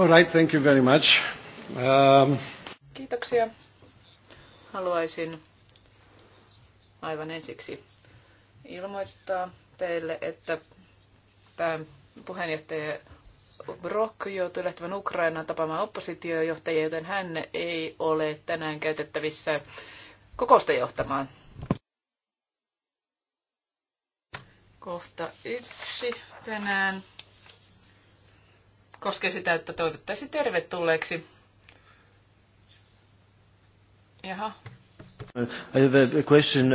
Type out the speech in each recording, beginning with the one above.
All right, thank you very much. Um... Kiitoksia. Haluaisin aivan ensiksi ilmoittaa teille, että tämä puheenjohtaja Brock joutui lähtemään Ukrainaan tapaamaan oppositiojohtajia, joten hän ei ole tänään käytettävissä kokousta johtamaan. Kohta yksi tänään koskee sitä, että toivottaisi tervetulleeksi. Jaha. I have a question.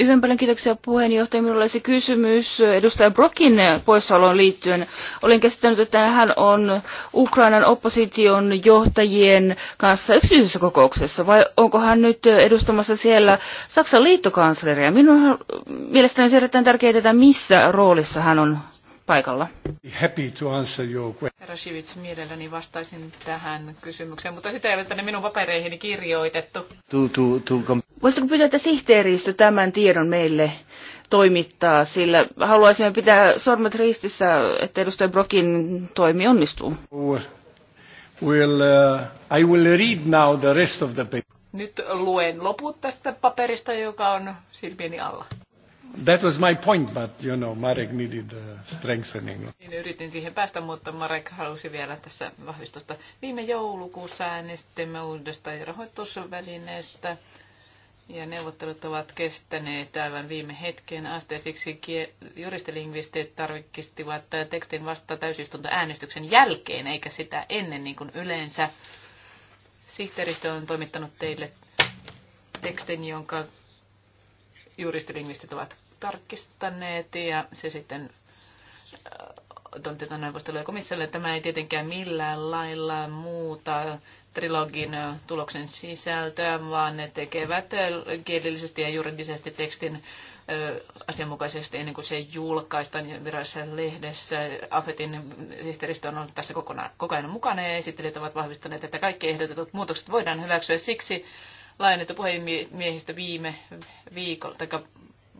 Hyvin uh, paljon kiitoksia puheenjohtaja. Minulla olisi kysymys edustaja Brokin poissaoloon liittyen. Olen käsittänyt, että hän on Ukrainan opposition johtajien kanssa yksityisessä kokouksessa, vai onko hän nyt edustamassa siellä Saksan liittokansleria? Minun mielestäni on erittäin tärkeää että missä roolissa hän on paikalla. Happy to answer your question. Herra Shivits, mielelläni vastaisin tähän kysymykseen, mutta sitä ei ole tänne minun papereihini kirjoitettu. To, to, to Voisitko pyytää, että sihteeristö tämän tiedon meille toimittaa, sillä haluaisimme pitää sormet ristissä, että edustaja Brokin toimi onnistuu. We'll, uh, I will read now the rest of the paper. Nyt luen loput tästä paperista, joka on silmieni alla. That was my point, but you know, Marek needed uh, strengthening. Niin yritin siihen päästä, mutta Marek halusi vielä tässä vahvistusta. Viime joulukuussa äänestimme uudesta rahoitusvälineestä ja neuvottelut ovat kestäneet aivan viime hetkeen asti siksi juristilingvistit tarvikistivat tekstin vasta täysistunta äänestyksen jälkeen eikä sitä ennen niin kuin yleensä. Sihteeristö on toimittanut teille tekstin, jonka juristilingvistit ovat tarkistaneet ja se sitten äh, toimitetaan neuvostelua komissiolle. Tämä ei tietenkään millään lailla muuta trilogin äh, tuloksen sisältöä, vaan ne tekevät äh, kielellisesti ja juridisesti tekstin asianmukaisesti ennen kuin se julkaistaan virallisessa lehdessä. Afetin sihteeristö on ollut tässä kokonaan, koko ajan mukana ja esittelijät ovat vahvistaneet, että kaikki ehdotetut muutokset voidaan hyväksyä siksi laajennettu puhemiehistö viime viikolla, tai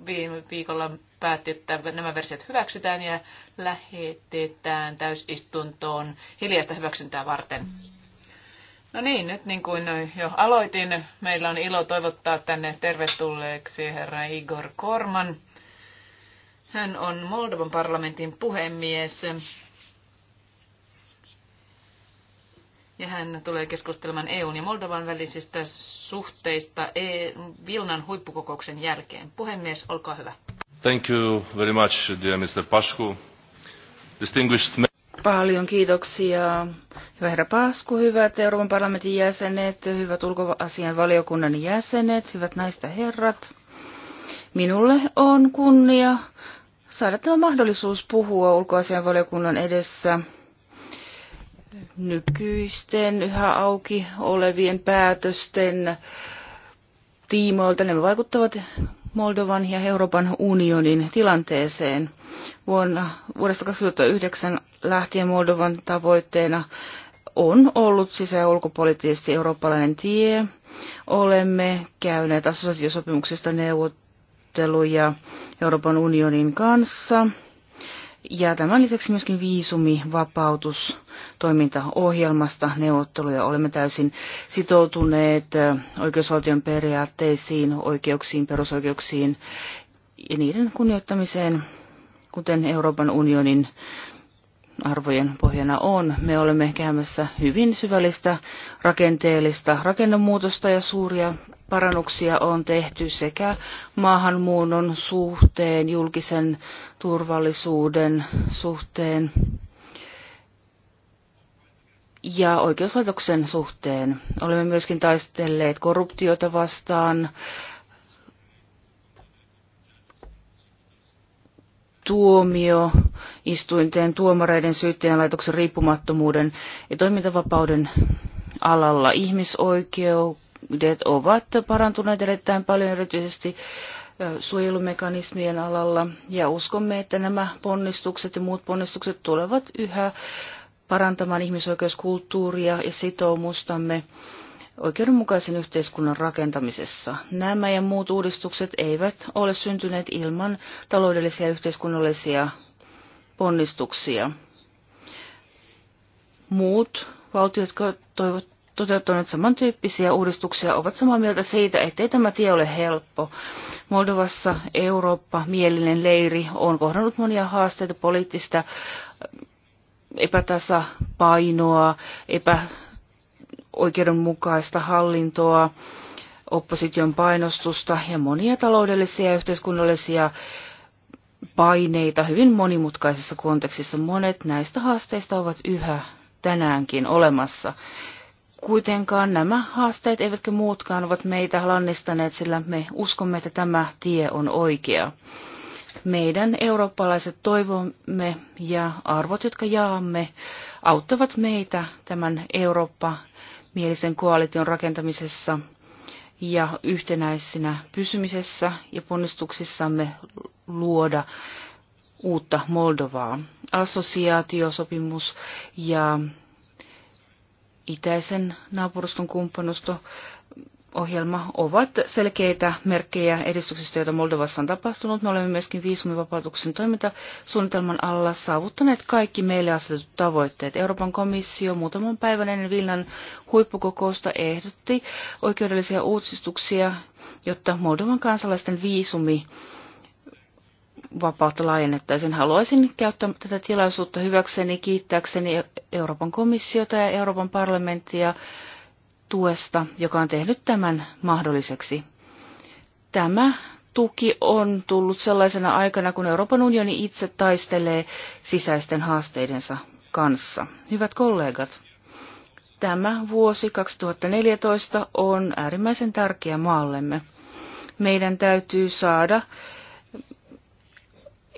viime viikolla päätti, että nämä versiot hyväksytään ja lähetetään täysistuntoon hiljaista hyväksyntää varten. No niin, nyt niin kuin jo aloitin, meillä on ilo toivottaa tänne tervetulleeksi herra Igor Korman. Hän on Moldovan parlamentin puhemies ja hän tulee keskustelemaan EUn ja Moldovan välisistä suhteista e Vilnan huippukokouksen jälkeen. Puhemies, olkaa hyvä. Thank you very much, dear Mr. Pasku. Distinguished Paljon kiitoksia. Hyvä herra Pasku, hyvät Euroopan parlamentin jäsenet, hyvät ulkoasian valiokunnan jäsenet, hyvät naista herrat. Minulle on kunnia saada tämä mahdollisuus puhua ulkoasian valiokunnan edessä – nykyisten yhä auki olevien päätösten tiimoilta. Ne vaikuttavat Moldovan ja Euroopan unionin tilanteeseen. Vuonna, vuodesta 2009 lähtien Moldovan tavoitteena on ollut sisä- ja ulkopoliittisesti eurooppalainen tie. Olemme käyneet assosiaatiosopimuksista neuvotteluja Euroopan unionin kanssa. Ja tämän lisäksi myöskin viisumi-vapautustoimintaa toimintaohjelmasta neuvotteluja. Olemme täysin sitoutuneet oikeusvaltion periaatteisiin, oikeuksiin, perusoikeuksiin ja niiden kunnioittamiseen, kuten Euroopan unionin arvojen pohjana on. Me olemme käymässä hyvin syvällistä rakenteellista rakennemuutosta ja suuria parannuksia on tehty sekä maahanmuunnon suhteen, julkisen turvallisuuden suhteen ja oikeuslaitoksen suhteen. Olemme myöskin taistelleet korruptiota vastaan, tuomio istuinten, tuomareiden, syyttäjänlaitoksen riippumattomuuden ja toimintavapauden alalla. Ihmisoikeudet ovat parantuneet erittäin paljon erityisesti suojelumekanismien alalla ja uskomme, että nämä ponnistukset ja muut ponnistukset tulevat yhä parantamaan ihmisoikeuskulttuuria ja sitoumustamme oikeudenmukaisen yhteiskunnan rakentamisessa. Nämä ja muut uudistukset eivät ole syntyneet ilman taloudellisia ja yhteiskunnallisia ponnistuksia. Muut valtiot, jotka toivot, toteuttaneet samantyyppisiä uudistuksia, ovat samaa mieltä siitä, ettei tämä tie ole helppo. Moldovassa Eurooppa, mielinen leiri, on kohdannut monia haasteita poliittista epätasapainoa, epäoikeudenmukaista hallintoa, opposition painostusta ja monia taloudellisia ja yhteiskunnallisia paineita hyvin monimutkaisessa kontekstissa. Monet näistä haasteista ovat yhä tänäänkin olemassa. Kuitenkaan nämä haasteet eivätkä muutkaan ovat meitä lannistaneet, sillä me uskomme, että tämä tie on oikea. Meidän eurooppalaiset toivomme ja arvot, jotka jaamme, auttavat meitä tämän Eurooppa-mielisen koalition rakentamisessa – ja yhtenäisinä pysymisessä ja ponnistuksissamme luoda uutta Moldovaa. Assosiaatiosopimus ja itäisen naapuruston kumppanuston ohjelma ovat selkeitä merkkejä edistyksestä, joita Moldovassa on tapahtunut. Me olemme myöskin viisumivapautuksen toimintasuunnitelman alla saavuttaneet kaikki meille asetetut tavoitteet. Euroopan komissio muutaman päivän ennen Vilnan huippukokousta ehdotti oikeudellisia uudistuksia, jotta Moldovan kansalaisten viisumi vapautta laajennettaisiin. Haluaisin käyttää tätä tilaisuutta hyväkseni, kiittääkseni Euroopan komissiota ja Euroopan parlamenttia tuesta, joka on tehnyt tämän mahdolliseksi. Tämä tuki on tullut sellaisena aikana, kun Euroopan unioni itse taistelee sisäisten haasteidensa kanssa. Hyvät kollegat, tämä vuosi 2014 on äärimmäisen tärkeä maallemme. Meidän täytyy saada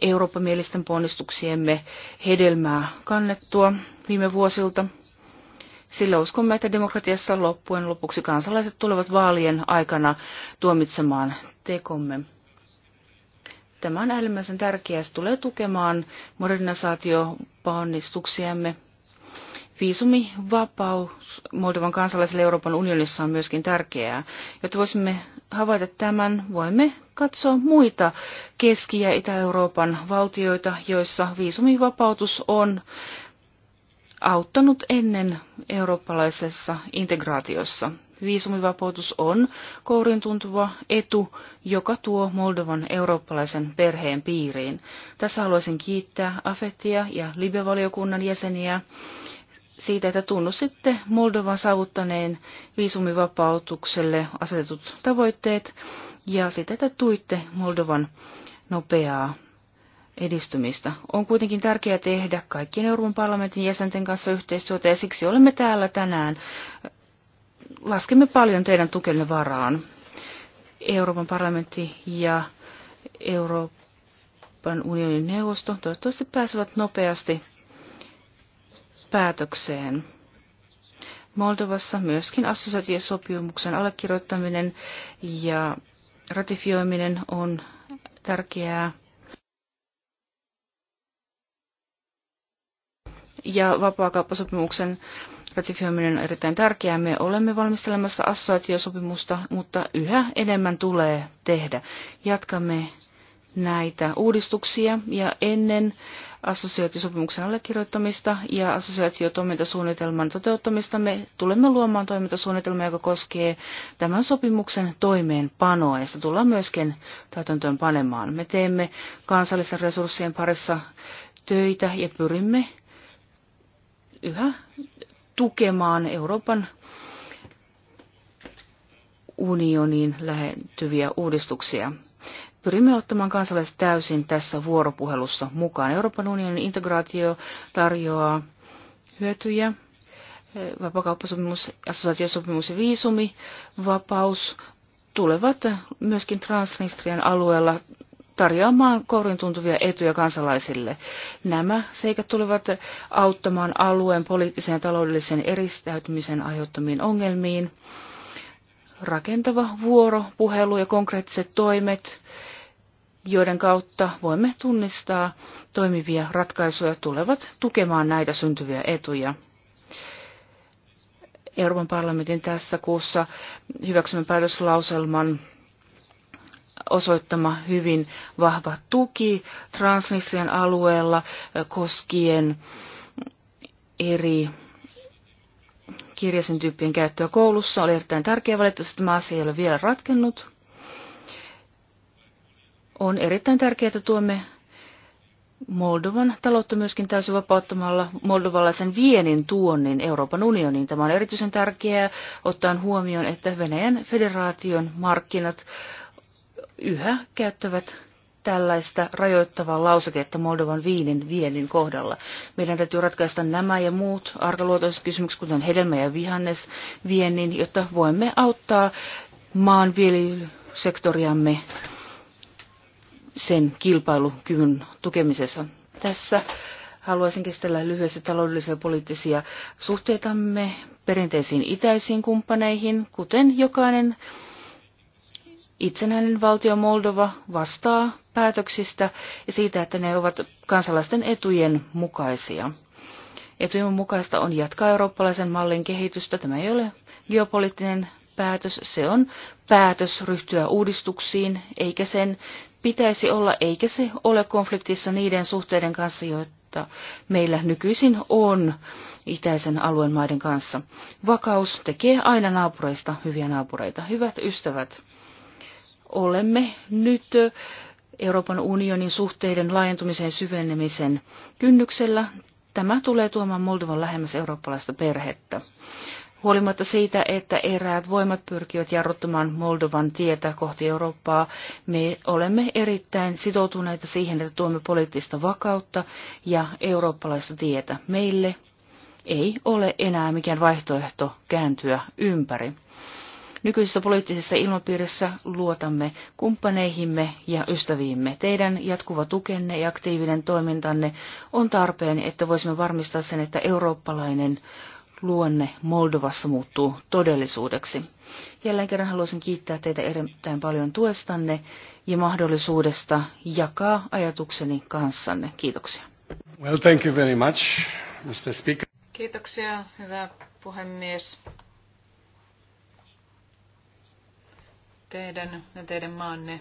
Eurooppa-mielisten ponnistuksiemme hedelmää kannettua viime vuosilta – sillä uskomme, että demokratiassa loppujen lopuksi kansalaiset tulevat vaalien aikana tuomitsemaan tekomme. Tämä on äärimmäisen tärkeää. Se tulee tukemaan modernisaatioponnistuksiamme. Viisumivapaus Moldovan kansalaisille Euroopan unionissa on myöskin tärkeää. Jotta voisimme havaita tämän, voimme katsoa muita Keski- ja Itä-Euroopan valtioita, joissa viisumivapautus on auttanut ennen eurooppalaisessa integraatiossa. Viisumivapautus on kourin tuntuva etu, joka tuo Moldovan eurooppalaisen perheen piiriin. Tässä haluaisin kiittää Afetia ja Libe-valiokunnan jäseniä siitä, että tunnustitte Moldovan saavuttaneen viisumivapautukselle asetetut tavoitteet ja sitä, että tuitte Moldovan nopeaa edistymistä. On kuitenkin tärkeää tehdä kaikkien Euroopan parlamentin jäsenten kanssa yhteistyötä ja siksi olemme täällä tänään. Laskemme paljon teidän tukenne varaan. Euroopan parlamentti ja Euroopan unionin neuvosto toivottavasti pääsevät nopeasti päätökseen. Moldovassa myöskin assosiaatiosopimuksen allekirjoittaminen ja ratifioiminen on tärkeää ja vapaakauppasopimuksen ratifioiminen on erittäin tärkeää. Me olemme valmistelemassa assosiaatiosopimusta, mutta yhä enemmän tulee tehdä. Jatkamme näitä uudistuksia ja ennen assosiaatiosopimuksen allekirjoittamista ja assosiaatiotoimintasuunnitelman toteuttamista me tulemme luomaan toimintasuunnitelma, joka koskee tämän sopimuksen toimeenpanoa ja sitä tullaan myöskin täytäntöön panemaan. Me teemme kansallisten resurssien parissa töitä ja pyrimme yhä tukemaan Euroopan unioniin lähentyviä uudistuksia. Pyrimme ottamaan kansalaiset täysin tässä vuoropuhelussa mukaan. Euroopan unionin integraatio tarjoaa hyötyjä. Vapakauppasopimus, assosiaatiosopimus ja viisumivapaus vapaus tulevat myöskin Transnistrian alueella tarjoamaan kourin tuntuvia etuja kansalaisille. Nämä seikat tulevat auttamaan alueen poliittisen ja taloudellisen eristäytymisen aiheuttamiin ongelmiin. Rakentava vuoro, puhelu ja konkreettiset toimet, joiden kautta voimme tunnistaa toimivia ratkaisuja, tulevat tukemaan näitä syntyviä etuja. Euroopan parlamentin tässä kuussa hyväksymän päätöslauselman osoittama hyvin vahva tuki Transnistrian alueella eh, koskien eri kirjaisen tyyppien käyttöä koulussa. Oli erittäin tärkeää, valitettavasti tämä asia ei ole vielä ratkennut. On erittäin tärkeää, että tuomme Moldovan taloutta myöskin täysin vapauttamalla moldovalaisen vienin tuonnin Euroopan unioniin. Tämä on erityisen tärkeää ottaen huomioon, että Venäjän federaation markkinat yhä käyttävät tällaista rajoittavaa lauseketta Moldovan viinin viennin kohdalla. Meidän täytyy ratkaista nämä ja muut arkaluotoiset kysymykset, kuten hedelmä- ja vihannes viennin, jotta voimme auttaa maanviljelysektoriamme sen kilpailukyvyn tukemisessa. Tässä haluaisin kestellä lyhyesti taloudellisia ja poliittisia suhteitamme perinteisiin itäisiin kumppaneihin, kuten jokainen itsenäinen valtio Moldova vastaa päätöksistä ja siitä, että ne ovat kansalaisten etujen mukaisia. Etujen mukaista on jatkaa eurooppalaisen mallin kehitystä. Tämä ei ole geopoliittinen päätös, se on päätös ryhtyä uudistuksiin, eikä sen pitäisi olla, eikä se ole konfliktissa niiden suhteiden kanssa, joita meillä nykyisin on itäisen alueen maiden kanssa. Vakaus tekee aina naapureista hyviä naapureita. Hyvät ystävät, olemme nyt Euroopan unionin suhteiden laajentumisen syvenemisen kynnyksellä. Tämä tulee tuomaan Moldovan lähemmäs eurooppalaista perhettä. Huolimatta siitä, että eräät voimat pyrkivät jarruttamaan Moldovan tietä kohti Eurooppaa, me olemme erittäin sitoutuneita siihen, että tuomme poliittista vakautta ja eurooppalaista tietä. Meille ei ole enää mikään vaihtoehto kääntyä ympäri. Nykyisessä poliittisessa ilmapiirissä luotamme kumppaneihimme ja ystäviimme. Teidän jatkuva tukenne ja aktiivinen toimintanne on tarpeen, että voisimme varmistaa sen, että eurooppalainen luonne Moldovassa muuttuu todellisuudeksi. Jälleen kerran haluaisin kiittää teitä erittäin paljon tuestanne ja mahdollisuudesta jakaa ajatukseni kanssanne. Kiitoksia. Well, thank you very much, Mr. Speaker. Kiitoksia, hyvä puhemies. Teidän ja teidän maanne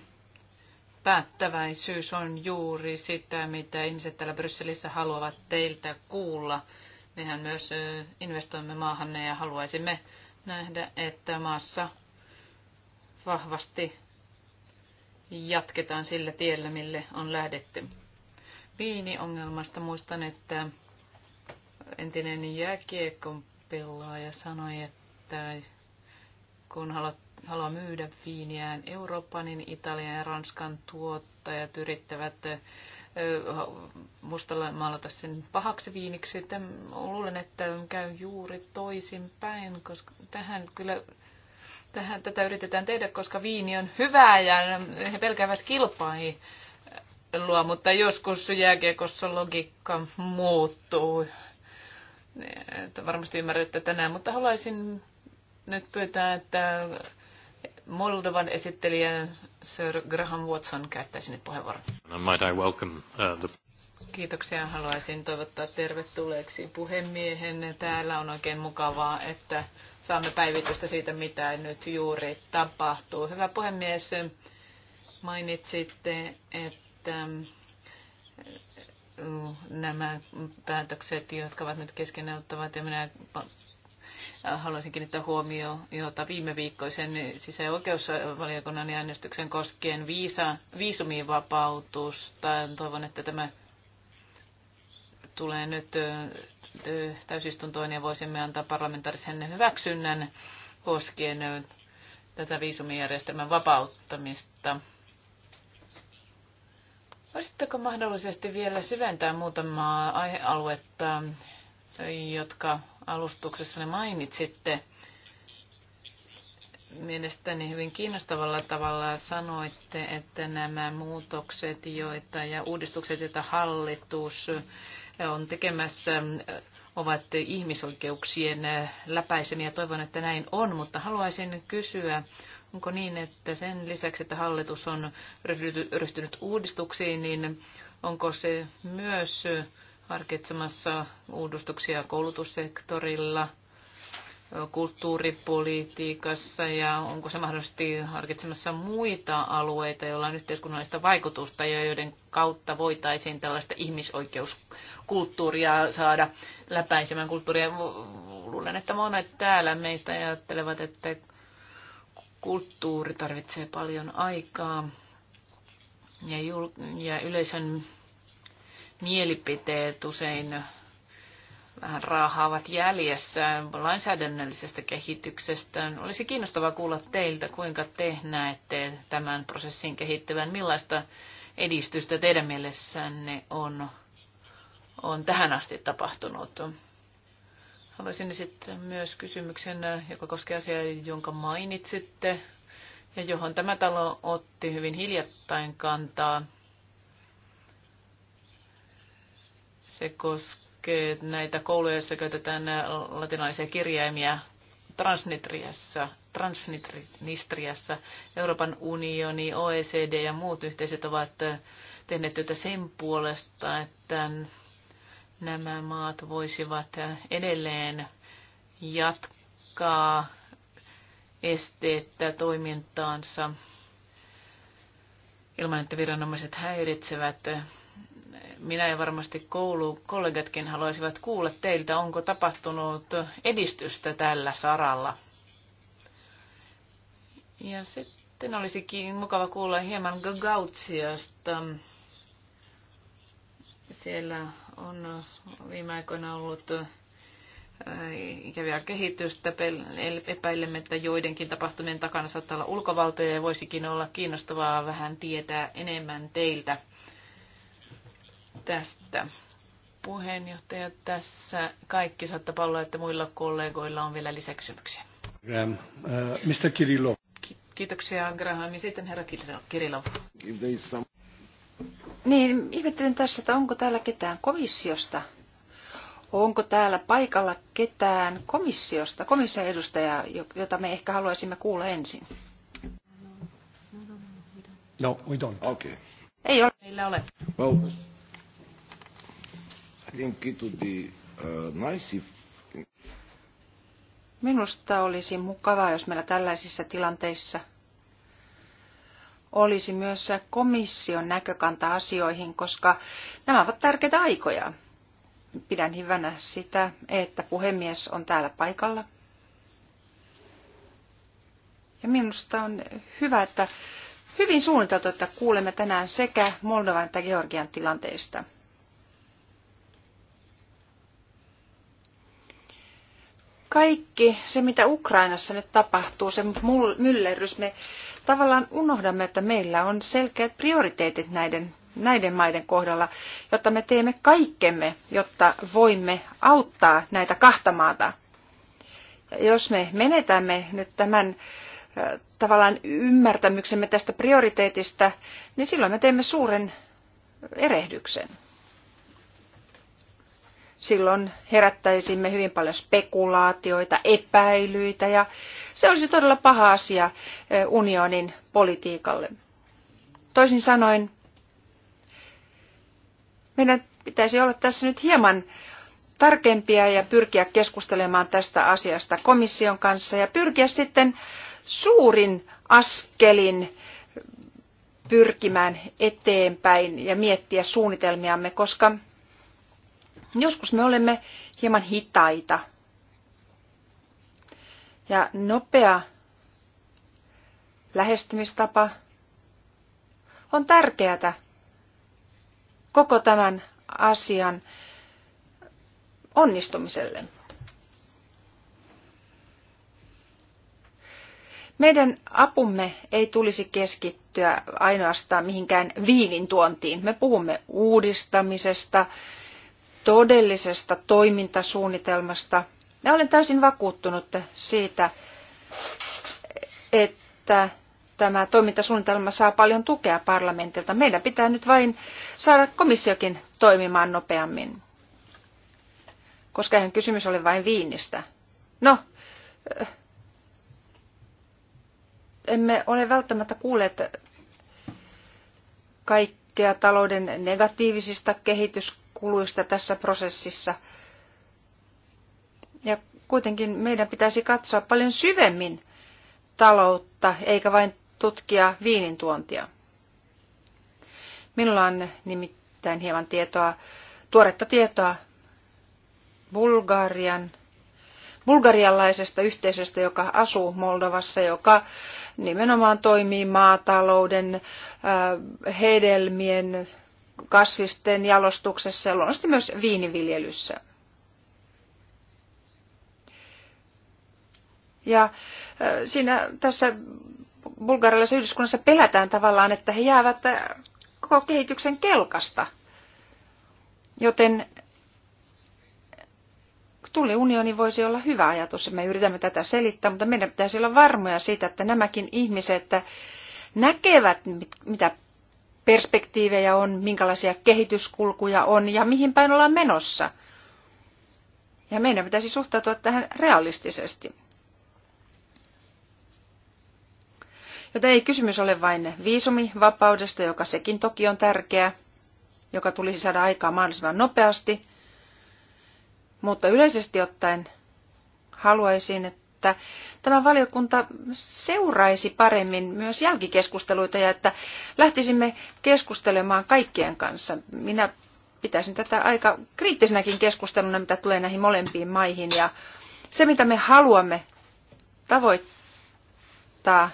päättäväisyys on juuri sitä, mitä ihmiset täällä Brysselissä haluavat teiltä kuulla. Mehän myös investoimme maahanne ja haluaisimme nähdä, että maassa vahvasti jatketaan sillä tiellä, mille on lähdetty. Viiniongelmasta muistan, että entinen jääkiekon pelaaja sanoi, että kun haluat haluaa myydä viiniään Eurooppaan, niin Italian ja Ranskan tuottajat yrittävät mustalla maalata sen pahaksi viiniksi. Että luulen, että käy juuri toisinpäin, koska tähän kyllä tähän, tätä yritetään tehdä, koska viini on hyvää ja he pelkäävät kilpailua, mutta joskus jääkiekossa logiikka muuttuu. Että varmasti ymmärrätte tänään, mutta haluaisin nyt pyytää, että Moldovan esittelijä Sir Graham Watson käyttäisi nyt puheenvuoron. Might I welcome, uh, the... Kiitoksia. Haluaisin toivottaa tervetulleeksi puhemiehen. Täällä on oikein mukavaa, että saamme päivitystä siitä, mitä nyt juuri tapahtuu. Hyvä puhemies, mainitsitte, että mm, nämä päätökset, jotka ovat nyt kesken auttavat, ja minä Äh, haluaisin kiinnittää huomiota viime viikkoisen sisäoikeusvaliokunnan äänestyksen koskien viisa, viisumivapautusta. Toivon, että tämä tulee nyt äh, täysistuntoon ja voisimme antaa parlamentaarisen hyväksynnän koskien äh, tätä viisumijärjestelmän vapauttamista. Voisitteko mahdollisesti vielä syventää muutamaa aihealuetta, jotka alustuksessanne mainitsitte. Mielestäni hyvin kiinnostavalla tavalla sanoitte, että nämä muutokset joita, ja uudistukset, joita hallitus on tekemässä, ovat ihmisoikeuksien läpäisemiä. Toivon, että näin on, mutta haluaisin kysyä, onko niin, että sen lisäksi, että hallitus on ryhtynyt uudistuksiin, niin onko se myös harkitsemassa uudistuksia koulutussektorilla, kulttuuripolitiikassa ja onko se mahdollisesti harkitsemassa muita alueita, joilla on yhteiskunnallista vaikutusta ja joiden kautta voitaisiin tällaista ihmisoikeuskulttuuria saada läpäisemään kulttuuria. Luulen, että monet täällä meistä ajattelevat, että kulttuuri tarvitsee paljon aikaa ja, jul- ja yleisön mielipiteet usein vähän raahaavat jäljessä lainsäädännöllisestä kehityksestä. Olisi kiinnostavaa kuulla teiltä, kuinka te näette tämän prosessin kehittyvän, millaista edistystä teidän mielessänne on, on tähän asti tapahtunut. Haluaisin sitten myös kysymyksen, joka koskee asiaa, jonka mainitsitte, ja johon tämä talo otti hyvin hiljattain kantaa Se koskee näitä kouluja, joissa käytetään latinalaisia kirjaimia Transnitriassa, Transnistriassa. Euroopan unioni, OECD ja muut yhteiset ovat tehneet työtä sen puolesta, että nämä maat voisivat edelleen jatkaa esteettä toimintaansa ilman, että viranomaiset häiritsevät minä ja varmasti koulukollegatkin kollegatkin haluaisivat kuulla teiltä, onko tapahtunut edistystä tällä saralla. Ja sitten olisikin mukava kuulla hieman Gagautsiasta. Siellä on viime aikoina ollut äh, ikäviä kehitystä. Epäilemme, että joidenkin tapahtumien takana saattaa olla ulkovaltoja ja voisikin olla kiinnostavaa vähän tietää enemmän teiltä tästä. Puheenjohtaja, tässä kaikki saattaa palloa, että muilla kollegoilla on vielä lisäkysymyksiä. Mr. Uh, Kirillov. kiitoksia Graham ja sitten herra Kirillov. Niin, ihmettelen tässä, että onko täällä ketään komissiosta onko täällä paikalla ketään komissiosta, komission edustajaa, jota me ehkä haluaisimme kuulla ensin? No, we don't. Okay. Ei ole. Meillä ole. Well, Minusta olisi mukavaa, jos meillä tällaisissa tilanteissa olisi myös komission näkökanta asioihin, koska nämä ovat tärkeitä aikoja. Pidän hyvänä sitä, että puhemies on täällä paikalla. Ja minusta on hyvä, että hyvin suunniteltu, että kuulemme tänään sekä Moldovan että Georgian tilanteista. kaikki se, mitä Ukrainassa nyt tapahtuu, se myllerrys, me tavallaan unohdamme, että meillä on selkeät prioriteetit näiden, näiden maiden kohdalla, jotta me teemme kaikkemme, jotta voimme auttaa näitä kahta maata. Ja jos me menetämme nyt tämän tavallaan ymmärtämyksemme tästä prioriteetista, niin silloin me teemme suuren erehdyksen silloin herättäisimme hyvin paljon spekulaatioita, epäilyitä ja se olisi todella paha asia unionin politiikalle. Toisin sanoen, meidän pitäisi olla tässä nyt hieman tarkempia ja pyrkiä keskustelemaan tästä asiasta komission kanssa ja pyrkiä sitten suurin askelin pyrkimään eteenpäin ja miettiä suunnitelmiamme, koska Joskus me olemme hieman hitaita. Ja nopea lähestymistapa on tärkeää koko tämän asian onnistumiselle. Meidän apumme ei tulisi keskittyä ainoastaan mihinkään viinin tuontiin. Me puhumme uudistamisesta, todellisesta toimintasuunnitelmasta. Ja olen täysin vakuuttunut siitä, että tämä toimintasuunnitelma saa paljon tukea parlamentilta. Meidän pitää nyt vain saada komissiokin toimimaan nopeammin. Koska eihän kysymys oli vain viinistä. No, eh, emme ole välttämättä kuulleet kaikkea talouden negatiivisista kehitys kuluista tässä prosessissa. Ja kuitenkin meidän pitäisi katsoa paljon syvemmin taloutta, eikä vain tutkia viinin tuontia. Minulla on nimittäin hieman tietoa, tuoretta tietoa Bulgarian, bulgarialaisesta yhteisöstä, joka asuu Moldovassa, joka nimenomaan toimii maatalouden, äh, hedelmien, kasvisten jalostuksessa ja luonnollisesti myös viiniviljelyssä. Ja siinä tässä bulgarilaisessa yhdyskunnassa pelätään tavallaan, että he jäävät koko kehityksen kelkasta. Joten tulliunioni voisi olla hyvä ajatus, että me yritämme tätä selittää, mutta meidän pitäisi olla varmoja siitä, että nämäkin ihmiset näkevät, mitä perspektiivejä on, minkälaisia kehityskulkuja on ja mihin päin ollaan menossa. Ja meidän pitäisi suhtautua tähän realistisesti. Joten ei kysymys ole vain viisumivapaudesta, joka sekin toki on tärkeä, joka tulisi saada aikaa mahdollisimman nopeasti. Mutta yleisesti ottaen haluaisin, että että tämä valiokunta seuraisi paremmin myös jälkikeskusteluita ja että lähtisimme keskustelemaan kaikkien kanssa. Minä pitäisin tätä aika kriittisenäkin keskusteluna, mitä tulee näihin molempiin maihin. Ja se, mitä me haluamme tavoittaa,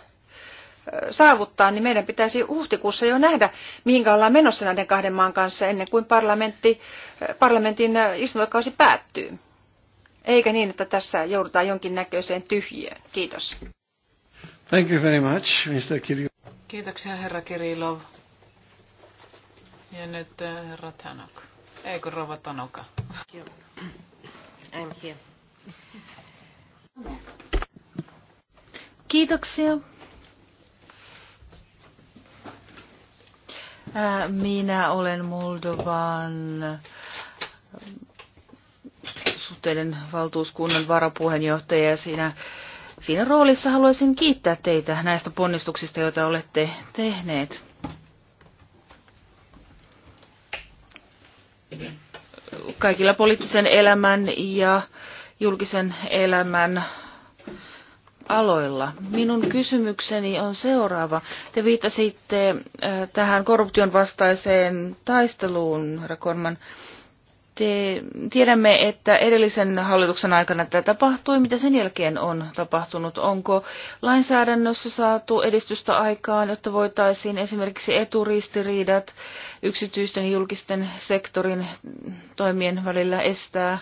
saavuttaa, niin meidän pitäisi huhtikuussa jo nähdä, mihin ollaan menossa näiden kahden maan kanssa ennen kuin parlamentti, parlamentin istuntokausi päättyy eikä niin, että tässä joudutaan näköiseen tyhjiöön. Kiitos. Thank you very much, Mr. Kirill. Kiitoksia, herra Kirilov. Ja nyt eh, herra Tanok. Eikö rouva Tanoka? I'm here. Kiitoksia. Minä olen Moldovan suhteiden valtuuskunnan varapuheenjohtaja ja siinä, siinä roolissa haluaisin kiittää teitä näistä ponnistuksista, joita olette tehneet. Kaikilla poliittisen elämän ja julkisen elämän aloilla. Minun kysymykseni on seuraava. Te viittasitte äh, tähän korruption vastaiseen taisteluun, herra Korman te, tiedämme, että edellisen hallituksen aikana tämä tapahtui. Mitä sen jälkeen on tapahtunut? Onko lainsäädännössä saatu edistystä aikaan, jotta voitaisiin esimerkiksi eturistiriidat yksityisten ja julkisten sektorin toimien välillä estää?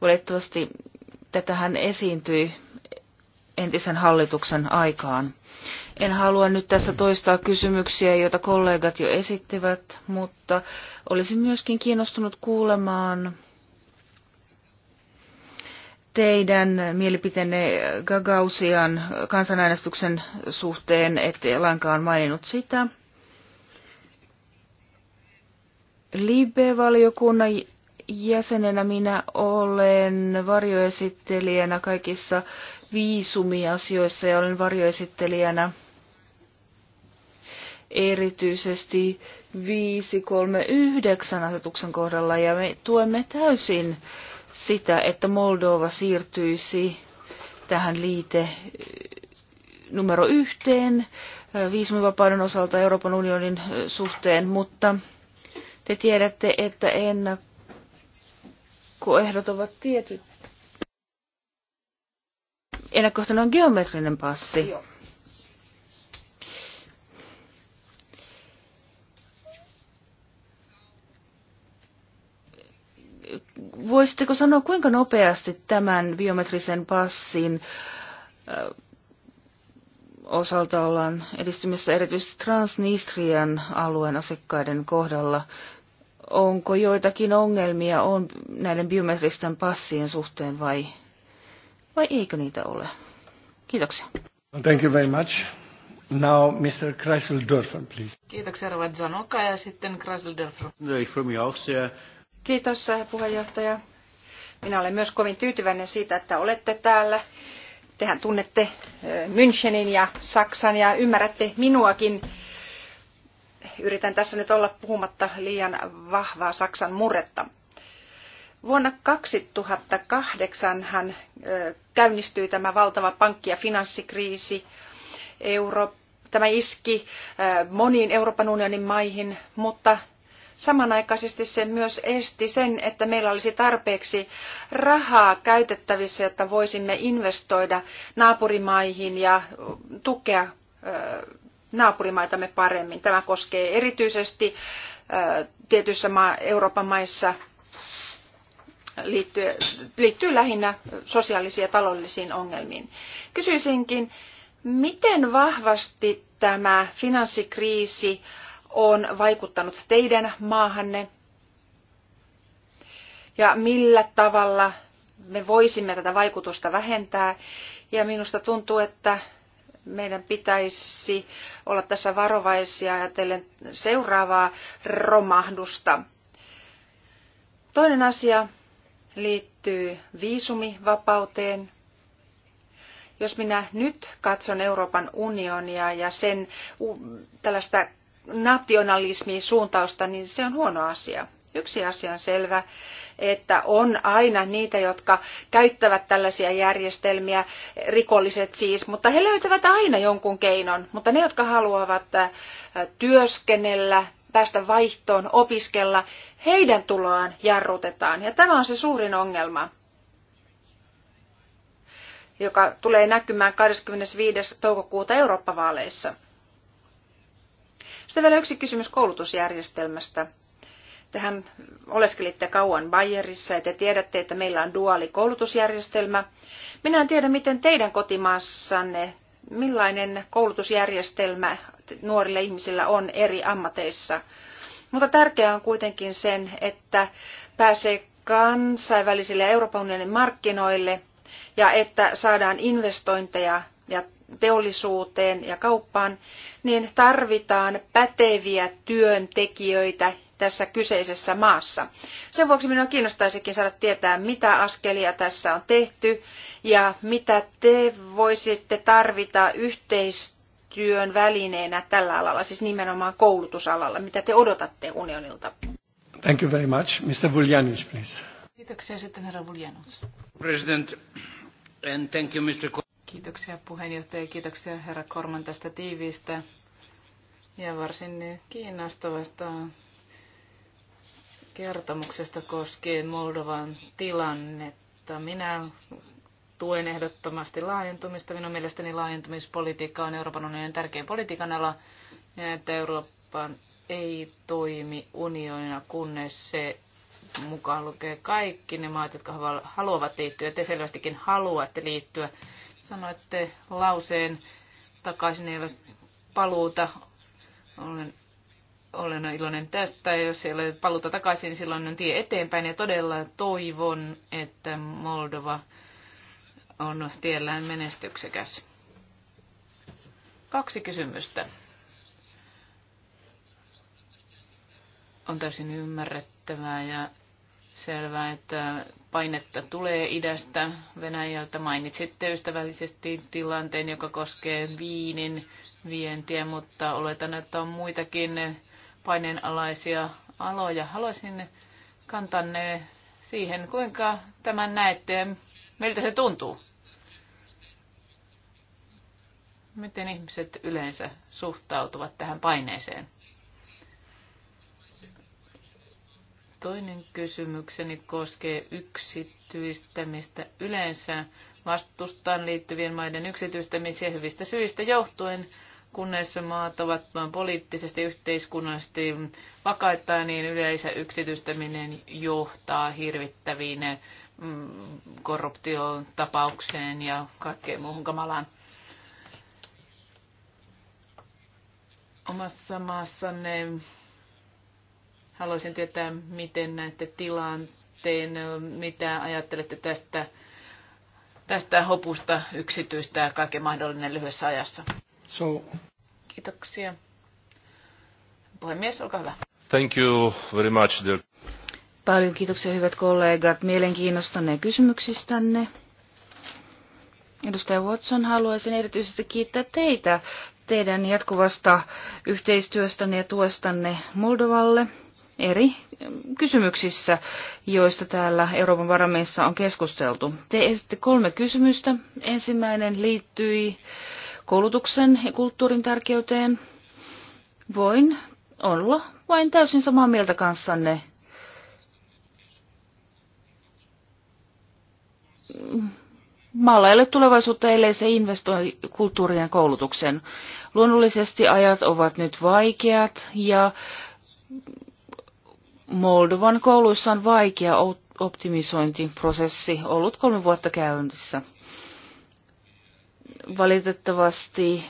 Valitettavasti tätähän esiintyi entisen hallituksen aikaan. En halua nyt tässä toistaa kysymyksiä, joita kollegat jo esittivät, mutta olisin myöskin kiinnostunut kuulemaan teidän mielipiteenne Gagausian kansanäänestyksen suhteen, ette lainkaan maininnut sitä. Libe-valiokunnan jäsenenä minä olen varjoesittelijänä kaikissa viisumiasioissa ja olen varjoesittelijänä – erityisesti 539 asetuksen kohdalla ja me tuemme täysin sitä, että Moldova siirtyisi tähän liite numero yhteen viisumivapauden osalta Euroopan unionin suhteen, mutta te tiedätte, että ennakkoehdot ovat tietyt. Ennakkoehtona on geometrinen passi. Joo. Voisitteko sanoa, kuinka nopeasti tämän biometrisen passin osalta ollaan edistymässä erityisesti Transnistrian alueen asiakkaiden kohdalla? Onko joitakin ongelmia on näiden biometristen passien suhteen vai, vai eikö niitä ole? Kiitoksia. Thank you very much. Now Mr. Kreiseldörfer, please. Kiitoksia, Rovat Zanoka ja sitten Kreiseldörfer. No, ich freue mich auch sehr, Kiitos puheenjohtaja. Minä olen myös kovin tyytyväinen siitä, että olette täällä. Tehän tunnette Münchenin ja Saksan ja ymmärrätte minuakin. Yritän tässä nyt olla puhumatta liian vahvaa Saksan murretta. Vuonna 2008 hän käynnistyi tämä valtava pankki- ja finanssikriisi. Euro, tämä iski moniin Euroopan unionin maihin, mutta Samanaikaisesti se myös esti sen, että meillä olisi tarpeeksi rahaa käytettävissä, jotta voisimme investoida naapurimaihin ja tukea naapurimaitamme paremmin. Tämä koskee erityisesti tietyissä Euroopan maissa liittyy, liittyy lähinnä sosiaalisiin ja taloudellisiin ongelmiin. Kysyisinkin, miten vahvasti tämä finanssikriisi äh, on vaikuttanut teidän maahanne ja millä tavalla me voisimme tätä vaikutusta vähentää. Ja minusta tuntuu, että meidän pitäisi olla tässä varovaisia ajatellen seuraavaa romahdusta. Toinen asia liittyy viisumivapauteen. Jos minä nyt katson Euroopan unionia ja sen tällaista nationalismiin suuntausta, niin se on huono asia. Yksi asia on selvä, että on aina niitä, jotka käyttävät tällaisia järjestelmiä, rikolliset siis, mutta he löytävät aina jonkun keinon. Mutta ne, jotka haluavat äh, työskennellä, päästä vaihtoon, opiskella, heidän tuloaan jarrutetaan. Ja tämä on se suurin ongelma joka tulee näkymään 25. toukokuuta Eurooppa-vaaleissa. Sitten vielä yksi kysymys koulutusjärjestelmästä. Tähän oleskelitte kauan Bayerissa ja te tiedätte, että meillä on duaali koulutusjärjestelmä. Minä en tiedä, miten teidän kotimaassanne, millainen koulutusjärjestelmä nuorilla ihmisillä on eri ammateissa. Mutta tärkeää on kuitenkin sen, että pääsee kansainvälisille Euroopan unionin markkinoille ja että saadaan investointeja ja teollisuuteen ja kauppaan, niin tarvitaan päteviä työntekijöitä tässä kyseisessä maassa. Sen vuoksi minua kiinnostaisikin saada tietää, mitä askelia tässä on tehty ja mitä te voisitte tarvita yhteistyön välineenä tällä alalla, siis nimenomaan koulutusalalla, mitä te odotatte unionilta. Thank you very much. Mr. Vuljanis, please. Kiitoksia sitten herra Vuljanis. President, and thank you, Mr. Kiitoksia puheenjohtaja, kiitoksia herra Korman tästä tiiviistä ja varsin kiinnostavasta kertomuksesta koskien Moldovan tilannetta. Minä tuen ehdottomasti laajentumista. Minun mielestäni laajentumispolitiikka on Euroopan unionin tärkein politiikan ala, ja että Euroopan ei toimi unionina, kunnes se mukaan lukee kaikki ne maat, jotka haluavat liittyä. Te selvästikin haluatte liittyä Sanoitte lauseen, takaisin ei ole paluuta. Olen, olen iloinen tästä. Ja jos ei ole paluuta takaisin, niin silloin on tie eteenpäin. Ja todella toivon, että Moldova on tiellään menestyksekäs. Kaksi kysymystä. On täysin ymmärrettävää ja Selvä, että painetta tulee idästä Venäjältä. Mainitsitte ystävällisesti tilanteen, joka koskee viinin vientiä, mutta oletan, että on muitakin paineenalaisia aloja. Haluaisin kantanne siihen, kuinka tämän näette miltä se tuntuu. Miten ihmiset yleensä suhtautuvat tähän paineeseen? Toinen kysymykseni koskee yksityistämistä. Yleensä vastustaan liittyvien maiden yksityistämisiä hyvistä syistä johtuen, kunnes maat ovat vain poliittisesti yhteiskunnallisesti vakaita, niin yleensä yksityistäminen johtaa hirvittäviin mm, korruptiotapaukseen ja kaikkeen muuhun kamalaan. Omassa maassanne Haluaisin tietää, miten näette tilanteen, mitä ajattelette tästä, tästä hopusta yksityistä kaiken mahdollinen lyhyessä ajassa. So. Kiitoksia. Puhemies, olkaa hyvä. Thank you very much, dear. Paljon kiitoksia hyvät kollegat mielenkiinnostanne kysymyksistänne. Edustaja Watson, haluaisin erityisesti kiittää teitä teidän jatkuvasta yhteistyöstänne ja tuestanne Moldovalle eri kysymyksissä, joista täällä Euroopan varameissa on keskusteltu. Te esitte kolme kysymystä. Ensimmäinen liittyi koulutuksen ja kulttuurin tärkeyteen. Voin olla vain täysin samaa mieltä kanssanne. Maalla ei ole tulevaisuutta, ellei se investoi kulttuurien ja koulutukseen. Luonnollisesti ajat ovat nyt vaikeat ja Moldovan kouluissa on vaikea optimisointiprosessi ollut kolme vuotta käynnissä. Valitettavasti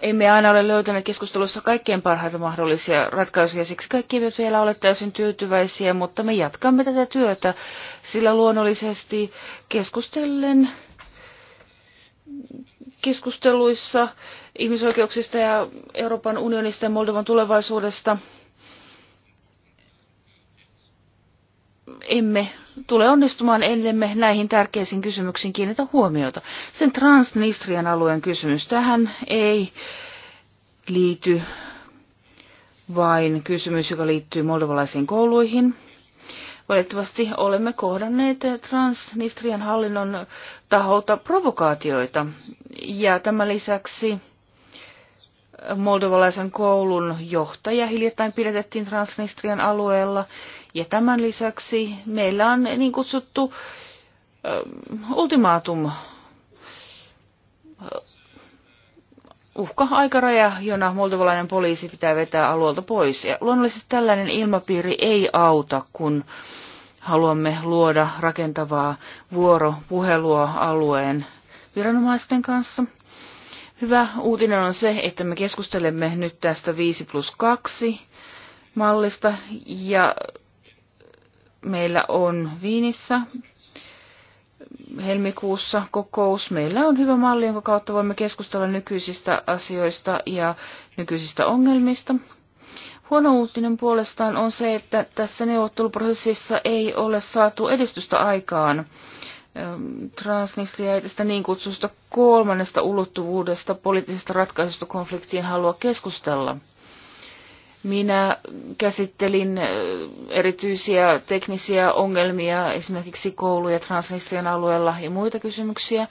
emme aina ole löytäneet keskustelussa kaikkein parhaita mahdollisia ratkaisuja, siksi kaikki eivät vielä ole täysin tyytyväisiä, mutta me jatkamme tätä työtä, sillä luonnollisesti keskustellen keskusteluissa ihmisoikeuksista ja Euroopan unionista ja Moldovan tulevaisuudesta emme tule onnistumaan, ellemme näihin tärkeisiin kysymyksiin kiinnitä huomiota. Sen Transnistrian alueen kysymys tähän ei liity vain kysymys, joka liittyy moldovalaisiin kouluihin – Valitettavasti olemme kohdanneet Transnistrian hallinnon taholta provokaatioita. Ja tämän lisäksi moldovalaisen koulun johtaja hiljattain pidetettiin Transnistrian alueella. Ja tämän lisäksi meillä on niin kutsuttu ultimaatum uhka-aikaraja, jona moldovalainen poliisi pitää vetää alueelta pois. Ja luonnollisesti tällainen ilmapiiri ei auta, kun haluamme luoda rakentavaa vuoropuhelua alueen viranomaisten kanssa. Hyvä uutinen on se, että me keskustelemme nyt tästä 5 plus 2 mallista ja meillä on Viinissä helmikuussa kokous. Meillä on hyvä malli, jonka kautta voimme keskustella nykyisistä asioista ja nykyisistä ongelmista. Huono uutinen puolestaan on se, että tässä neuvotteluprosessissa ei ole saatu edistystä aikaan. Ehm, Transnistria tästä niin kutsusta kolmannesta ulottuvuudesta poliittisesta ratkaisusta konfliktiin halua keskustella. Minä käsittelin äh, erityisiä teknisiä ongelmia esimerkiksi koulu- ja transnistrian alueella ja muita kysymyksiä,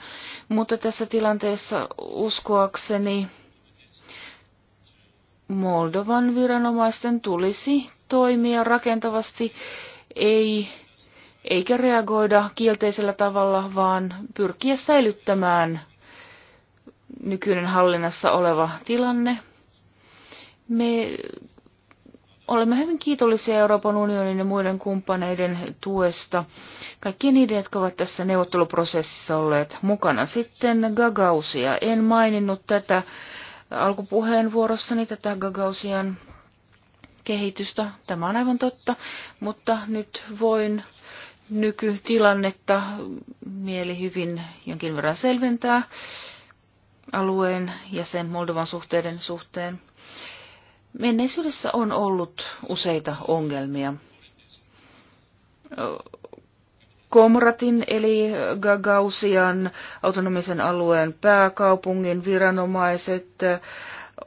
mutta tässä tilanteessa uskoakseni Moldovan viranomaisten tulisi toimia rakentavasti, ei, eikä reagoida kielteisellä tavalla, vaan pyrkiä säilyttämään nykyinen hallinnassa oleva tilanne. Me olemme hyvin kiitollisia Euroopan unionin ja muiden kumppaneiden tuesta. Kaikki niiden, jotka ovat tässä neuvotteluprosessissa olleet mukana. Sitten Gagausia. En maininnut tätä alkupuheenvuorossani, tätä Gagausian kehitystä. Tämä on aivan totta, mutta nyt voin nykytilannetta mieli hyvin jonkin verran selventää alueen ja sen Moldovan suhteiden suhteen. Menneisyydessä on ollut useita ongelmia. Komratin eli Gagausian autonomisen alueen pääkaupungin viranomaiset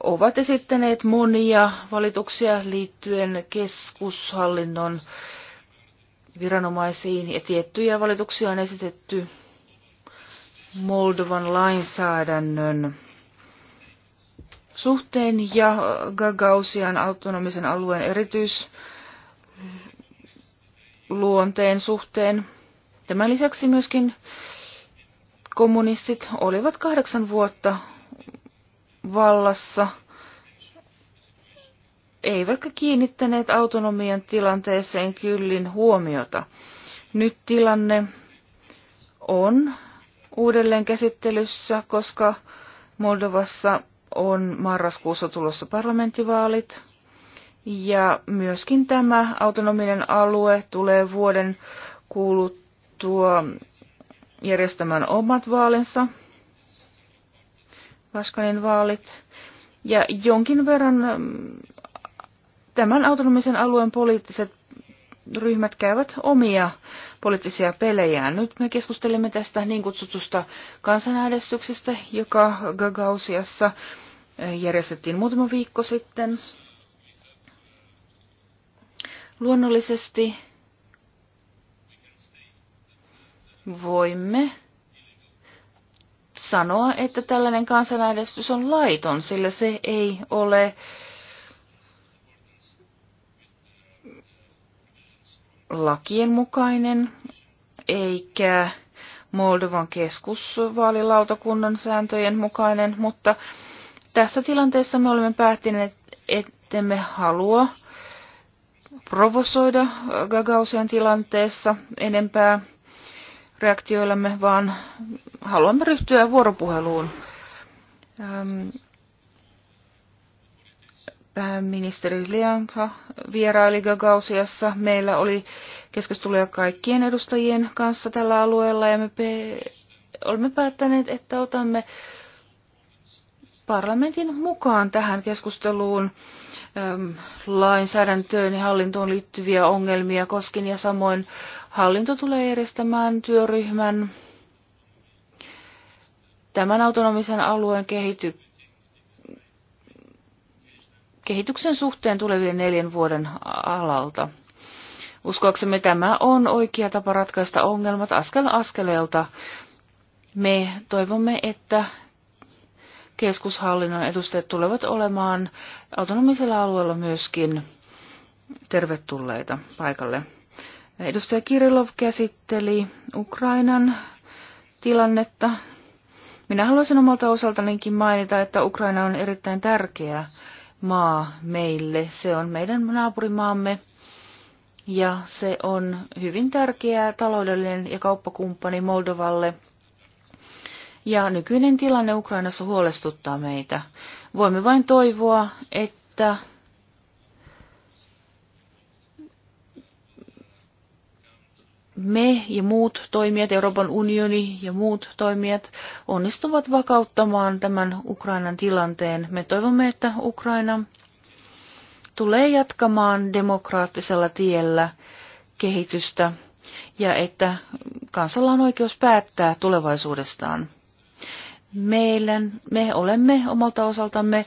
ovat esittäneet monia valituksia liittyen keskushallinnon viranomaisiin ja tiettyjä valituksia on esitetty Moldovan lainsäädännön suhteen ja Gagausian autonomisen alueen erityisluonteen suhteen. Tämän lisäksi myöskin kommunistit olivat kahdeksan vuotta vallassa, eivätkä kiinnittäneet autonomian tilanteeseen kyllin huomiota. Nyt tilanne on uudelleen käsittelyssä, koska Moldovassa on marraskuussa tulossa parlamenttivaalit. Ja myöskin tämä autonominen alue tulee vuoden kuuluttua järjestämään omat vaalinsa, Vaskanin vaalit. Ja jonkin verran mm, tämän autonomisen alueen poliittiset ryhmät käyvät omia poliittisia pelejään. Nyt me keskustelemme tästä niin kutsutusta kansanäänestyksestä, joka Gagausiassa järjestettiin muutama viikko sitten. Luonnollisesti voimme sanoa, että tällainen kansanäänestys on laiton, sillä se ei ole lakien mukainen, eikä Moldovan keskusvaalilautakunnan sääntöjen mukainen, mutta tässä tilanteessa me olemme päättäneet, ettemme halua provosoida Gagausian tilanteessa enempää reaktioillamme, vaan haluamme ryhtyä vuoropuheluun. Ähm, pääministeri Lianka vieraili Gagausiassa. Meillä oli keskusteluja kaikkien edustajien kanssa tällä alueella ja me olemme päättäneet, että otamme parlamentin mukaan tähän keskusteluun ähm, lainsäädäntöön ja hallintoon liittyviä ongelmia koskin ja samoin hallinto tulee järjestämään työryhmän tämän autonomisen alueen kehity- kehityksen suhteen tulevien neljän vuoden alalta. Uskoaksemme tämä on oikea tapa ratkaista ongelmat askel askeleelta. Me toivomme, että keskushallinnon edustajat tulevat olemaan autonomisella alueella myöskin tervetulleita paikalle. Edustaja Kirilov käsitteli Ukrainan tilannetta. Minä haluaisin omalta osaltanikin mainita, että Ukraina on erittäin tärkeä maa meille. Se on meidän naapurimaamme ja se on hyvin tärkeä taloudellinen ja kauppakumppani Moldovalle – ja nykyinen tilanne Ukrainassa huolestuttaa meitä. Voimme vain toivoa, että me ja muut toimijat, Euroopan unioni ja muut toimijat onnistuvat vakauttamaan tämän Ukrainan tilanteen. Me toivomme, että Ukraina tulee jatkamaan demokraattisella tiellä kehitystä ja että kansalla on oikeus päättää tulevaisuudestaan. Meillä, me olemme omalta osaltamme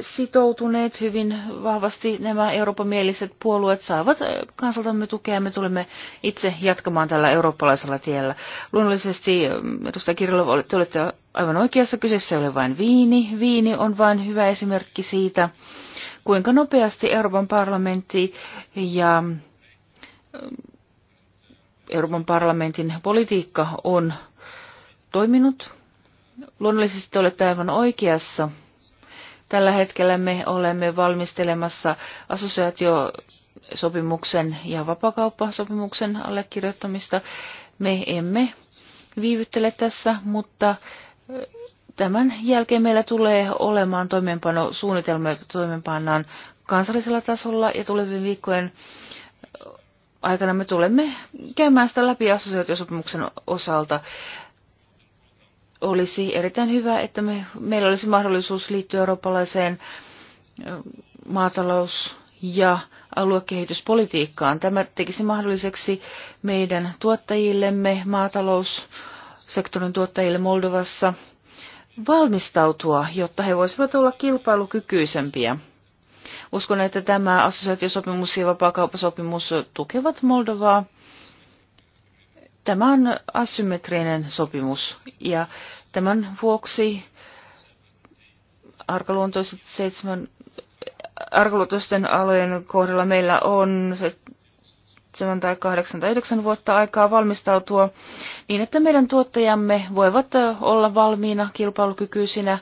sitoutuneet hyvin vahvasti. Nämä Euroopan mieliset puolueet saavat kansaltamme tukea. Me tulemme itse jatkamaan tällä eurooppalaisella tiellä. Luonnollisesti, mm, edustaja Kirilov, te olette aivan oikeassa. Kyseessä ei ole vain viini. Viini on vain hyvä esimerkki siitä, kuinka nopeasti Euroopan parlamentti ja mm, Euroopan parlamentin politiikka on toiminut Luonnollisesti olette aivan oikeassa. Tällä hetkellä me olemme valmistelemassa assosiaatiosopimuksen ja vapakauppasopimuksen allekirjoittamista. Me emme viivyttele tässä, mutta eh, tämän jälkeen meillä tulee olemaan toimeenpanosuunnitelma, jota toimeenpannaan kansallisella tasolla ja tulevien viikkojen eh, aikana me tulemme käymään sitä läpi assosiaatiosopimuksen osalta olisi erittäin hyvä, että me, meillä olisi mahdollisuus liittyä eurooppalaiseen maatalous- ja aluekehityspolitiikkaan. Tämä tekisi mahdolliseksi meidän tuottajillemme, maataloussektorin tuottajille Moldovassa, valmistautua, jotta he voisivat olla kilpailukykyisempiä. Uskon, että tämä assosiaatiosopimus ja vapaakauppasopimus tukevat Moldovaa Tämä on asymmetrinen sopimus ja tämän vuoksi arkaluontoiset seitsemän arkaluontoisten alojen kohdalla meillä on se 7 tai 8 tai 9 vuotta aikaa valmistautua niin, että meidän tuottajamme voivat olla valmiina kilpailukykyisinä.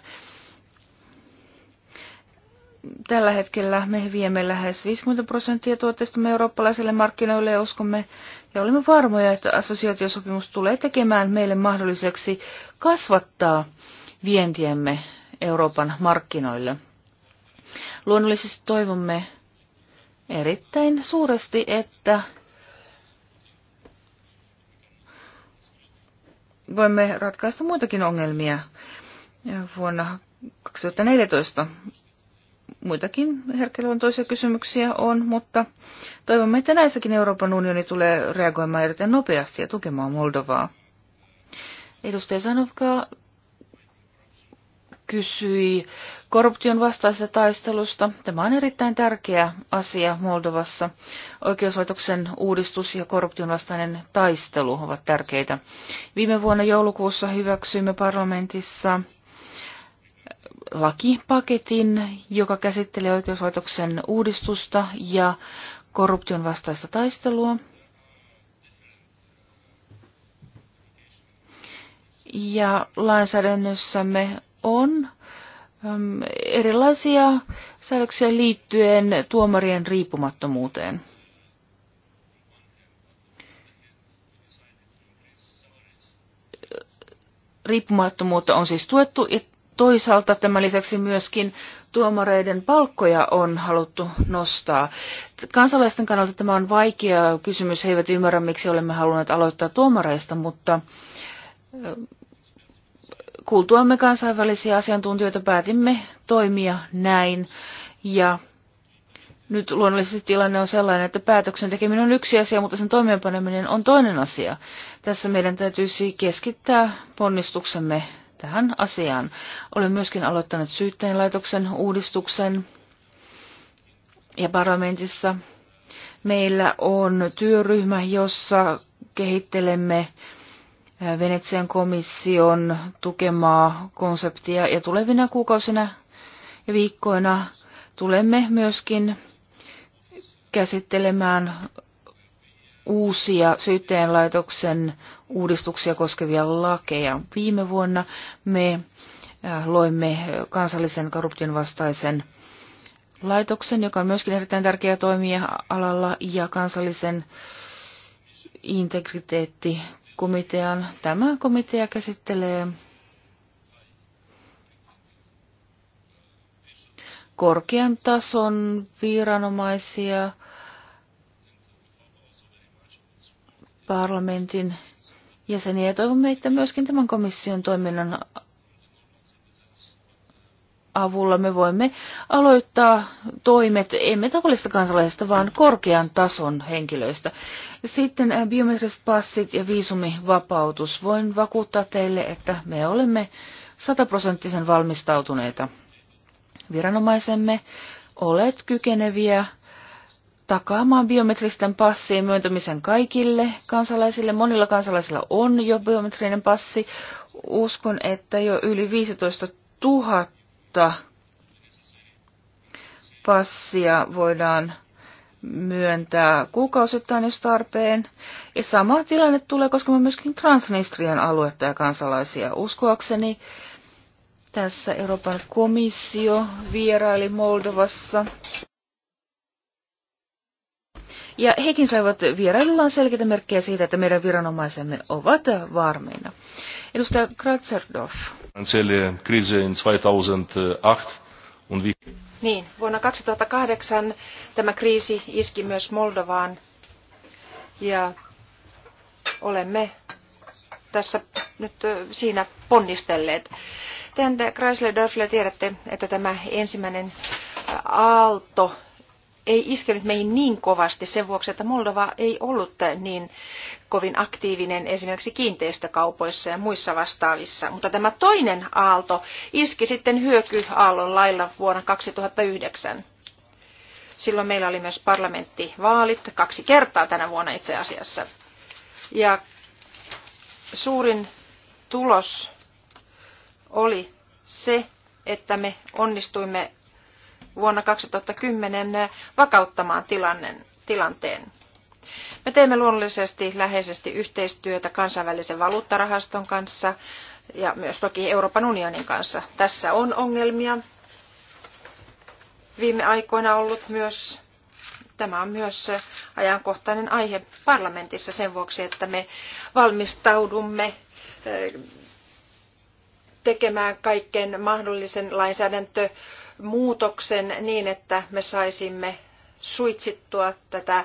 Tällä hetkellä me viemme lähes 50 prosenttia tuotteistamme eurooppalaisille markkinoille ja uskomme, ja olemme varmoja, että assosiaatiosopimus tulee tekemään meille mahdolliseksi kasvattaa vientiemme Euroopan markkinoille. Luonnollisesti toivomme erittäin suuresti, että voimme ratkaista muitakin ongelmia vuonna 2014 muitakin herkkäluontoisia kysymyksiä on, mutta toivomme, että näissäkin Euroopan unioni tulee reagoimaan erittäin nopeasti ja tukemaan Moldovaa. Edustaja Sanovka kysyi korruption vastaisesta taistelusta. Tämä on erittäin tärkeä asia Moldovassa. Oikeuslaitoksen uudistus ja korruption vastainen taistelu ovat tärkeitä. Viime vuonna joulukuussa hyväksyimme parlamentissa lakipaketin, joka käsittelee oikeuslaitoksen uudistusta ja korruption vastaista taistelua. Ja lainsäädännössämme on ähm, erilaisia säädöksiä liittyen tuomarien riippumattomuuteen. Riippumattomuutta on siis tuettu toisaalta tämän lisäksi myöskin tuomareiden palkkoja on haluttu nostaa. Kansalaisten kannalta tämä on vaikea kysymys. He eivät ymmärrä, miksi olemme halunneet aloittaa tuomareista, mutta kuultuamme kansainvälisiä asiantuntijoita päätimme toimia näin. Ja nyt luonnollisesti tilanne on sellainen, että päätöksen tekeminen on yksi asia, mutta sen toimeenpaneminen on toinen asia. Tässä meidän täytyisi keskittää ponnistuksemme tähän asiaan. Olen myöskin aloittanut syyttäjänlaitoksen uudistuksen ja parlamentissa meillä on työryhmä, jossa kehittelemme Venetsian komission tukemaa konseptia ja tulevina kuukausina ja viikkoina tulemme myöskin käsittelemään uusia syyttäjänlaitoksen uudistuksia koskevia lakeja. Viime vuonna me äh, loimme kansallisen korruption vastaisen laitoksen, joka on myöskin erittäin tärkeä toimija alalla, ja kansallisen integriteettikomitean. Tämä komitea käsittelee korkean tason viranomaisia, parlamentin jäseniä ja toivomme, että myöskin tämän komission toiminnan avulla me voimme aloittaa toimet, emme tavallista kansalaisista, vaan korkean tason henkilöistä. Sitten äh, biometriset passit ja viisumivapautus. Voin vakuuttaa teille, että me olemme sataprosenttisen valmistautuneita. Viranomaisemme olet kykeneviä takaamaan biometristen passien myöntämisen kaikille kansalaisille. Monilla kansalaisilla on jo biometrinen passi. Uskon, että jo yli 15 000 passia voidaan myöntää kuukausittain, jos tarpeen. Ja sama tilanne tulee koskemaan myöskin Transnistrian aluetta ja kansalaisia. Uskoakseni tässä Euroopan komissio vieraili Moldovassa ja hekin saivat vierailullaan selkeitä merkkejä siitä, että meidän viranomaisemme ovat varmeina. Edustaja Kratzerdorf. kriisi 2008. Äh, niin, vuonna 2008 tämä kriisi iski myös Moldovaan ja olemme tässä nyt äh, siinä ponnistelleet. Tehän te Chrysler Dörfle tiedätte, että tämä ensimmäinen äh, aalto ei iskenyt meihin niin kovasti sen vuoksi, että Moldova ei ollut niin kovin aktiivinen esimerkiksi kiinteistökaupoissa ja muissa vastaavissa. Mutta tämä toinen aalto iski sitten hyökyaallon lailla vuonna 2009. Silloin meillä oli myös parlamenttivaalit kaksi kertaa tänä vuonna itse asiassa. Ja suurin tulos oli se, että me onnistuimme vuonna 2010 vakauttamaan tilanteen. Me teemme luonnollisesti läheisesti yhteistyötä kansainvälisen valuuttarahaston kanssa ja myös toki Euroopan unionin kanssa. Tässä on ongelmia viime aikoina ollut myös, tämä on myös ajankohtainen aihe parlamentissa sen vuoksi, että me valmistaudumme eh, tekemään kaiken mahdollisen lainsäädäntö muutoksen niin, että me saisimme suitsittua tätä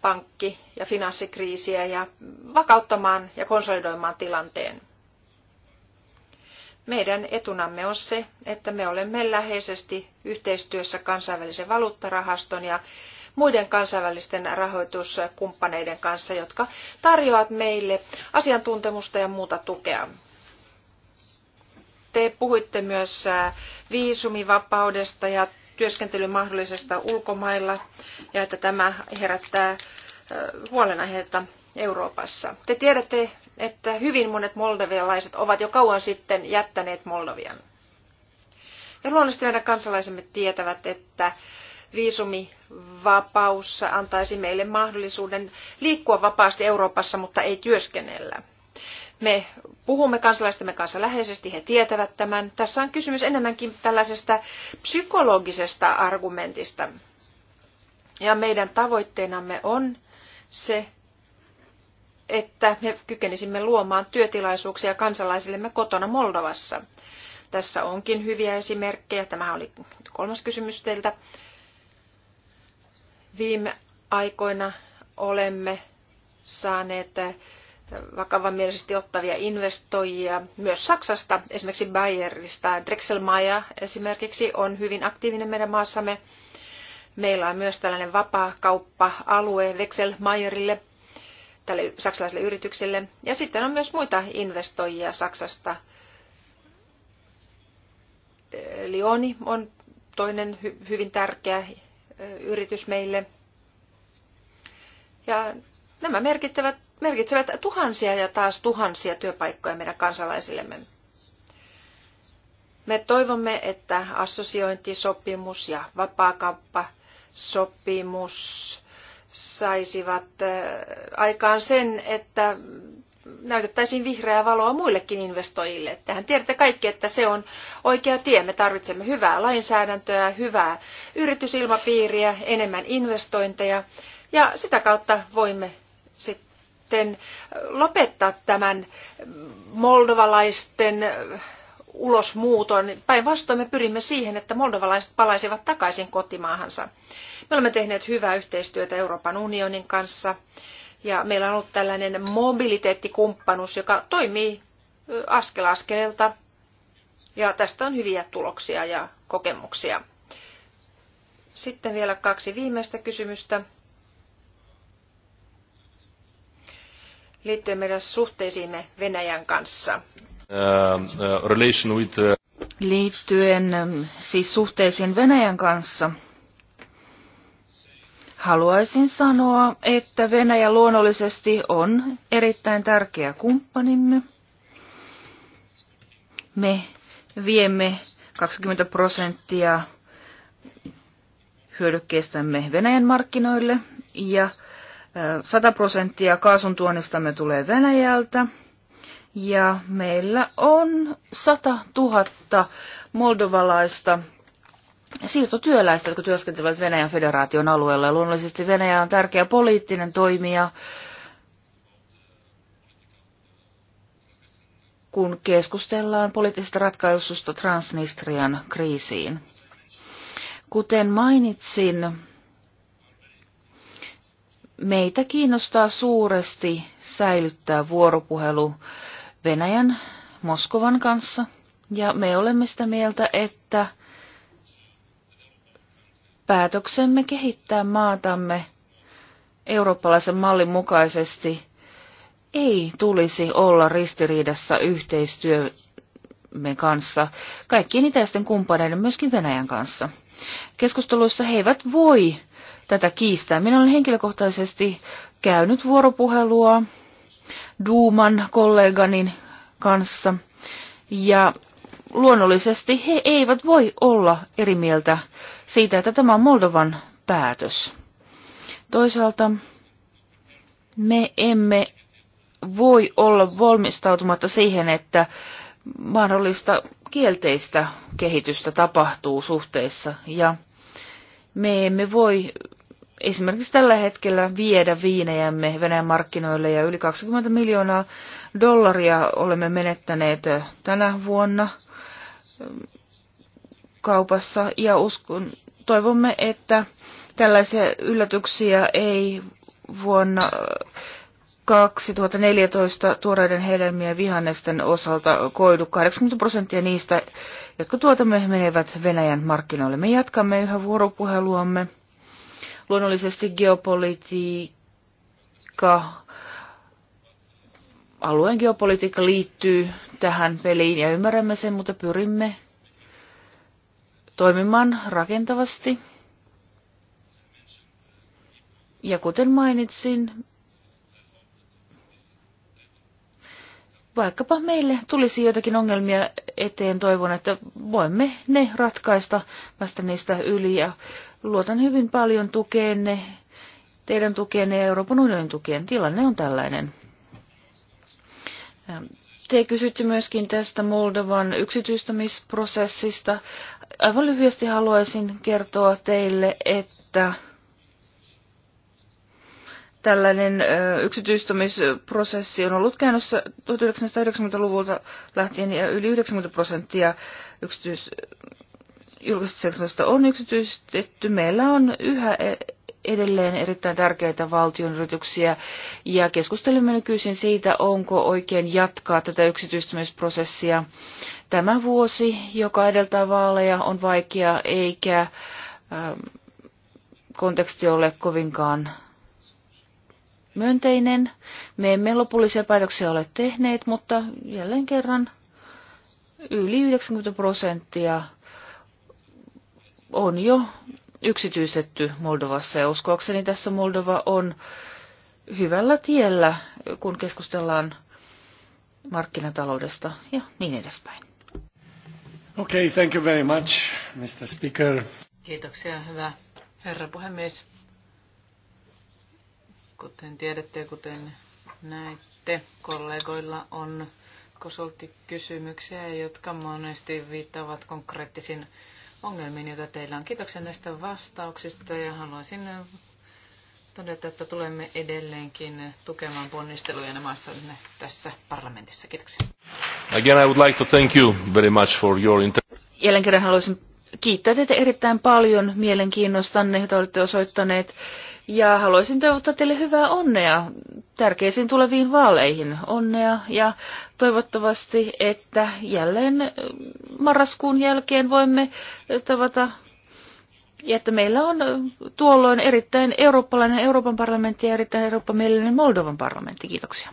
pankki- ja finanssikriisiä ja vakauttamaan ja konsolidoimaan tilanteen. Meidän etunamme on se, että me olemme läheisesti yhteistyössä kansainvälisen valuuttarahaston ja muiden kansainvälisten rahoituskumppaneiden kanssa, jotka tarjoavat meille asiantuntemusta ja muuta tukea. Te puhuitte myös viisumivapaudesta ja työskentelyn ulkomailla ja että tämä herättää huolenaiheita Euroopassa. Te tiedätte, että hyvin monet moldavialaiset ovat jo kauan sitten jättäneet Moldovian. Ja luonnollisesti meidän kansalaisemme tietävät, että viisumivapaus antaisi meille mahdollisuuden liikkua vapaasti Euroopassa, mutta ei työskennellä. Me puhumme kansalaistemme kanssa läheisesti, he tietävät tämän. Tässä on kysymys enemmänkin tällaisesta psykologisesta argumentista. Ja meidän tavoitteenamme on se, että me kykenisimme luomaan työtilaisuuksia kansalaisillemme kotona Moldovassa. Tässä onkin hyviä esimerkkejä. Tämä oli kolmas kysymys teiltä. Viime aikoina olemme saaneet vakavamielisesti ottavia investoijia myös Saksasta, esimerkiksi Bayerista. Drexelmaja esimerkiksi on hyvin aktiivinen meidän maassamme. Meillä on myös tällainen vapaa-kauppa-alue Wechselmeierille, tälle saksalaiselle yritykselle. Ja sitten on myös muita investoijia Saksasta. Lioni on toinen hy- hyvin tärkeä yritys meille. Ja nämä merkittävät merkitsevät tuhansia ja taas tuhansia työpaikkoja meidän kansalaisillemme. Me toivomme, että assosiointisopimus ja vapaakauppasopimus saisivat aikaan sen, että näytettäisiin vihreää valoa muillekin investoijille. Tähän tiedätte kaikki, että se on oikea tie. Me tarvitsemme hyvää lainsäädäntöä, hyvää yritysilmapiiriä, enemmän investointeja ja sitä kautta voimme sitten sitten lopettaa tämän moldovalaisten ulosmuuton. Päinvastoin me pyrimme siihen, että moldovalaiset palaisivat takaisin kotimaahansa. Me olemme tehneet hyvää yhteistyötä Euroopan unionin kanssa ja meillä on ollut tällainen mobiliteettikumppanuus, joka toimii askel askeleelta ja tästä on hyviä tuloksia ja kokemuksia. Sitten vielä kaksi viimeistä kysymystä. liittyen meidän suhteisiimme Venäjän kanssa. Uh, with, uh... Liittyen ähm, siis suhteisiin Venäjän kanssa. Haluaisin sanoa, että Venäjä luonnollisesti on erittäin tärkeä kumppanimme. Me viemme 20 prosenttia hyödykkeistämme Venäjän markkinoille ja 100 prosenttia kaasun tuonnistamme tulee Venäjältä. Ja meillä on 100 000 moldovalaista siirtotyöläistä, jotka työskentelevät Venäjän federaation alueella. Ja luonnollisesti Venäjä on tärkeä poliittinen toimija, kun keskustellaan poliittisesta ratkaisusta Transnistrian kriisiin. Kuten mainitsin, meitä kiinnostaa suuresti säilyttää vuoropuhelu Venäjän, Moskovan kanssa. Ja me olemme sitä mieltä, että päätöksemme kehittää maatamme eurooppalaisen mallin mukaisesti ei tulisi olla ristiriidassa yhteistyömme kanssa, kaikkien itäisten kumppaneiden, myöskin Venäjän kanssa. Keskusteluissa he eivät voi tätä kiistää. Minä olen henkilökohtaisesti käynyt vuoropuhelua Duuman kolleganin kanssa ja luonnollisesti he eivät voi olla eri mieltä siitä, että tämä on Moldovan päätös. Toisaalta me emme voi olla valmistautumatta siihen, että mahdollista kielteistä kehitystä tapahtuu suhteessa ja me emme voi esimerkiksi tällä hetkellä viedä viinejämme Venäjän markkinoille ja yli 20 miljoonaa dollaria olemme menettäneet tänä vuonna ähm, kaupassa ja uskon, toivomme, että tällaisia yllätyksiä ei vuonna 2014 tuoreiden hedelmien vihannesten osalta koidu 80 prosenttia niistä, jotka tuotamme menevät Venäjän markkinoille. Me jatkamme yhä vuoropuheluamme. Luonnollisesti geopolitiikka, alueen geopolitiikka liittyy tähän peliin ja ymmärrämme sen, mutta pyrimme toimimaan rakentavasti. Ja kuten mainitsin, vaikkapa meille tulisi joitakin ongelmia eteen, toivon, että voimme ne ratkaista vasta niistä yli ja luotan hyvin paljon tukeenne, teidän tukeenne ja Euroopan unionin tukeen. Tilanne on tällainen. Ähm, te kysytte myöskin tästä Moldovan yksityistämisprosessista. Aivan lyhyesti haluaisin kertoa teille, että tällainen yksityistämisprosessi on ollut käynnissä 1990-luvulta lähtien ja yli 90 prosenttia yksityis, julkisesta sektorista on yksityistetty. Meillä on yhä e-, edelleen erittäin tärkeitä valtion yrityksiä ja keskustelemme nykyisin siitä, onko oikein jatkaa tätä yksityistämisprosessia. Tämä vuosi, joka edeltää vaaleja, on vaikea eikä konteksti ole kovinkaan myönteinen. Me emme lopullisia päätöksiä ole tehneet, mutta jälleen kerran yli 90 prosenttia on jo yksityistetty Moldovassa ja uskoakseni tässä Moldova on hyvällä tiellä, kun keskustellaan markkinataloudesta ja niin edespäin. Okay, thank you very much, Mr. Speaker. Kiitoksia, hyvä herra puhemies. Kuten tiedätte ja kuten näitte, kollegoilla on kysymyksiä, jotka monesti viittaavat konkreettisiin ongelmiin, joita teillä on. Kiitoksia näistä vastauksista ja haluaisin todeta, että tulemme edelleenkin tukemaan ponnisteluja maassa tässä parlamentissa. Kiitoksia. Again, I would like to thank you very much for your Jälleen kerran haluaisin kiittää teitä erittäin paljon mielenkiinnostanne, jota olette osoittaneet ja haluaisin toivottaa teille hyvää onnea tärkeisiin tuleviin vaaleihin. Onnea ja toivottavasti, että jälleen marraskuun jälkeen voimme tavata ja että meillä on tuolloin erittäin eurooppalainen Euroopan parlamentti ja erittäin eurooppamielinen Moldovan parlamentti. Kiitoksia.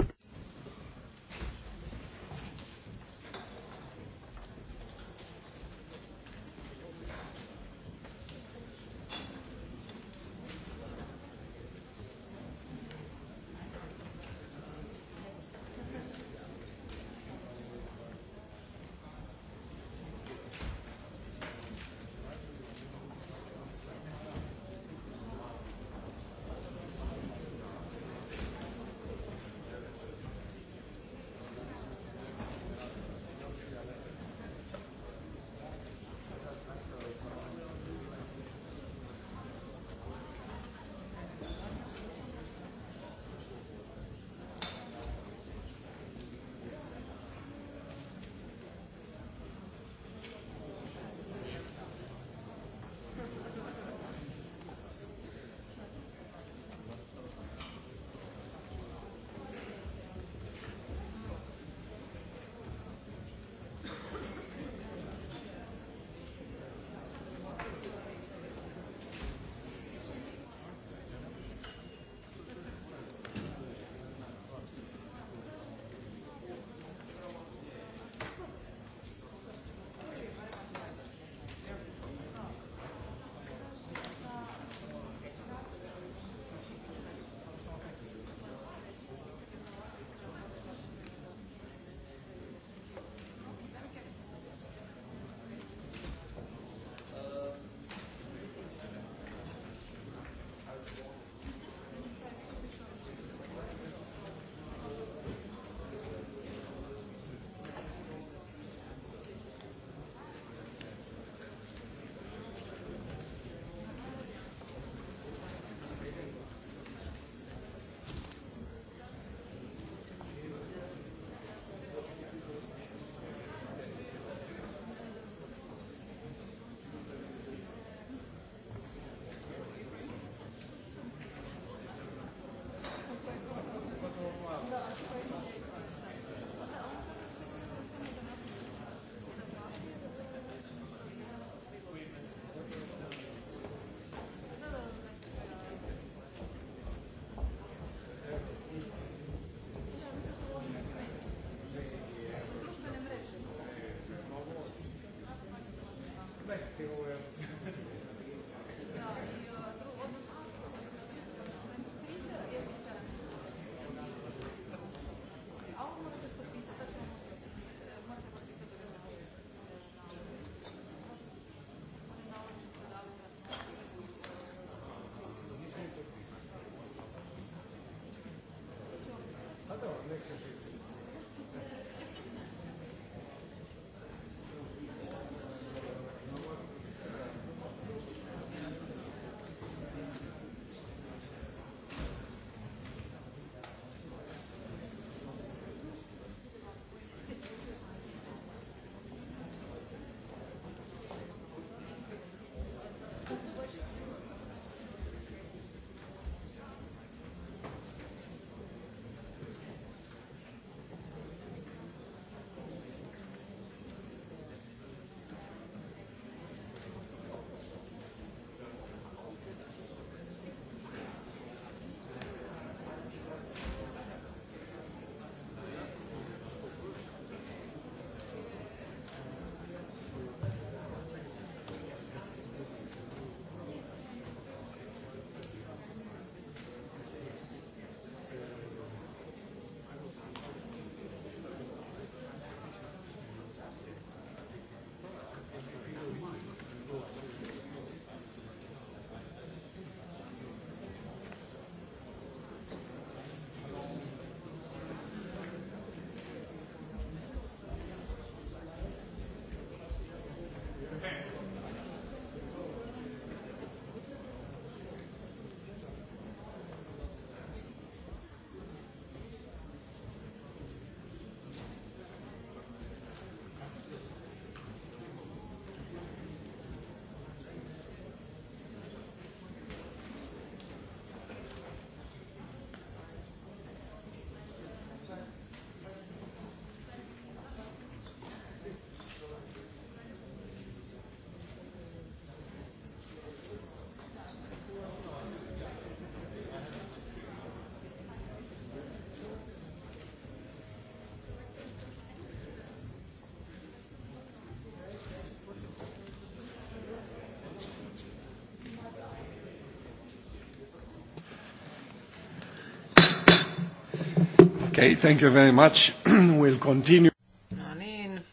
Okay, thank you very much. we'll continue. No niin,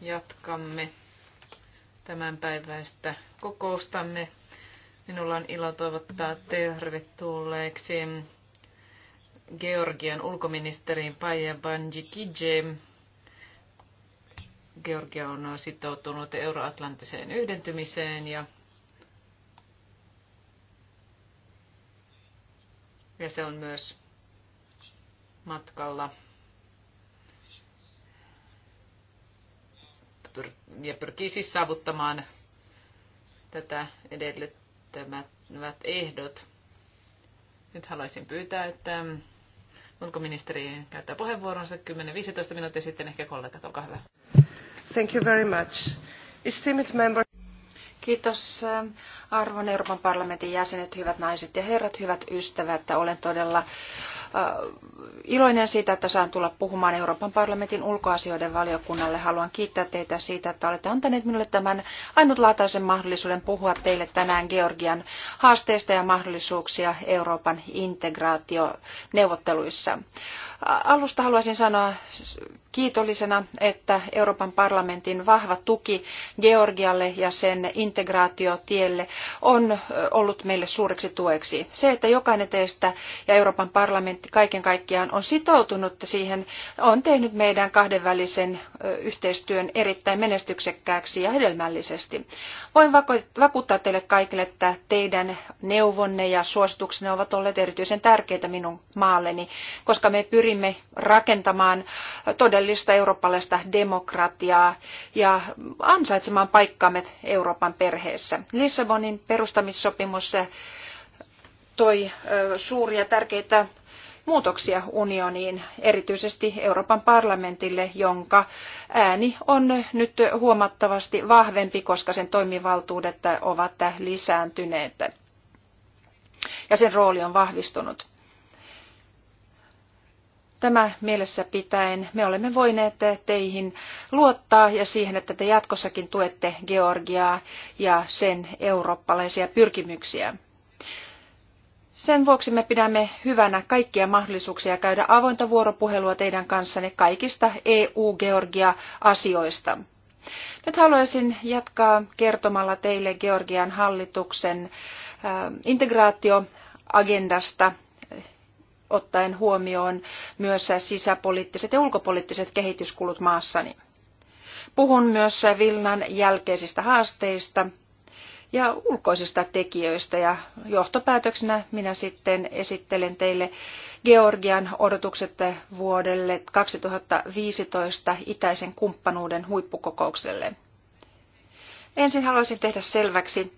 jatkamme tämänpäiväistä kokoustamme. Minulla on ilo toivottaa tervetulleeksi Georgian ulkoministeriin Paja Banjikidze. Georgia on sitoutunut euroatlanttiseen yhdentymiseen ja ja se on myös matkalla. Ja pyrkii siis saavuttamaan tätä edellyttämät ehdot. Nyt haluaisin pyytää, että ulkoministeri käyttää puheenvuoronsa 10-15 minuuttia sitten ehkä kollegat, olkaa hyvä. Thank you very much. Esteemed member. Kiitos äh, arvon Euroopan parlamentin jäsenet, hyvät naiset ja herrat, hyvät ystävät. Olen todella äh, iloinen siitä, että saan tulla puhumaan Euroopan parlamentin ulkoasioiden valiokunnalle. Haluan kiittää teitä siitä, että olette antaneet minulle tämän ainutlaatuisen mahdollisuuden puhua teille tänään Georgian haasteista ja mahdollisuuksia Euroopan integraationeuvotteluissa. Alusta haluaisin sanoa kiitollisena, että Euroopan parlamentin vahva tuki Georgialle ja sen integraatiotielle on ollut meille suureksi tueksi. Se, että jokainen teistä ja Euroopan parlamentti kaiken kaikkiaan on sitoutunut siihen, on tehnyt meidän kahdenvälisen yhteistyön erittäin menestyksekkääksi ja hedelmällisesti. Voin vakuuttaa teille kaikille, että teidän neuvonne ja suosituksenne ovat olleet erityisen tärkeitä minun maalleni, koska me pyrimme rakentamaan todellista eurooppalaista demokratiaa ja ansaitsemaan paikkaamme Euroopan perheessä. Lissabonin perustamissopimus toi suuria tärkeitä muutoksia unioniin, erityisesti Euroopan parlamentille, jonka ääni on nyt huomattavasti vahvempi, koska sen toimivaltuudet ovat lisääntyneet ja sen rooli on vahvistunut. Tämä mielessä pitäen me olemme voineet teihin luottaa ja siihen, että te jatkossakin tuette Georgiaa ja sen eurooppalaisia pyrkimyksiä. Sen vuoksi me pidämme hyvänä kaikkia mahdollisuuksia käydä avointa vuoropuhelua teidän kanssanne kaikista EU-Georgia-asioista. Nyt haluaisin jatkaa kertomalla teille Georgian hallituksen äh, integraatioagendasta äh, ottaen huomioon myös sisäpoliittiset ja ulkopoliittiset kehityskulut maassani. Puhun myös Vilnan jälkeisistä haasteista ja ulkoisista tekijöistä. Ja johtopäätöksenä minä sitten esittelen teille Georgian odotukset vuodelle 2015 itäisen kumppanuuden huippukokoukselle. Ensin haluaisin tehdä selväksi,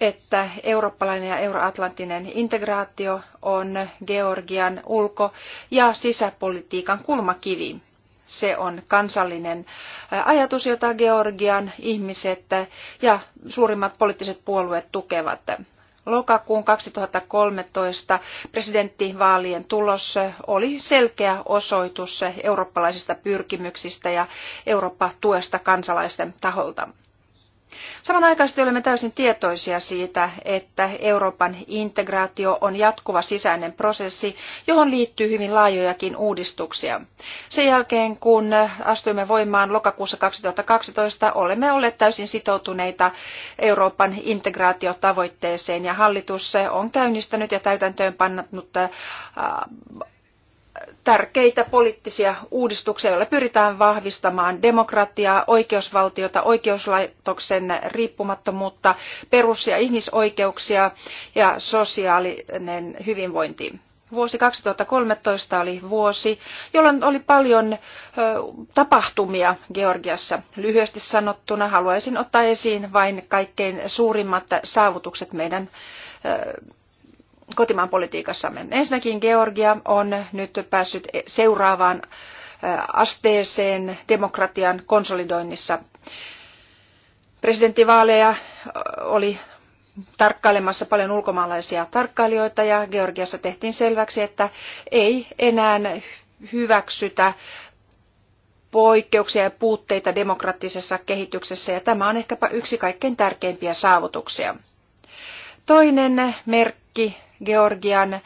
että eurooppalainen ja euroatlanttinen integraatio on Georgian ulko- ja sisäpolitiikan kulmakivi. Se on kansallinen ajatus, jota Georgian ihmiset ja suurimmat poliittiset puolueet tukevat. Lokakuun 2013 presidenttivaalien tulos oli selkeä osoitus eurooppalaisista pyrkimyksistä ja Eurooppa-tuesta kansalaisten taholta. Samanaikaisesti olemme täysin tietoisia siitä, että Euroopan integraatio on jatkuva sisäinen prosessi, johon liittyy hyvin laajojakin uudistuksia. Sen jälkeen, kun astuimme voimaan lokakuussa 2012, olemme olleet täysin sitoutuneita Euroopan integraatiotavoitteeseen ja hallitus on käynnistänyt ja täytäntöönpannut äh, tärkeitä poliittisia uudistuksia, joilla pyritään vahvistamaan demokratiaa, oikeusvaltiota, oikeuslaitoksen riippumattomuutta, perus- ja ihmisoikeuksia ja sosiaalinen hyvinvointi. Vuosi 2013 oli vuosi, jolloin oli paljon tapahtumia Georgiassa. Lyhyesti sanottuna haluaisin ottaa esiin vain kaikkein suurimmat saavutukset meidän kotimaan politiikassamme. Ensinnäkin Georgia on nyt päässyt seuraavaan asteeseen demokratian konsolidoinnissa. Presidenttivaaleja oli tarkkailemassa paljon ulkomaalaisia tarkkailijoita ja Georgiassa tehtiin selväksi, että ei enää hyväksytä poikkeuksia ja puutteita demokraattisessa kehityksessä ja tämä on ehkäpä yksi kaikkein tärkeimpiä saavutuksia. Toinen merkki Georgian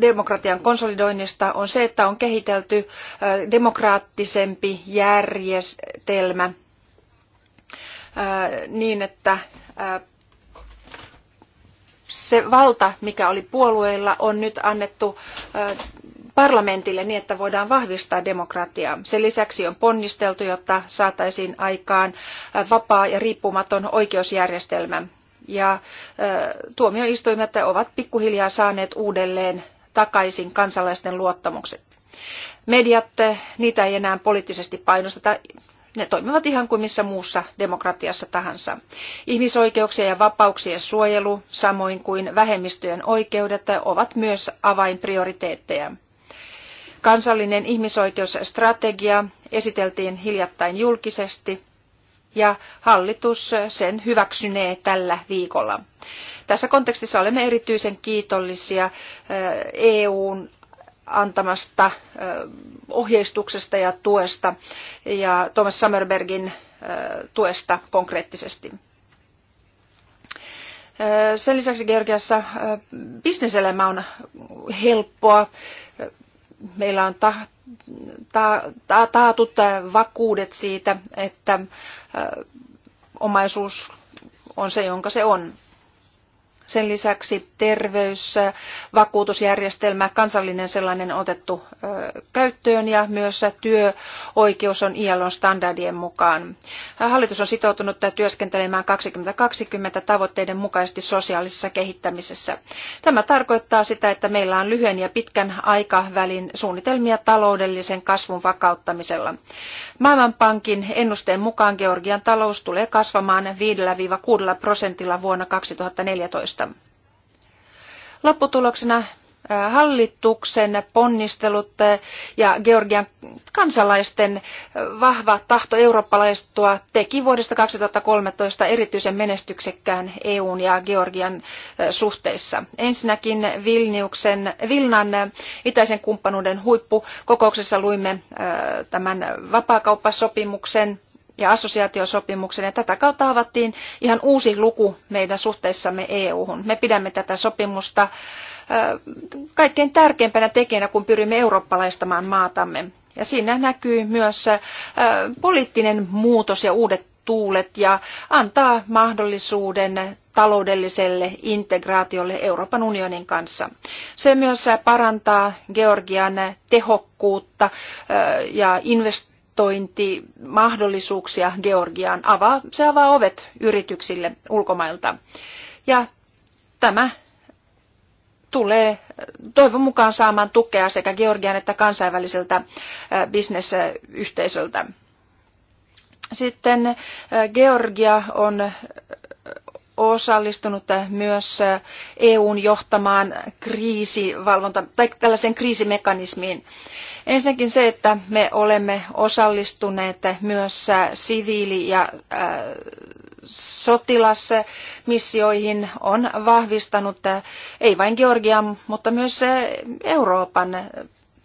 demokratian konsolidoinnista on se, että on kehitelty demokraattisempi järjestelmä niin, että se valta, mikä oli puolueilla, on nyt annettu parlamentille niin, että voidaan vahvistaa demokratiaa. Sen lisäksi on ponnisteltu, jotta saataisiin aikaan vapaa ja riippumaton oikeusjärjestelmä ja tuomioistuimet ovat pikkuhiljaa saaneet uudelleen takaisin kansalaisten luottamukset. Mediat, niitä ei enää poliittisesti painosteta, ne toimivat ihan kuin missä muussa demokratiassa tahansa. Ihmisoikeuksien ja vapauksien suojelu, samoin kuin vähemmistöjen oikeudet, ovat myös avainprioriteetteja. Kansallinen ihmisoikeusstrategia esiteltiin hiljattain julkisesti ja hallitus sen hyväksynee tällä viikolla. Tässä kontekstissa olemme erityisen kiitollisia EUn antamasta ohjeistuksesta ja tuesta ja Thomas Sammerbergin tuesta konkreettisesti. Sen lisäksi Georgiassa bisneselämä on helppoa. Meillä on ta, ta, taatut vakuudet siitä, että omaisuus on se, jonka se on. Sen lisäksi äh, vakuutusjärjestelmä, kansallinen sellainen otettu äh, käyttöön ja myös työoikeus on ILOn standardien mukaan. Äh, hallitus on sitoutunut työskentelemään 2020 tavoitteiden mukaisesti sosiaalisessa kehittämisessä. Tämä tarkoittaa sitä, että meillä on lyhyen ja pitkän aikavälin suunnitelmia taloudellisen kasvun vakauttamisella. Maailmanpankin ennusteen mukaan Georgian talous tulee kasvamaan 5-6 prosentilla vuonna 2014 sopimusta. Lopputuloksena hallituksen ponnistelut ja Georgian kansalaisten vahva tahto eurooppalaistua teki vuodesta 2013 erityisen menestyksekkään EUn ja Georgian suhteissa. Ensinnäkin Vilniuksen, Vilnan itäisen kumppanuuden huippukokouksessa luimme tämän vapaakauppasopimuksen ja assosiaatiosopimuksen ja tätä kautta avattiin ihan uusi luku meidän suhteissamme EU-hun. Me pidämme tätä sopimusta kaikkein tärkeimpänä tekijänä, kun pyrimme eurooppalaistamaan maatamme. Ja siinä näkyy myös poliittinen muutos ja uudet tuulet ja antaa mahdollisuuden taloudelliselle integraatiolle Euroopan unionin kanssa. Se myös parantaa Georgian tehokkuutta ja investointia investointimahdollisuuksia Georgiaan. Avaa, se avaa ovet yrityksille ulkomailta. Ja tämä tulee toivon mukaan saamaan tukea sekä Georgian että kansainväliseltä bisnesyhteisöltä. Sitten Georgia on osallistunut myös EUn johtamaan kriisivalvonta, tai tällaisen kriisimekanismiin. Ensinnäkin se, että me olemme osallistuneet myös siviili- ja sotilasmissioihin on vahvistanut ei vain Georgian, mutta myös Euroopan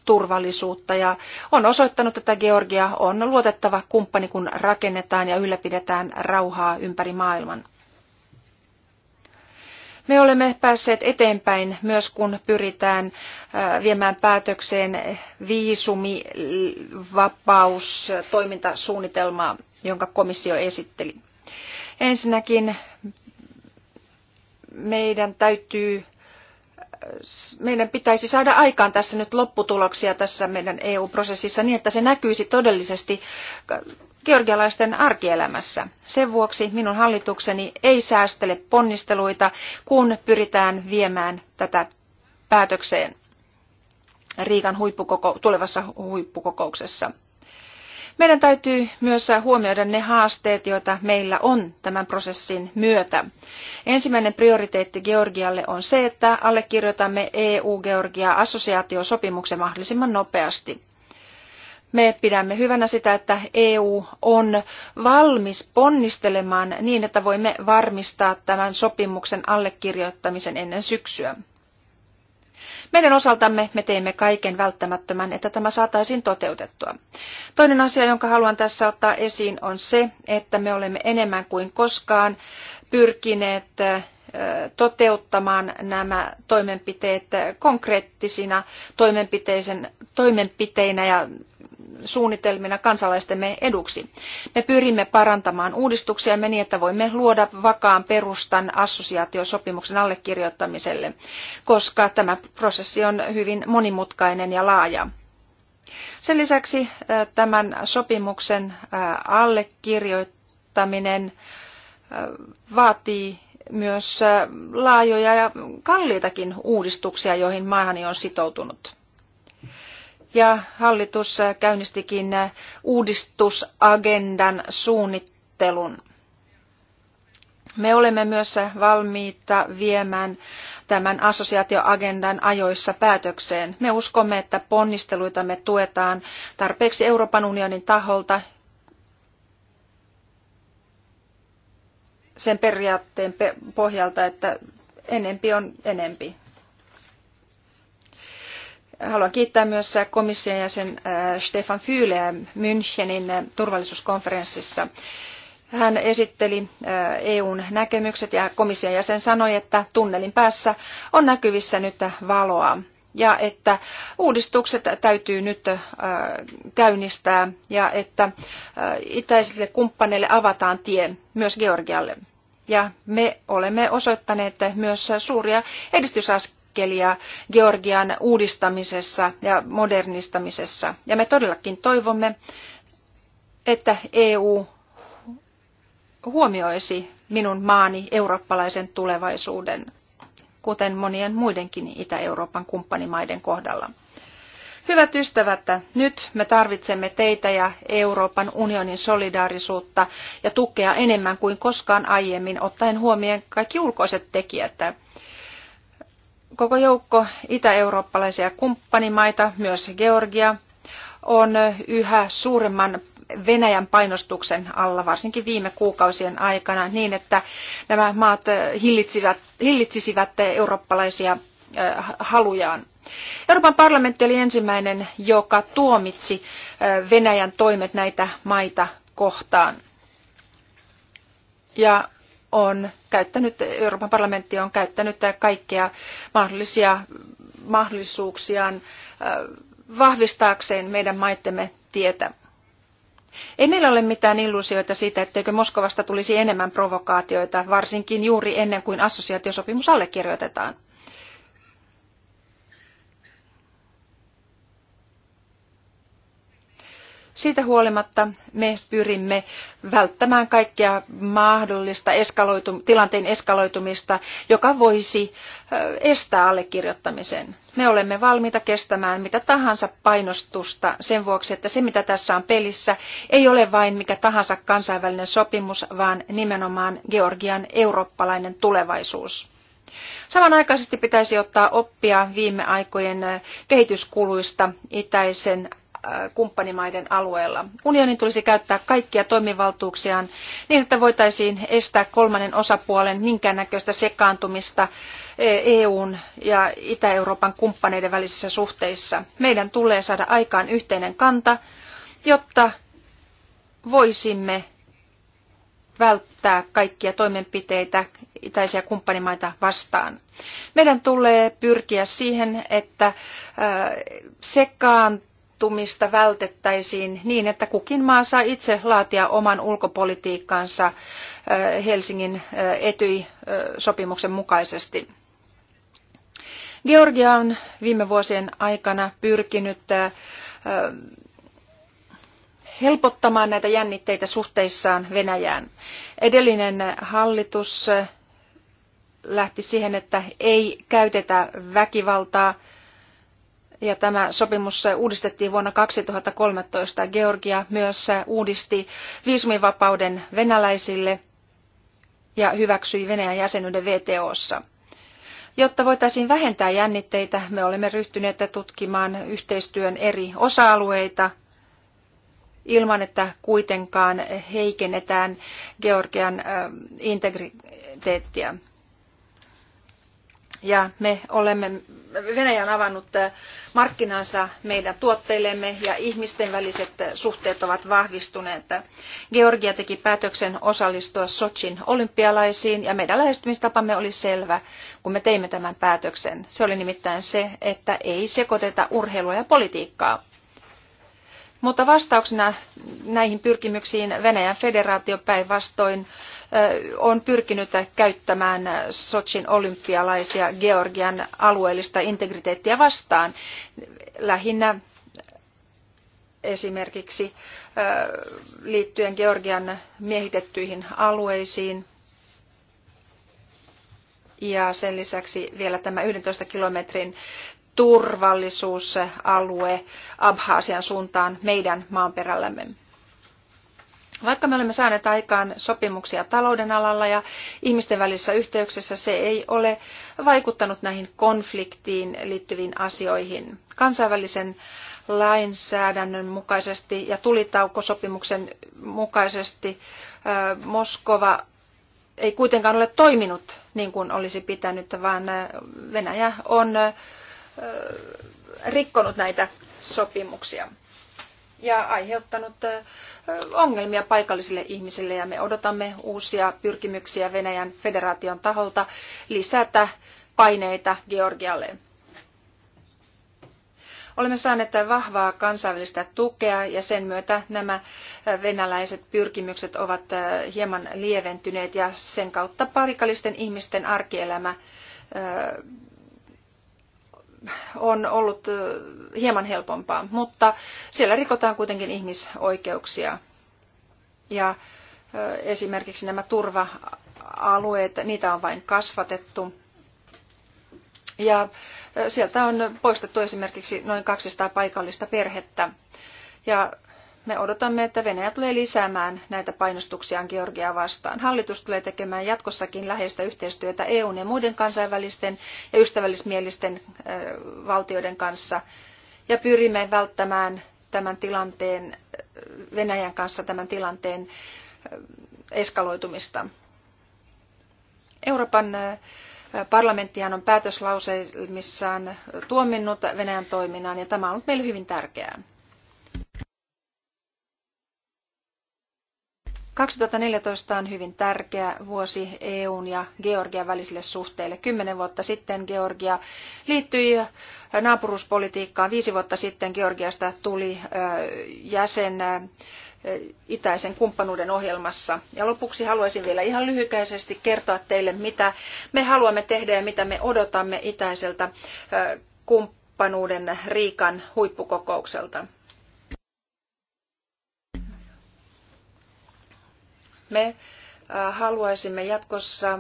turvallisuutta ja on osoittanut, että Georgia on luotettava kumppani, kun rakennetaan ja ylläpidetään rauhaa ympäri maailman. Me olemme päässeet eteenpäin myös, kun pyritään äh, viemään päätökseen viisumivapaus toimintasuunnitelmaa, jonka komissio esitteli. Ensinnäkin meidän täytyy äh, meidän pitäisi saada aikaan tässä nyt lopputuloksia tässä meidän EU-prosessissa niin, että se näkyisi todellisesti georgialaisten arkielämässä. Sen vuoksi minun hallitukseni ei säästele ponnisteluita, kun pyritään viemään tätä päätökseen Riikan huippukoko- tulevassa huippukokouksessa. Meidän täytyy myös huomioida ne haasteet, joita meillä on tämän prosessin myötä. Ensimmäinen prioriteetti Georgialle on se, että allekirjoitamme EU-Georgia-assosiaatiosopimuksen mahdollisimman nopeasti. Me pidämme hyvänä sitä, että EU on valmis ponnistelemaan niin, että voimme varmistaa tämän sopimuksen allekirjoittamisen ennen syksyä. Meidän osaltamme me teemme kaiken välttämättömän, että tämä saataisiin toteutettua. Toinen asia, jonka haluan tässä ottaa esiin, on se, että me olemme enemmän kuin koskaan pyrkineet toteuttamaan nämä toimenpiteet konkreettisina toimenpiteinä ja suunnitelmina kansalaistemme eduksi. Me pyrimme parantamaan uudistuksia niin, että voimme luoda vakaan perustan assosiaatiosopimuksen allekirjoittamiselle, koska tämä prosessi on hyvin monimutkainen ja laaja. Sen lisäksi äh, tämän sopimuksen äh, allekirjoittaminen äh, vaatii myös laajoja ja kalliitakin uudistuksia, joihin maahani on sitoutunut ja hallitus käynnistikin uudistusagendan suunnittelun. Me olemme myös valmiita viemään tämän assosiaatioagendan ajoissa päätökseen. Me uskomme, että ponnisteluitamme tuetaan tarpeeksi Euroopan unionin taholta sen periaatteen pohjalta, että enempi on enempi. Haluan kiittää myös komission jäsen äh, Stefan Füleä Münchenin äh, turvallisuuskonferenssissa. Hän esitteli äh, EUn näkemykset ja komission jäsen sanoi, että tunnelin päässä on näkyvissä nyt valoa ja että uudistukset täytyy nyt käynnistää ja että itäisille kumppaneille avataan tie myös Georgialle. Ja me olemme osoittaneet myös suuria edistysaskeleita askelia Georgian uudistamisessa ja modernistamisessa. Ja me todellakin toivomme, että EU huomioisi minun maani eurooppalaisen tulevaisuuden, kuten monien muidenkin Itä-Euroopan kumppanimaiden kohdalla. Hyvät ystävät, nyt me tarvitsemme teitä ja Euroopan unionin solidaarisuutta ja tukea enemmän kuin koskaan aiemmin, ottaen huomioon kaikki ulkoiset tekijät koko joukko itä-eurooppalaisia kumppanimaita, myös Georgia, on yhä suuremman Venäjän painostuksen alla, varsinkin viime kuukausien aikana, niin että nämä maat äh, hillitsivät, hillitsisivät eurooppalaisia äh, halujaan. Euroopan parlamentti oli ensimmäinen, joka tuomitsi äh, Venäjän toimet näitä maita kohtaan. Ja on käyttänyt, Euroopan parlamentti on käyttänyt kaikkia mahdollisia mahdollisuuksiaan vahvistaakseen meidän maittemme tietä. Ei meillä ole mitään illuusioita siitä, etteikö Moskovasta tulisi enemmän provokaatioita, varsinkin juuri ennen kuin assosiaatiosopimus allekirjoitetaan. Siitä huolimatta me pyrimme välttämään kaikkea mahdollista tilanteen eskaloitumista, joka voisi estää allekirjoittamisen. Me olemme valmiita kestämään mitä tahansa painostusta sen vuoksi, että se mitä tässä on pelissä ei ole vain mikä tahansa kansainvälinen sopimus, vaan nimenomaan Georgian eurooppalainen tulevaisuus. Samanaikaisesti pitäisi ottaa oppia viime aikojen kehityskuluista itäisen kumppanimaiden alueella. Unionin tulisi käyttää kaikkia toimivaltuuksiaan niin, että voitaisiin estää kolmannen osapuolen minkäännäköistä sekaantumista EUn e ja Itä-Euroopan kumppaneiden välisissä suhteissa. Meidän tulee saada aikaan yhteinen kanta, jotta voisimme välttää kaikkia toimenpiteitä itäisiä kumppanimaita vastaan. Meidän tulee pyrkiä siihen, että sekaantumista haavoittumista vältettäisiin niin, että kukin maa saa itse laatia oman ulkopolitiikkansa Helsingin etyi-sopimuksen mukaisesti. Georgia on viime vuosien aikana pyrkinyt helpottamaan näitä jännitteitä suhteissaan Venäjään. Edellinen hallitus lähti siihen, että ei käytetä väkivaltaa ja tämä sopimus uudistettiin vuonna 2013. Georgia myös uudisti viisumivapauden venäläisille ja hyväksyi Venäjän jäsenyyden VTOssa. Jotta voitaisiin vähentää jännitteitä, me olemme ryhtyneet tutkimaan yhteistyön eri osa-alueita ilman, että kuitenkaan heikennetään Georgian integriteettiä ja me olemme, Venäjä on avannut äh, markkinansa meidän tuotteillemme ja ihmisten väliset äh, suhteet ovat vahvistuneet. Georgia teki päätöksen osallistua Sochin olympialaisiin ja meidän lähestymistapamme oli selvä, kun me teimme tämän päätöksen. Se oli nimittäin se, että ei sekoiteta urheilua ja politiikkaa. Mutta vastauksena näihin pyrkimyksiin Venäjän federaatio päinvastoin on pyrkinyt käyttämään Sochin olympialaisia Georgian alueellista integriteettiä vastaan. Lähinnä esimerkiksi liittyen Georgian miehitettyihin alueisiin. Ja sen lisäksi vielä tämä 11 kilometrin turvallisuusalue Abhaasian suuntaan meidän maanperällämme. Vaikka me olemme saaneet aikaan sopimuksia talouden alalla ja ihmisten välisissä yhteyksissä, se ei ole vaikuttanut näihin konfliktiin liittyviin asioihin. Kansainvälisen lainsäädännön mukaisesti ja tulitaukosopimuksen mukaisesti Moskova ei kuitenkaan ole toiminut niin kuin olisi pitänyt, vaan Venäjä on rikkonut näitä sopimuksia ja aiheuttanut ongelmia paikallisille ihmisille ja me odotamme uusia pyrkimyksiä Venäjän federaation taholta lisätä paineita Georgialle. Olemme saaneet vahvaa kansainvälistä tukea ja sen myötä nämä venäläiset pyrkimykset ovat hieman lieventyneet ja sen kautta paikallisten ihmisten arkielämä on ollut hieman helpompaa, mutta siellä rikotaan kuitenkin ihmisoikeuksia. Ja esimerkiksi nämä turva-alueet, niitä on vain kasvatettu. Ja sieltä on poistettu esimerkiksi noin 200 paikallista perhettä. Ja me odotamme, että Venäjä tulee lisäämään näitä painostuksiaan Georgiaa vastaan. Hallitus tulee tekemään jatkossakin läheistä yhteistyötä EUn ja muiden kansainvälisten ja ystävällismielisten valtioiden kanssa ja pyrimme välttämään tämän tilanteen, Venäjän kanssa tämän tilanteen eskaloitumista. Euroopan parlamenttihan on päätöslauselmissaan tuominnut Venäjän toiminnan ja tämä on ollut meille hyvin tärkeää. 2014 on hyvin tärkeä vuosi EUn ja Georgian välisille suhteille. Kymmenen vuotta sitten Georgia liittyi naapuruuspolitiikkaan. Viisi vuotta sitten Georgiasta tuli jäsen itäisen kumppanuuden ohjelmassa. Ja lopuksi haluaisin vielä ihan lyhykäisesti kertoa teille, mitä me haluamme tehdä ja mitä me odotamme itäiseltä kumppanuuden Riikan huippukokoukselta. Me äh, haluaisimme jatkossa äh,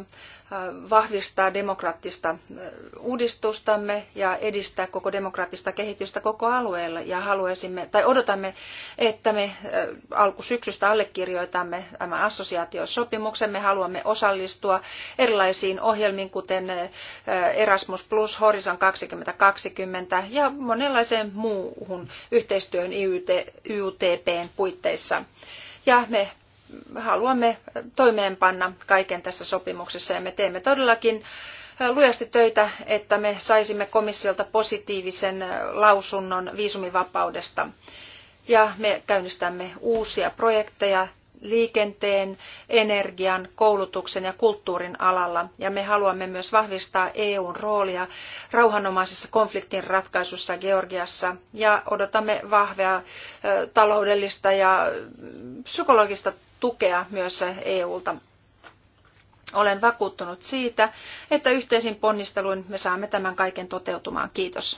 vahvistaa demokraattista äh, uudistustamme ja edistää koko demokraattista kehitystä koko alueella ja haluaisimme tai odotamme, että me alkusyksystä allekirjoitamme tämä assosiaatiosopimuksen. Me haluamme osallistua erilaisiin ohjelmiin, kuten Erasmus Plus, Horizon 2020 ja monenlaiseen muuhun yhteistyöhön IUTPn puitteissa. Ja me haluamme toimeenpanna kaiken tässä sopimuksessa ja me teemme todellakin lujasti töitä, että me saisimme komissiolta positiivisen lausunnon viisumivapaudesta. Ja me käynnistämme uusia projekteja liikenteen, energian, koulutuksen ja kulttuurin alalla. Ja me haluamme myös vahvistaa EUn roolia rauhanomaisessa konfliktin ratkaisussa Georgiassa. Ja odotamme vahvaa taloudellista ja psykologista tukea myös EUlta. Olen vakuuttunut siitä, että yhteisin ponnisteluin me saamme tämän kaiken toteutumaan. Kiitos.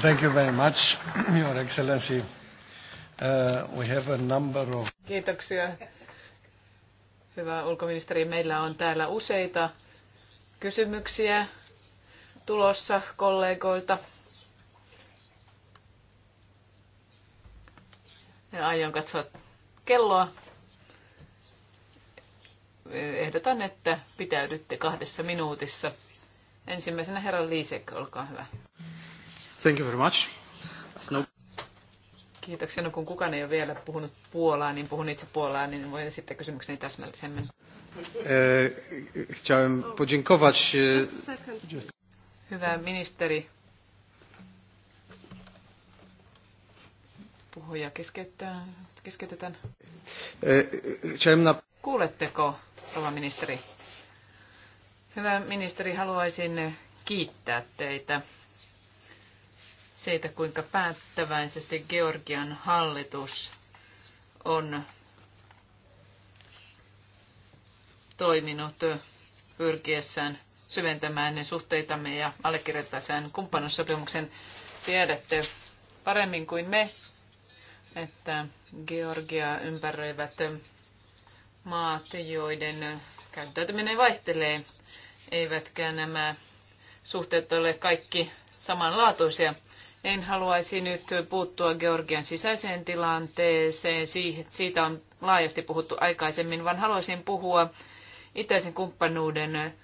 Thank you very much, Your Excellency. Uh, we have a number of... Kiitoksia. Hyvä ulkoministeri, meillä on täällä useita kysymyksiä tulossa kollegoilta. Ja aion katsoa kelloa. Ehdotan, että pitäydytte kahdessa minuutissa. Ensimmäisenä herra Liisek, olkaa hyvä. Thank you very much. No... Kiitoksia. No kun kukaan ei ole vielä puhunut Puolaa, niin puhun itse Puolaa, niin voi sitten kysymykseni täsmällisemmin. Eh, chciałem podziękować. Eh, hyvä ministeri, Puhuja keskeytetään. Eh, Kuuletteko, rouva ministeri? Hyvä ministeri, haluaisin kiittää teitä siitä, kuinka päättäväisesti Georgian hallitus on toiminut pyrkiessään syventämään ne suhteitamme ja allekirjoittaisen kumppanussopimuksen. Tiedätte paremmin kuin me, että Georgia ympäröivät maat, joiden käyttäytyminen vaihtelee, eivätkä nämä suhteet ole kaikki samanlaatuisia. En haluaisi nyt puuttua Georgian sisäiseen tilanteeseen, siitä on laajasti puhuttu aikaisemmin, vaan haluaisin puhua itäisen kumppanuuden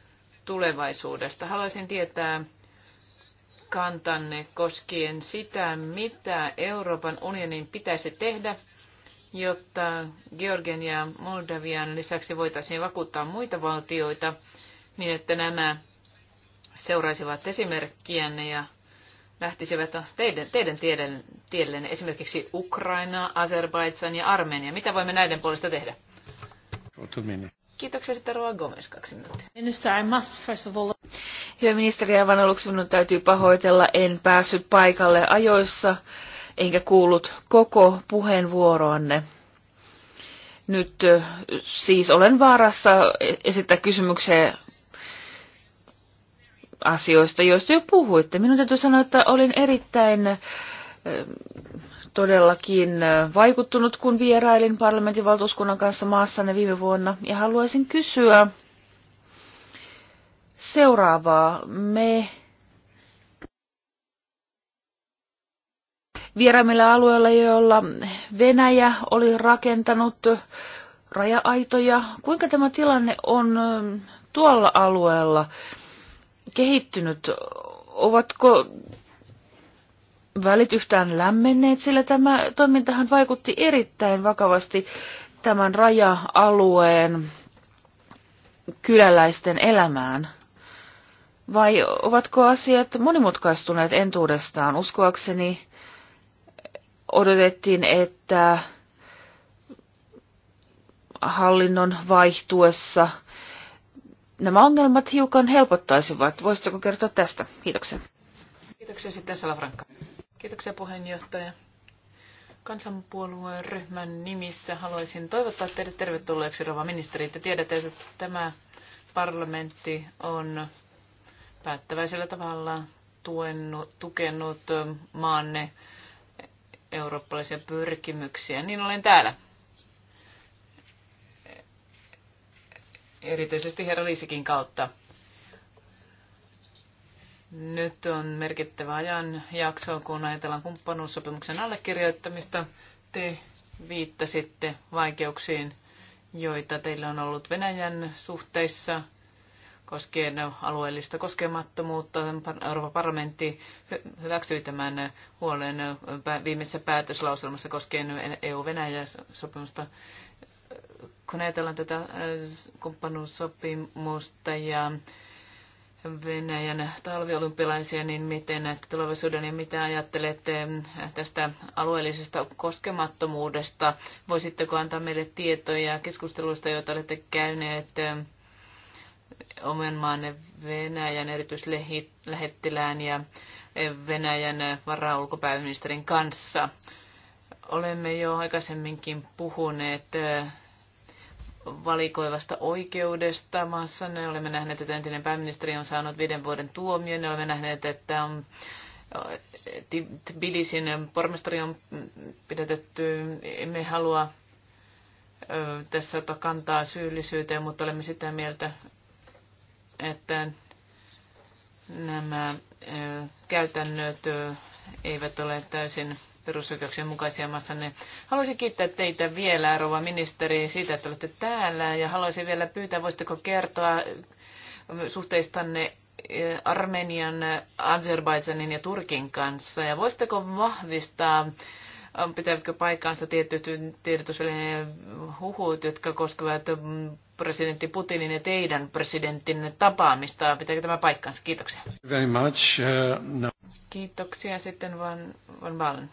tulevaisuudesta. Haluaisin tietää, kantanne koskien sitä, mitä Euroopan unionin pitäisi tehdä, jotta Georgian ja Moldavian lisäksi voitaisiin vakuuttaa muita valtioita niin, että nämä seuraisivat esimerkkiänne ja lähtisivät teidän, teidän tieden, tiellenne, esimerkiksi Ukraina, Azerbaidsan ja Armenia. Mitä voimme näiden puolesta tehdä? Kiitoksia sitten Roa Gomez kaksi minuuttia. Minister, I must first of all... Hyvä ministeri, aivan aluksi minun täytyy pahoitella, en päässyt paikalle ajoissa, enkä kuullut koko puheenvuoroanne. Nyt siis olen vaarassa esittää kysymyksiä asioista, joista jo puhuitte. Minun täytyy sanoa, että olin erittäin todellakin äh, vaikuttunut, kun vierailin parlamentin valtuuskunnan kanssa maassanne viime vuonna. Ja haluaisin kysyä seuraavaa. Me vieraimmilla alueilla, joilla Venäjä oli rakentanut raja-aitoja. Kuinka tämä tilanne on äh, tuolla alueella kehittynyt? Ovatko välit yhtään lämmenneet, sillä tämä toimintahan vaikutti erittäin vakavasti tämän raja-alueen kyläläisten elämään. Vai ovatko asiat monimutkaistuneet entuudestaan? Uskoakseni odotettiin, että hallinnon vaihtuessa nämä ongelmat hiukan helpottaisivat. Voisitko kertoa tästä? Kiitoksia. Kiitoksia sitten Salafrankka. Kiitoksia puheenjohtaja. Kansanpuolueen ryhmän nimissä haluaisin toivottaa teidät tervetulleeksi, rouva ministeri. Te tiedätte, että tämä parlamentti on päättäväisellä tavalla tuennut, tukenut maanne eurooppalaisia pyrkimyksiä, niin olen täällä. Erityisesti herra Liisikin kautta. Nyt on merkittävä jakso, kun ajatellaan kumppanuussopimuksen allekirjoittamista. Te viittasitte vaikeuksiin, joita teillä on ollut Venäjän suhteissa koskien alueellista koskemattomuutta. Euroopan parlamentti hyväksyi tämän huolen viimeisessä päätöslauselmassa koskien EU-Venäjä-sopimusta. Kun ajatellaan tätä äh, kumppanuussopimusta ja Venäjän talviolympialaisia, niin miten näette tulevaisuuden ja mitä ajattelette tästä alueellisesta koskemattomuudesta? Voisitteko antaa meille tietoja keskusteluista, joita olette käyneet oman maanne Venäjän erityislähettilään ja Venäjän varaulkopääministerin kanssa? Olemme jo aikaisemminkin puhuneet valikoivasta oikeudesta maassa. Ne olemme nähneet, että entinen pääministeri on saanut viiden vuoden tuomion. Ne olemme nähneet, että on äh, Tbilisin pormestari on pidätetty. Emme halua äh, tässä ottaa kantaa syyllisyyteen, mutta olemme sitä mieltä, että nämä äh, käytännöt eivät ole täysin perusoikeuksien mukaisia maassanne. Haluaisin kiittää teitä vielä, rouva ministeri, siitä, että olette täällä. Ja haluaisin vielä pyytää, voisitteko kertoa suhteistanne Armenian, Azerbaidsanin ja Turkin kanssa. Ja voisitteko vahvistaa pitävätkö paikkaansa tietyt tiedotusvälineen huhut, jotka koskevat presidentti Putinin ja teidän presidentin tapaamista. Pitääkö tämä paikkaansa? Kiitoksia. Very much. Uh, no. Kiitoksia. Sitten vaan Van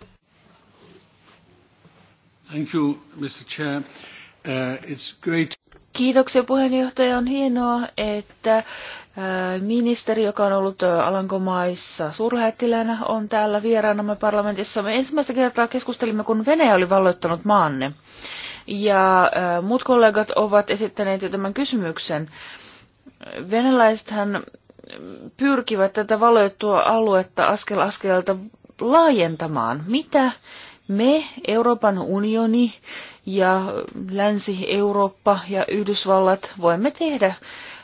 Uh, Kiitoksia puheenjohtaja. On hienoa, että äh, ministeri, joka on ollut äh, Alankomaissa suurlähettilänä, on täällä vieraanamme parlamentissa. Me ensimmäistä kertaa keskustelimme, kun Venäjä oli valloittanut maanne. Ja äh, muut kollegat ovat esittäneet jo tämän kysymyksen. Venäläisethän pyrkivät tätä valloittua aluetta askel askelta laajentamaan. Mitä me, Euroopan unioni ja Länsi-Eurooppa ja Yhdysvallat voimme tehdä,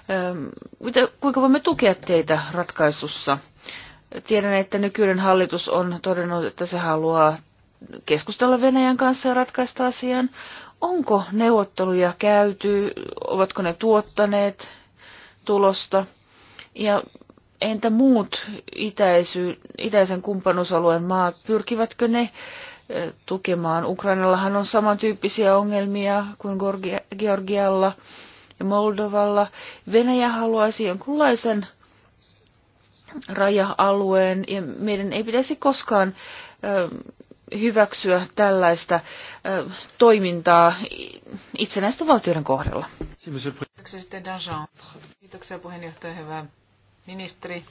ähm, mitä, kuinka voimme tukea teitä ratkaisussa. Tiedän, että nykyinen hallitus on todennut, että se haluaa keskustella Venäjän kanssa ja ratkaista asian. Onko neuvotteluja käyty? Ovatko ne tuottaneet tulosta? Ja entä muut itäisy, itäisen kumppanuusalueen maat? Pyrkivätkö ne tukemaan. Ukrainallahan on samantyyppisiä ongelmia kuin Georgialla ja Moldovalla. Venäjä haluaisi jonkunlaisen raja-alueen ja meidän ei pitäisi koskaan hyväksyä tällaista toimintaa itsenäisten valtioiden kohdalla. Kiitoksia puheenjohtaja, hyvä ministeri.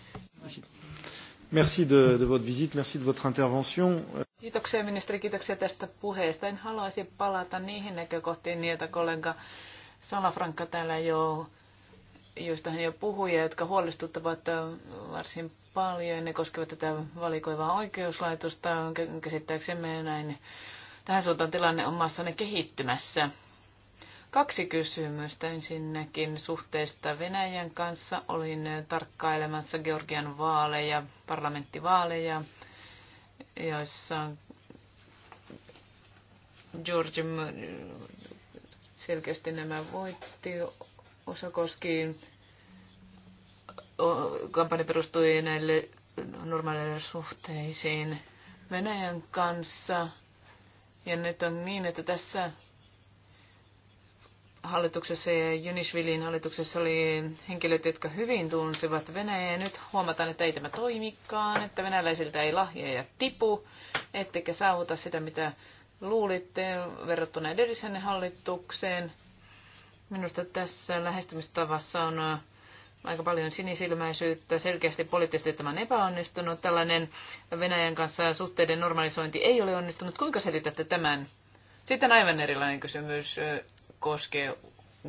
Merci de, de votre visite, merci de votre intervention. Kiitoksia ministeri, kiitoksia tästä puheesta. En haluaisi palata niihin näkökohtiin, joita kollega Salafranka täällä jo joista hän jo puhui ja jotka huolestuttavat varsin paljon. Ne koskevat tätä valikoivaa oikeuslaitosta. Käsittääksemme näin tähän suuntaan tilanne on maassanne kehittymässä. Kaksi kysymystä ensinnäkin suhteesta Venäjän kanssa. Olin tarkkailemassa Georgian vaaleja, parlamenttivaaleja, joissa George selkeästi nämä voitti. osakoskiin kampanja perustui näille normaaleille suhteisiin Venäjän kanssa. Ja nyt on niin, että tässä hallituksessa ja Junisvilin hallituksessa oli henkilöt, jotka hyvin tunsivat Venäjää. Nyt huomataan, että ei tämä toimikaan, että venäläisiltä ei lahjoja tipu, ettekä saavuta sitä, mitä luulitte verrattuna edellisenne hallitukseen. Minusta tässä lähestymistavassa on äh, aika paljon sinisilmäisyyttä. Selkeästi poliittisesti tämä on epäonnistunut. Tällainen Venäjän kanssa suhteiden normalisointi ei ole onnistunut. Kuinka selitätte tämän? Sitten aivan erilainen kysymys äh, koskee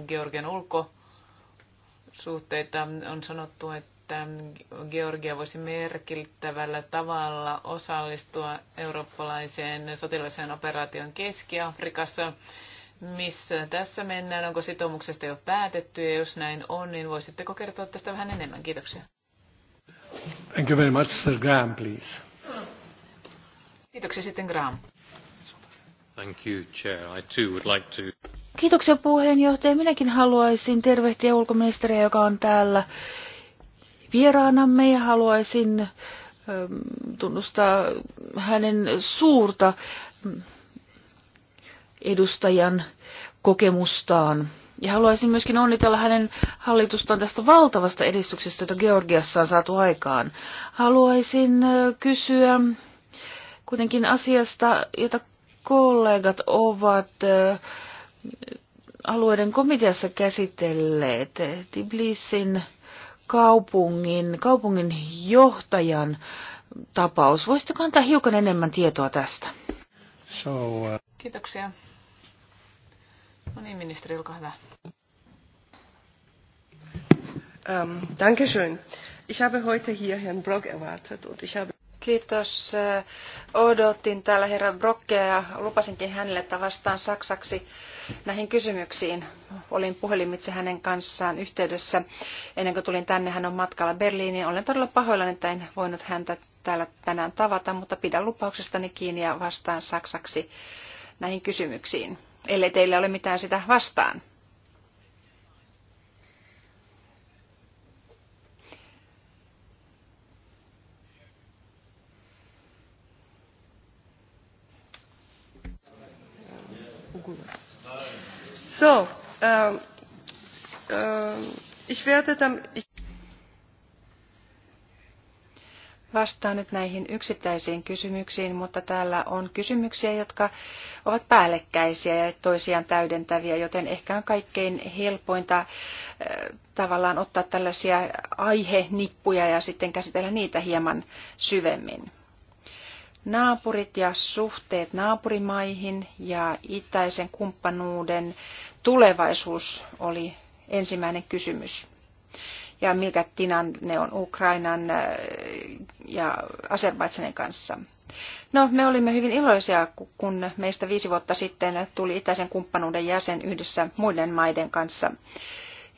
Georgian ulkosuhteita. On sanottu, että Georgia voisi merkittävällä tavalla osallistua eurooppalaiseen sotilaiseen operaation Keski-Afrikassa. Missä tässä mennään? Onko sitoumuksesta jo päätetty? Ja jos näin on, niin voisitteko kertoa tästä vähän enemmän? Kiitoksia. Thank you very much, Sir Graham, please. Kiitoksia sitten Graham. Thank you, Chair. I too would like to... Kiitoksia puheenjohtaja. Minäkin haluaisin tervehtiä ulkoministeriä, joka on täällä vieraanamme ja haluaisin ähm, tunnustaa hänen suurta mm, edustajan kokemustaan. Ja haluaisin myöskin onnitella hänen hallitustaan tästä valtavasta edistyksestä, jota Georgiassa on saatu aikaan. Haluaisin äh, kysyä kuitenkin asiasta, jota kollegat ovat äh, alueiden komiteassa käsitelleet Tbilisin kaupungin, kaupungin johtajan tapaus. Voisitko antaa hiukan enemmän tietoa tästä? So, uh... Kiitoksia. No niin, ministeri, olkaa hyvä. Um, ähm, Dankeschön. Ich habe heute hier Herrn Brock erwartet und ich habe Kiitos. Odotin täällä herra Brockea ja lupasinkin hänelle, että vastaan saksaksi näihin kysymyksiin. Olin puhelimitse hänen kanssaan yhteydessä. Ennen kuin tulin tänne, hän on matkalla Berliiniin. Olen todella pahoillani, että en voinut häntä täällä tänään tavata, mutta pidän lupauksestani kiinni ja vastaan saksaksi näihin kysymyksiin, ellei teillä ole mitään sitä vastaan. So, ähm, ähm, ich werde dann, ich Vastaan nyt näihin yksittäisiin kysymyksiin, mutta täällä on kysymyksiä, jotka ovat päällekkäisiä ja toisiaan täydentäviä, joten ehkä on kaikkein helpointa äh, tavallaan ottaa tällaisia aihenippuja ja sitten käsitellä niitä hieman syvemmin naapurit ja suhteet naapurimaihin ja itäisen kumppanuuden tulevaisuus oli ensimmäinen kysymys. Ja mikä tilanne on Ukrainan äh, ja Azerbaidsanin kanssa. No, me olimme hyvin iloisia, kun meistä viisi vuotta sitten tuli itäisen kumppanuuden jäsen yhdessä muiden maiden kanssa.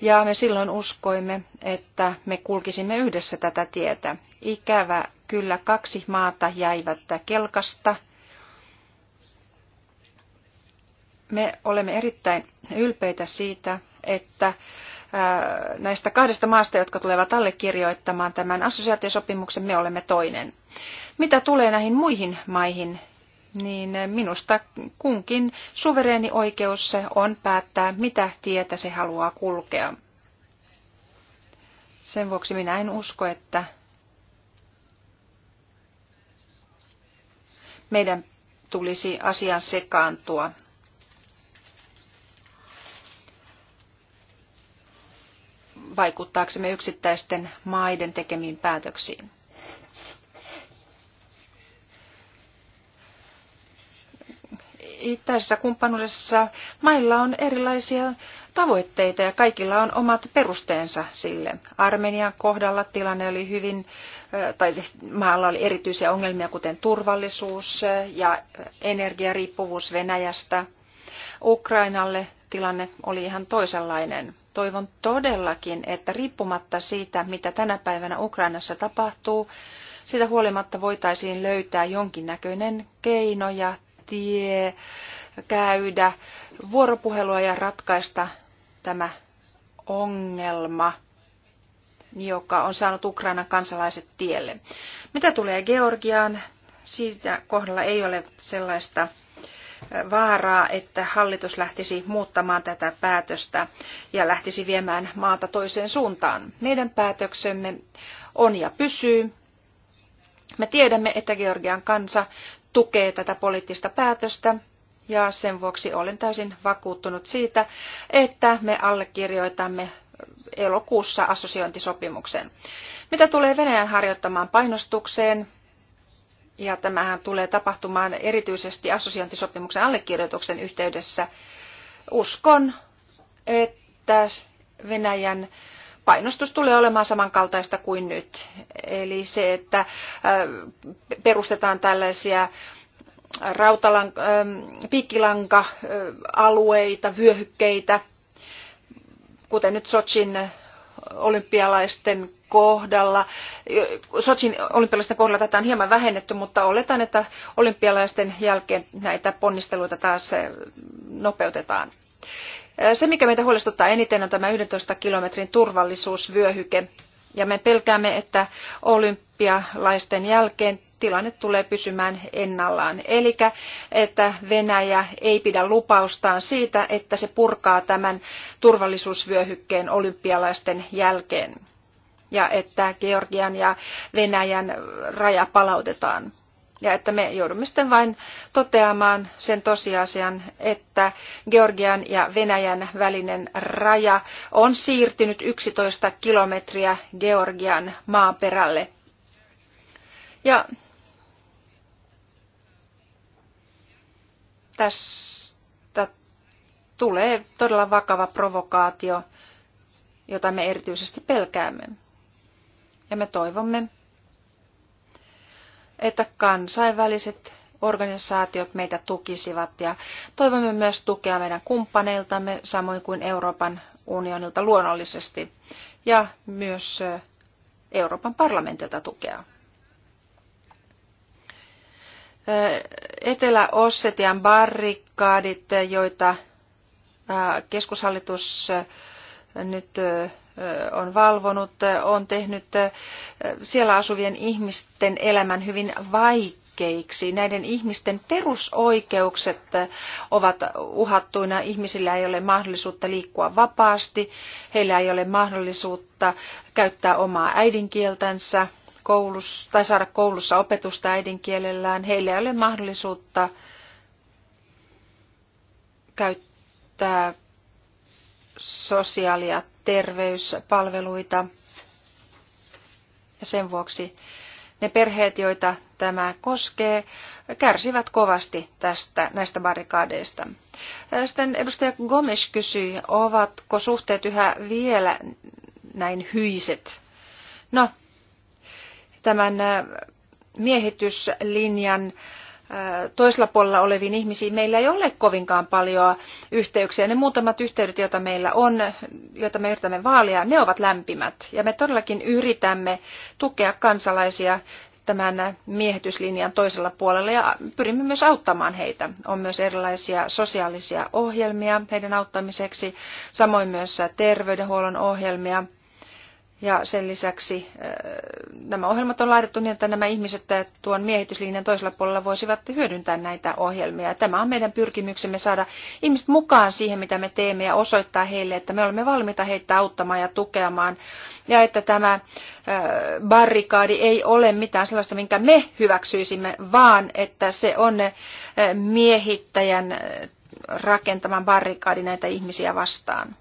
Ja me silloin uskoimme, että me kulkisimme yhdessä tätä tietä. Ikävä kyllä kaksi maata jäivät kelkasta. Me olemme erittäin ylpeitä siitä, että näistä kahdesta maasta, jotka tulevat allekirjoittamaan tämän assosiaatiosopimuksen, me olemme toinen. Mitä tulee näihin muihin maihin, niin minusta kunkin suvereeni oikeus on päättää, mitä tietä se haluaa kulkea. Sen vuoksi minä en usko, että meidän tulisi asian sekaantua. vaikuttaaksemme yksittäisten maiden tekemiin päätöksiin. itäisessä kumppanuudessa mailla on erilaisia tavoitteita ja kaikilla on omat perusteensa sille. Armenian kohdalla tilanne oli hyvin, tai maalla oli erityisiä ongelmia kuten turvallisuus ja energiariippuvuus Venäjästä. Ukrainalle tilanne oli ihan toisenlainen. Toivon todellakin, että riippumatta siitä, mitä tänä päivänä Ukrainassa tapahtuu, sitä huolimatta voitaisiin löytää jonkinnäköinen keino ja tie käydä vuoropuhelua ja ratkaista tämä ongelma, joka on saanut Ukrainan kansalaiset tielle. Mitä tulee Georgiaan, siitä kohdalla ei ole sellaista vaaraa, että hallitus lähtisi muuttamaan tätä päätöstä ja lähtisi viemään maata toiseen suuntaan. Meidän päätöksemme on ja pysyy. Me tiedämme, että Georgian kansa tukee tätä poliittista päätöstä ja sen vuoksi olen täysin vakuuttunut siitä, että me allekirjoitamme elokuussa assosiointisopimuksen. Mitä tulee Venäjän harjoittamaan painostukseen, ja tämähän tulee tapahtumaan erityisesti assosiointisopimuksen allekirjoituksen yhteydessä, uskon, että Venäjän painostus tulee olemaan samankaltaista kuin nyt. Eli se, että äh, perustetaan tällaisia äh, ähm, piikkilanka-alueita, vyöhykkeitä, kuten nyt Sochin olympialaisten kohdalla. Sochin olympialaisten kohdalla tätä on hieman vähennetty, mutta oletan, että olympialaisten jälkeen näitä ponnisteluita taas äh, nopeutetaan. Se, mikä meitä huolestuttaa eniten, on tämä 11 kilometrin turvallisuusvyöhyke. Ja me pelkäämme, että olympialaisten jälkeen tilanne tulee pysymään ennallaan. Eli että Venäjä ei pidä lupaustaan siitä, että se purkaa tämän turvallisuusvyöhykkeen olympialaisten jälkeen ja että Georgian ja Venäjän raja palautetaan. Ja että me joudumme sitten vain toteamaan sen tosiasian, että Georgian ja Venäjän välinen raja on siirtynyt 11 kilometriä Georgian maaperälle. Ja tästä tulee todella vakava provokaatio, jota me erityisesti pelkäämme. Ja me toivomme, että kansainväliset organisaatiot meitä tukisivat ja toivomme myös tukea meidän kumppaneiltamme samoin kuin Euroopan unionilta luonnollisesti ja myös Euroopan parlamentilta tukea. Etelä-Ossetian barrikaadit, joita keskushallitus nyt on valvonut, on tehnyt siellä asuvien ihmisten elämän hyvin vaikeiksi. Näiden ihmisten perusoikeukset ovat uhattuina. Ihmisillä ei ole mahdollisuutta liikkua vapaasti, heillä ei ole mahdollisuutta käyttää omaa äidinkieltänsä koulussa, tai saada koulussa opetusta äidinkielellään. Heillä ei ole mahdollisuutta käyttää sosiaali- ja terveyspalveluita. Ja sen vuoksi ne perheet, joita tämä koskee, kärsivät kovasti tästä, näistä barrikaadeista. Sitten edustaja Gomes kysyi, ovatko suhteet yhä vielä näin hyiset. No, tämän äh, miehityslinjan äh, toisella puolella oleviin ihmisiin meillä ei ole kovinkaan paljon yhteyksiä. Ne muutamat yhteydet, joita meillä on, joita me yritämme vaalia, ne ovat lämpimät. Ja me todellakin yritämme tukea kansalaisia tämän miehityslinjan toisella puolella ja pyrimme myös auttamaan heitä. On myös erilaisia sosiaalisia ohjelmia heidän auttamiseksi, samoin myös terveydenhuollon ohjelmia ja sen lisäksi äh, nämä ohjelmat on laadittu niin, että nämä ihmiset tuon miehityslinjan toisella puolella voisivat hyödyntää näitä ohjelmia. Ja tämä on meidän pyrkimyksemme saada ihmiset mukaan siihen, mitä me teemme ja osoittaa heille, että me olemme valmiita heitä auttamaan ja tukemaan. Ja että tämä äh, barrikaadi ei ole mitään sellaista, minkä me hyväksyisimme, vaan että se on äh, miehittäjän rakentaman barrikaadi näitä ihmisiä vastaan.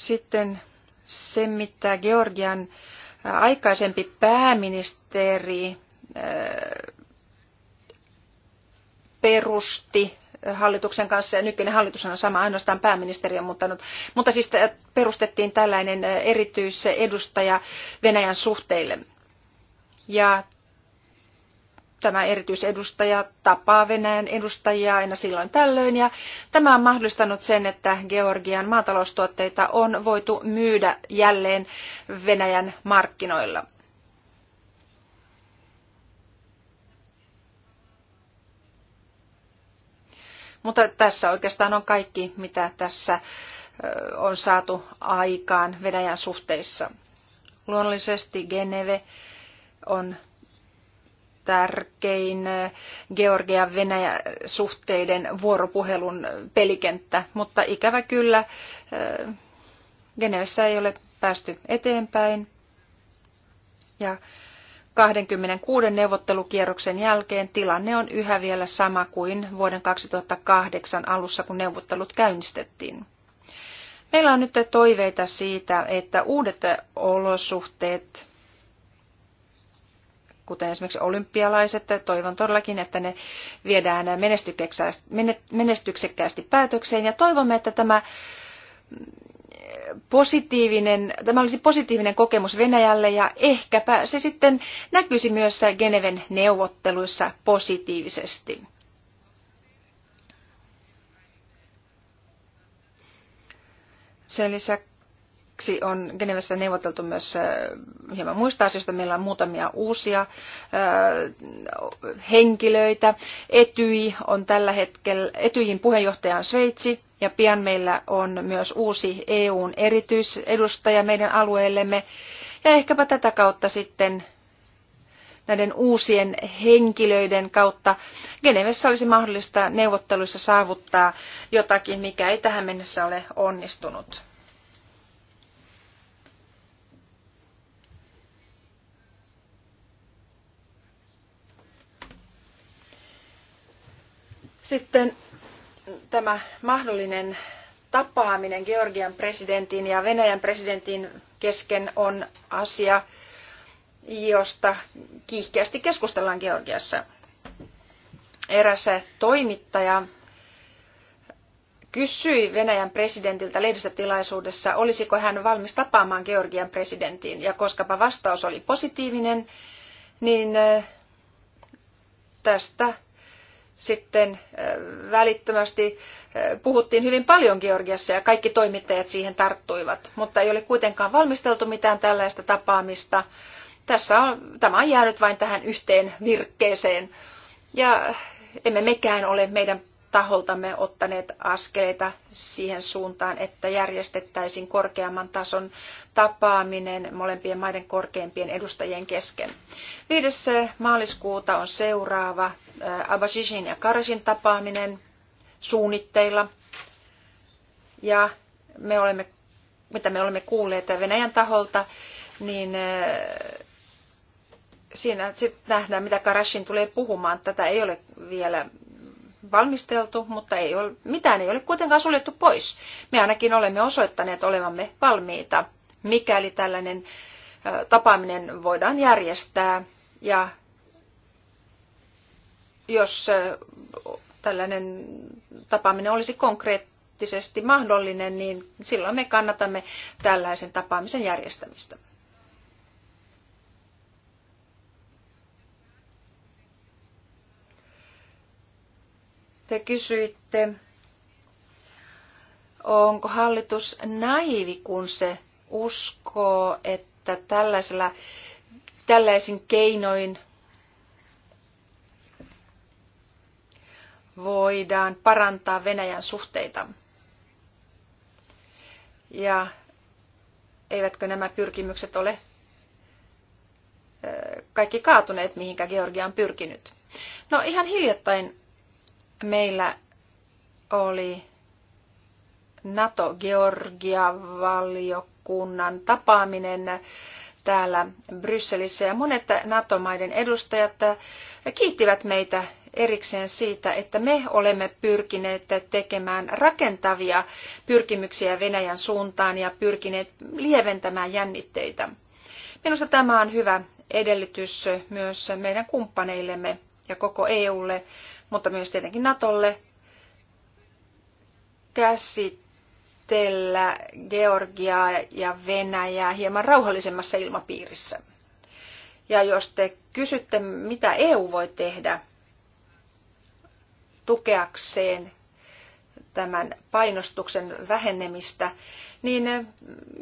Sitten se, mitä Georgian äh, aikaisempi pääministeri äh, perusti hallituksen kanssa, ja nykyinen hallitus on sama ainoastaan pääministeri on muuttanut, mutta siis äh, perustettiin tällainen erityisedustaja Venäjän suhteille. Ja tämä erityisedustaja tapaa Venäjän edustajia aina silloin tällöin ja tämä on mahdollistanut sen, että Georgian maataloustuotteita on voitu myydä jälleen Venäjän markkinoilla. Mutta tässä oikeastaan on kaikki, mitä tässä on saatu aikaan Venäjän suhteissa. Luonnollisesti Geneve on tärkein eh, Georgian Venäjä suhteiden vuoropuhelun pelikenttä, mutta ikävä kyllä Genevessä eh, ei ole päästy eteenpäin. Ja 26 neuvottelukierroksen jälkeen tilanne on yhä vielä sama kuin vuoden 2008 alussa, kun neuvottelut käynnistettiin. Meillä on nyt toiveita siitä, että uudet olosuhteet kuten esimerkiksi olympialaiset. Toivon todellakin, että ne viedään menestyksekkäästi päätökseen ja toivomme, että tämä mm, positiivinen, tämä olisi positiivinen kokemus Venäjälle ja ehkäpä se sitten näkyisi myös Geneven neuvotteluissa positiivisesti. Sen lisäksi lisäksi on Genevessä neuvoteltu myös äh, hieman muista asioista. Meillä on muutamia uusia äh, henkilöitä. Etyi on tällä hetkellä, Etyjin puheenjohtaja on Sveitsi ja pian meillä on myös uusi EUn erityisedustaja meidän alueellemme. Ja ehkäpä tätä kautta sitten näiden uusien henkilöiden kautta Genevessä olisi mahdollista neuvotteluissa saavuttaa jotakin, mikä ei tähän mennessä ole onnistunut. Sitten tämä mahdollinen tapaaminen Georgian presidentin ja Venäjän presidentin kesken on asia, josta kiihkeästi keskustellaan Georgiassa. Eräs toimittaja kysyi Venäjän presidentiltä lehdistötilaisuudessa, olisiko hän valmis tapaamaan Georgian presidentin. Ja koskapa vastaus oli positiivinen, niin äh, tästä sitten äh, välittömästi äh, puhuttiin hyvin paljon Georgiassa ja kaikki toimittajat siihen tarttuivat, mutta ei ole kuitenkaan valmisteltu mitään tällaista tapaamista. Tässä on, tämä on jäänyt vain tähän yhteen virkkeeseen ja emme mekään ole meidän taholtamme ottaneet askeleita siihen suuntaan, että järjestettäisiin korkeamman tason tapaaminen molempien maiden korkeimpien edustajien kesken. 5. maaliskuuta on seuraava äh, Abashishin ja Karasin tapaaminen suunnitteilla. Ja me olemme, mitä me olemme kuulleet Venäjän taholta, niin äh, siinä sitten nähdään, mitä Karashin tulee puhumaan. Tätä ei ole vielä valmisteltu, mutta ei ole, mitään ei ole kuitenkaan suljettu pois. Me ainakin olemme osoittaneet olevamme valmiita, mikäli tällainen tapaaminen voidaan järjestää. Ja jos tällainen tapaaminen olisi konkreettisesti mahdollinen, niin silloin me kannatamme tällaisen tapaamisen järjestämistä. Te kysyitte, onko hallitus naivi, kun se uskoo, että tällaisella, tällaisin keinoin voidaan parantaa Venäjän suhteita. Ja eivätkö nämä pyrkimykset ole kaikki kaatuneet, mihinkä Georgia on pyrkinyt. No ihan hiljattain meillä oli NATO-Georgia-valiokunnan tapaaminen täällä Brysselissä ja monet NATO-maiden edustajat kiittivät meitä erikseen siitä, että me olemme pyrkineet tekemään rakentavia pyrkimyksiä Venäjän suuntaan ja pyrkineet lieventämään jännitteitä. Minusta tämä on hyvä edellytys myös meidän kumppaneillemme ja koko EUlle mutta myös tietenkin Natolle käsitellä Georgiaa ja Venäjää hieman rauhallisemmassa ilmapiirissä. Ja jos te kysytte, mitä EU voi tehdä tukeakseen tämän painostuksen vähenemistä, niin eh,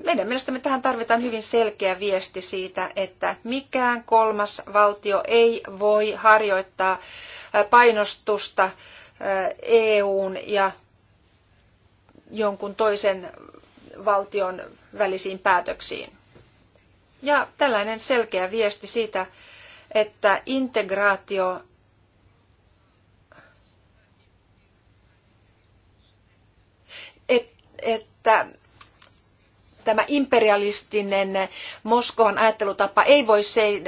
meidän mielestämme tähän tarvitaan hyvin selkeä viesti siitä, että mikään kolmas valtio ei voi harjoittaa eh, painostusta eh, EUn ja jonkun toisen valtion välisiin päätöksiin. Ja tällainen selkeä viesti siitä, että integraatio että tämä imperialistinen Moskovan ajattelutapa ei voi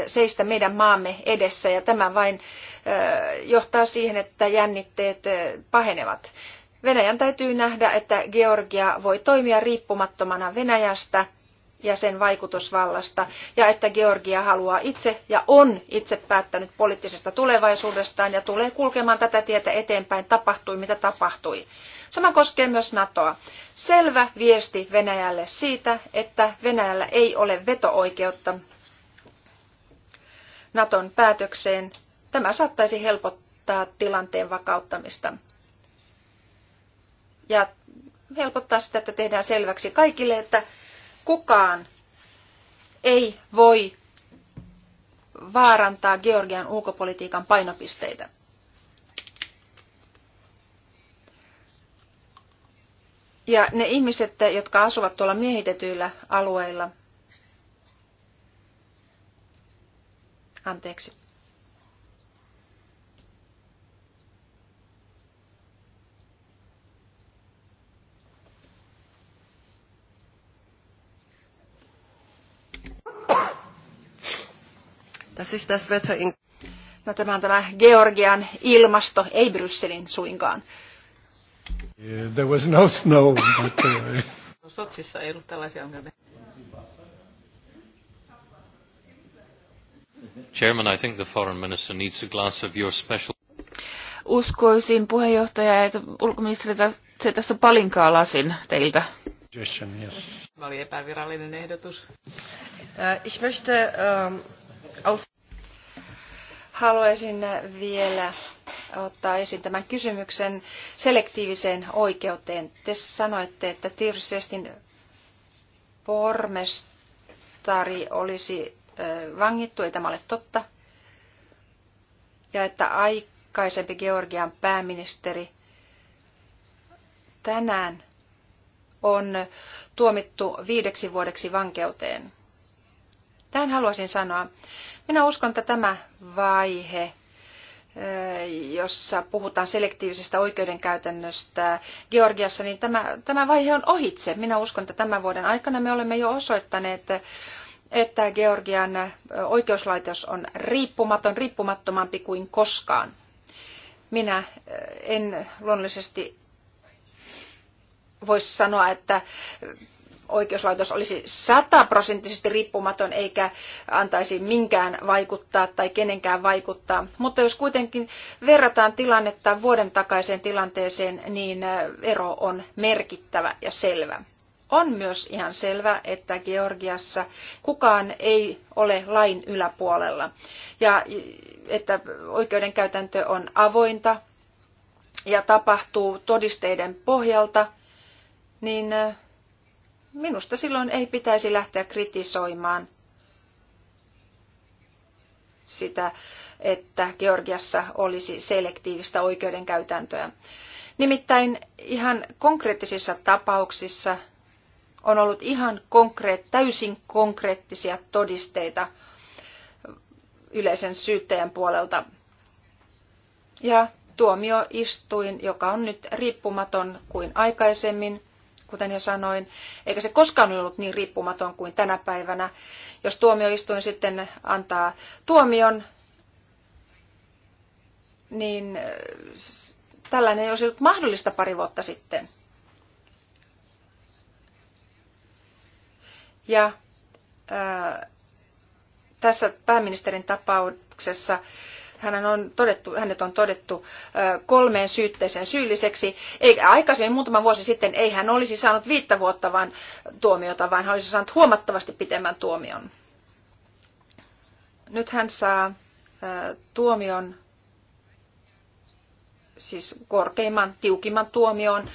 seistä meidän maamme edessä ja tämä vain johtaa siihen, että jännitteet pahenevat. Venäjän täytyy nähdä, että Georgia voi toimia riippumattomana Venäjästä ja sen vaikutusvallasta, ja että Georgia haluaa itse ja on itse päättänyt poliittisesta tulevaisuudestaan ja tulee kulkemaan tätä tietä eteenpäin, tapahtui mitä tapahtui. Sama koskee myös NATOa. Selvä viesti Venäjälle siitä, että Venäjällä ei ole veto-oikeutta Naton päätökseen. Tämä saattaisi helpottaa tilanteen vakauttamista. Ja helpottaa sitä, että tehdään selväksi kaikille, että kukaan ei voi vaarantaa Georgian ulkopolitiikan painopisteitä. Ja ne ihmiset, jotka asuvat tuolla miehitetyillä alueilla, anteeksi, No, tämä on tämä Georgian ilmasto, ei Brysselin suinkaan. There was no snow, but... Uh, no, Sotsissa ei ollut tällaisia ongelmia. Chairman, I think the foreign minister needs a glass of your special... Uskoisin puheenjohtaja, että ulkoministeri se tässä palinkaa lasin teiltä. Suggestion, yes. Tämä oli epävirallinen ehdotus. Uh, ich möchte, um, auf... Haluaisin vielä ottaa esiin tämän kysymyksen selektiiviseen oikeuteen. Te sanoitte, että Tirsvestin pormestari olisi vangittu, ei tämä ole totta. Ja että aikaisempi Georgian pääministeri tänään on tuomittu viideksi vuodeksi vankeuteen. Tähän haluaisin sanoa, minä uskon, että tämä vaihe jossa puhutaan selektiivisestä oikeudenkäytännöstä Georgiassa, niin tämä, tämä vaihe on ohitse. Minä uskon, että tämän vuoden aikana me olemme jo osoittaneet, että Georgian oikeuslaitos on riippumaton, riippumattomampi kuin koskaan. Minä en luonnollisesti voisi sanoa, että oikeuslaitos olisi sataprosenttisesti riippumaton eikä antaisi minkään vaikuttaa tai kenenkään vaikuttaa. Mutta jos kuitenkin verrataan tilannetta vuoden takaiseen tilanteeseen, niin äh, ero on merkittävä ja selvä. On myös ihan selvä, että Georgiassa kukaan ei ole lain yläpuolella ja että oikeudenkäytäntö on avointa ja tapahtuu todisteiden pohjalta, niin äh, Minusta silloin ei pitäisi lähteä kritisoimaan sitä, että Georgiassa olisi selektiivistä oikeudenkäytäntöä. Nimittäin ihan konkreettisissa tapauksissa on ollut ihan konkreet, täysin konkreettisia todisteita yleisen syyttäjän puolelta. Ja tuomioistuin, joka on nyt riippumaton kuin aikaisemmin, kuten jo sanoin, eikä se koskaan ollut niin riippumaton kuin tänä päivänä. Jos tuomioistuin sitten antaa tuomion, niin äh, tällainen ei olisi ollut mahdollista pari vuotta sitten. Ja ää, äh, tässä pääministerin tapauksessa hänen on todettu, hänet on todettu kolmeen syytteeseen syylliseksi. Eikä aikaisemmin muutama vuosi sitten ei hän olisi saanut viittä vuotta vaan tuomiota, vaan hän olisi saanut huomattavasti pitemmän tuomion. Nyt hän saa tuomion, siis korkeimman, tiukimman tuomion,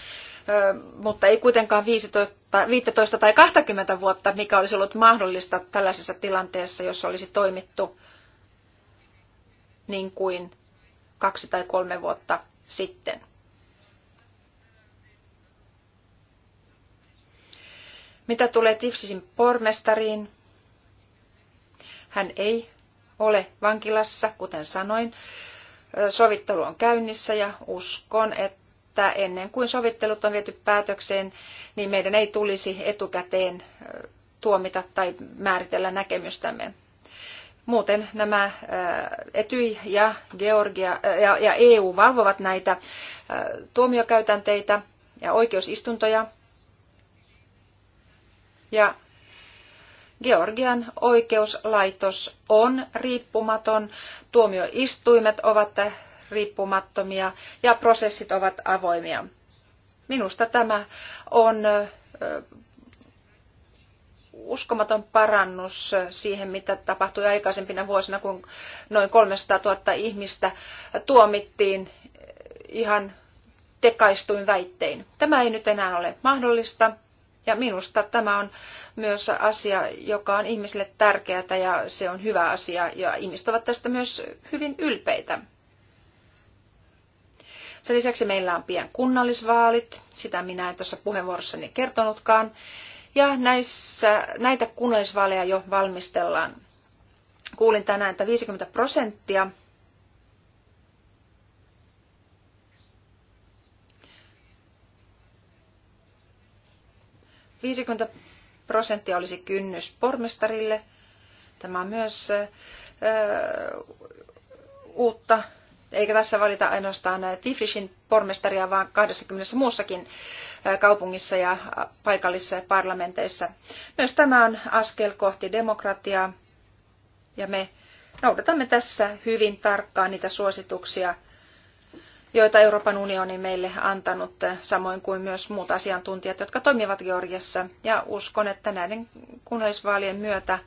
mutta ei kuitenkaan 15, 15 tai 20 vuotta, mikä olisi ollut mahdollista tällaisessa tilanteessa, jos olisi toimittu niin kuin kaksi tai kolme vuotta sitten. Mitä tulee Tifsisin pormestariin, hän ei ole vankilassa, kuten sanoin. Sovittelu on käynnissä ja uskon, että ennen kuin sovittelut on viety päätökseen, niin meidän ei tulisi etukäteen tuomita tai määritellä näkemystämme. Muuten nämä äh, Etyj ja, Georgia, äh, ja, ja EU valvovat näitä äh, tuomiokäytänteitä ja oikeusistuntoja. Ja Georgian oikeuslaitos on riippumaton, tuomioistuimet ovat riippumattomia ja prosessit ovat avoimia. Minusta tämä on uskomaton parannus siihen, mitä tapahtui aikaisempina vuosina, kun noin 300 000 ihmistä tuomittiin ihan tekaistuin väittein. Tämä ei nyt enää ole mahdollista. Ja minusta tämä on myös asia, joka on ihmisille tärkeää ja se on hyvä asia ja ihmiset ovat tästä myös hyvin ylpeitä. Sen lisäksi meillä on pian kunnallisvaalit, sitä minä en tuossa puheenvuorossani kertonutkaan ja näissä, näitä kunnallisvaaleja jo valmistellaan. Kuulin tänään, että 50 prosenttia prosenttia olisi kynnys pormestarille. Tämä on myös ö, uutta, eikä tässä valita ainoastaan Tiflisin pormestaria, vaan 20 muussakin kaupungissa ja paikallisissa parlamenteissa. Myös tämä on askel kohti demokratiaa ja me noudatamme tässä hyvin tarkkaan niitä suosituksia, joita Euroopan unioni meille antanut, samoin kuin myös muut asiantuntijat, jotka toimivat Georgiassa. Ja uskon, että näiden kunnallisvaalien myötä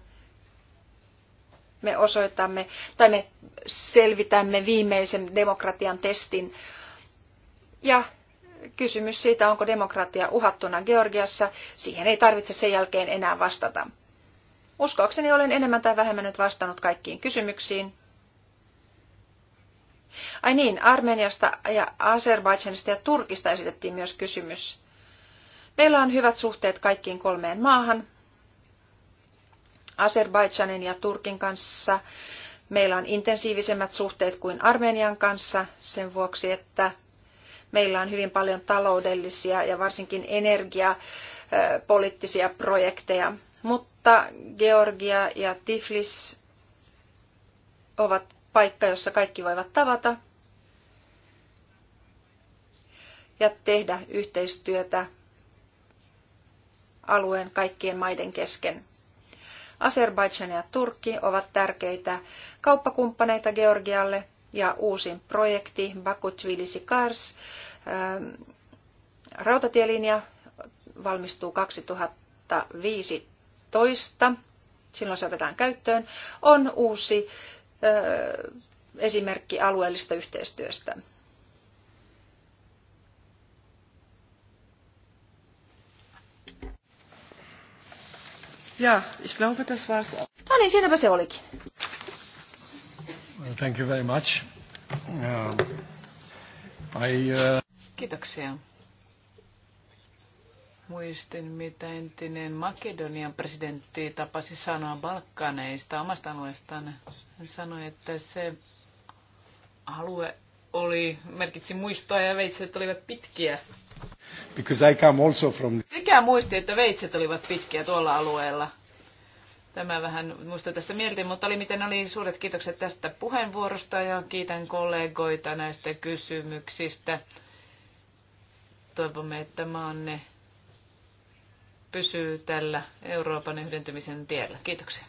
me osoitamme tai me selvitämme viimeisen demokratian testin ja kysymys siitä, onko demokratia uhattuna Georgiassa, siihen ei tarvitse sen jälkeen enää vastata. Uskoakseni olen enemmän tai vähemmän nyt vastannut kaikkiin kysymyksiin. Ai niin, Armeniasta ja Azerbaidžanista ja Turkista esitettiin myös kysymys. Meillä on hyvät suhteet kaikkiin kolmeen maahan. Azerbaidžanin ja Turkin kanssa meillä on intensiivisemmät suhteet kuin Armenian kanssa sen vuoksi, että Meillä on hyvin paljon taloudellisia ja varsinkin energiapoliittisia projekteja, mutta Georgia ja Tiflis ovat paikka, jossa kaikki voivat tavata ja tehdä yhteistyötä alueen kaikkien maiden kesken. Azerbaidžan ja Turkki ovat tärkeitä kauppakumppaneita Georgialle ja uusin projekti Baku Tbilisi Cars ähm, rautatielinja valmistuu 2015. Silloin se otetaan käyttöön. On uusi ö, äh, esimerkki alueellista yhteistyöstä. Ja, ich glaube, das war's. No niin, siinäpä se olikin. Thank you very much. Uh, I, uh... Kiitoksia. Muistin, mitä entinen Makedonian presidentti tapasi sanoa Balkaneista omasta alueestaan. Hän sanoi, että se alue oli, merkitsi muistoa ja veitset olivat pitkiä. Because I come also from... Mikä muisti, että veitset olivat pitkiä tuolla alueella? Tämä vähän muistui tästä mieltä, mutta oli miten oli suuret kiitokset tästä puheenvuorosta ja kiitän kollegoita näistä kysymyksistä. Toivomme, että maanne pysyy tällä Euroopan yhdentymisen tiellä. Kiitoksia.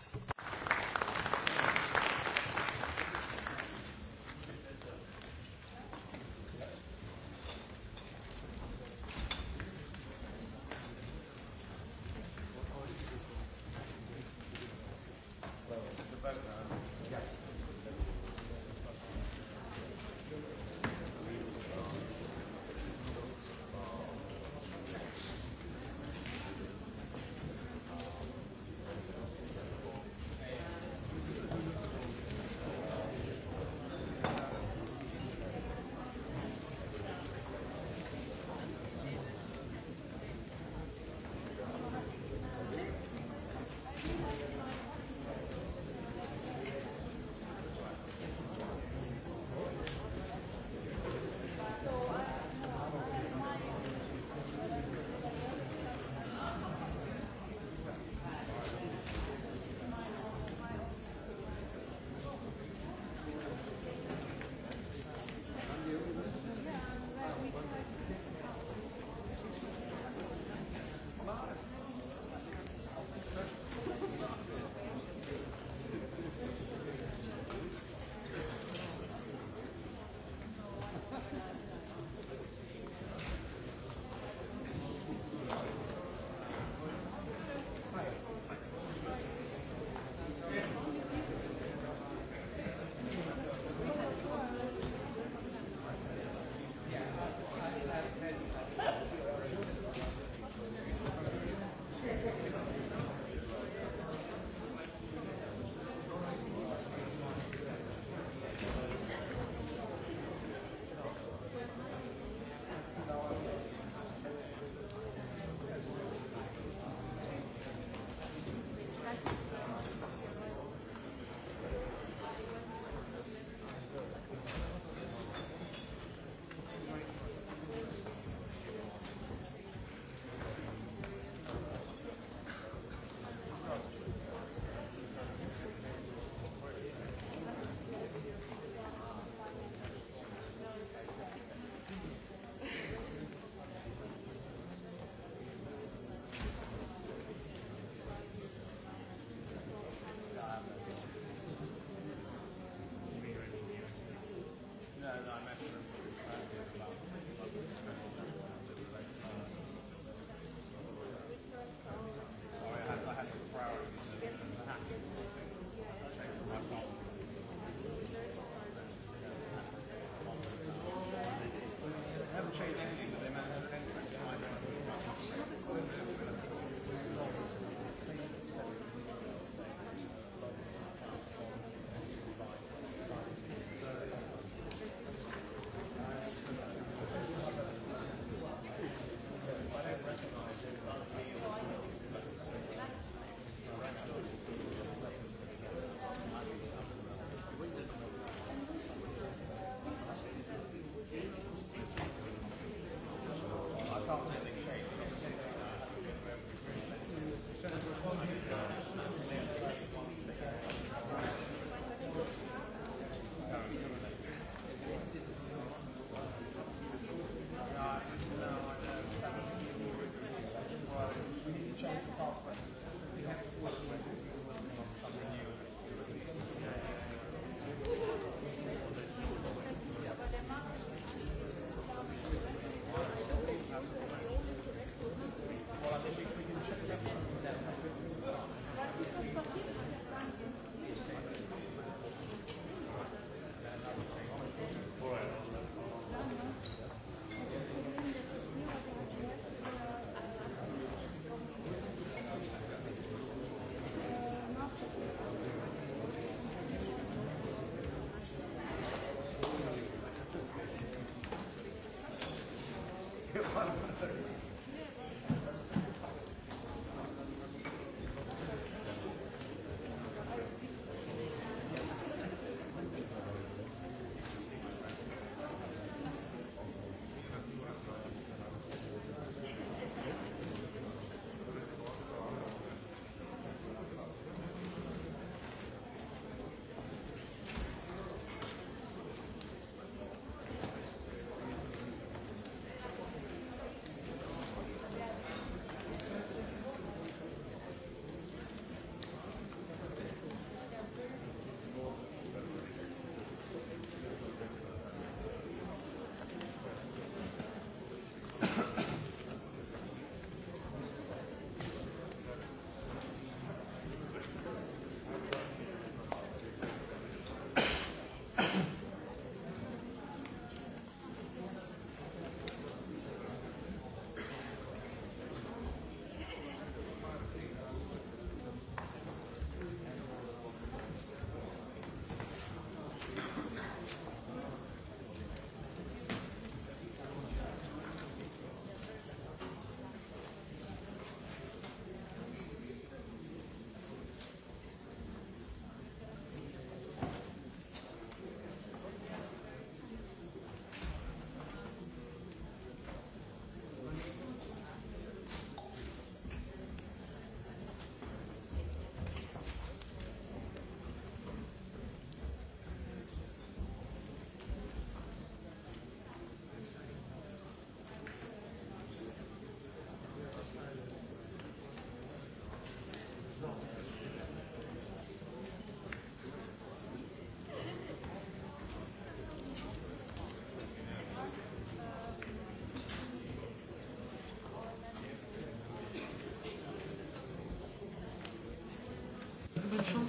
Uh,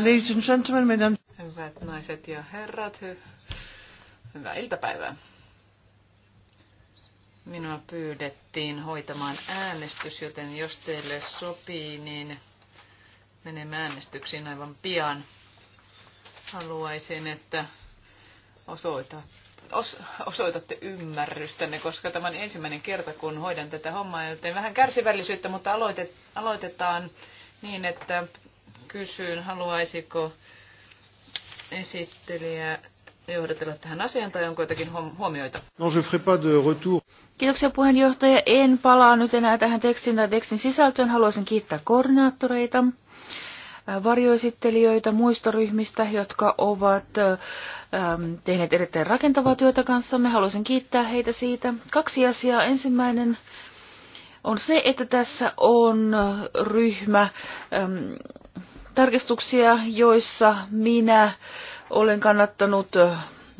ladies and gentlemen, meidän... Hyvät naiset ja herrat, hyvää iltapäivää. Minua pyydettiin hoitamaan äänestys, joten jos teille sopii, niin menemme äänestyksiin aivan pian. Haluaisin, että osoitatte os, osoitatte ymmärrystänne, koska tämä on ensimmäinen kerta, kun hoidan tätä hommaa, joten vähän kärsivällisyyttä, mutta aloitet, aloitetaan niin, että kysyn, haluaisiko esittelijä johdatella tähän asiaan tai onko jotakin huomioita? No, je ferai pas de retour. Kiitoksia puheenjohtaja. En palaa nyt enää tähän tekstin tai tekstin sisältöön. Haluaisin kiittää koordinaattoreita varjoesittelijöitä muistoryhmistä, jotka ovat ähm, tehneet erittäin rakentavaa työtä kanssamme. Haluaisin kiittää heitä siitä. Kaksi asiaa. Ensimmäinen on se, että tässä on ryhmä ähm, tarkistuksia, joissa minä olen kannattanut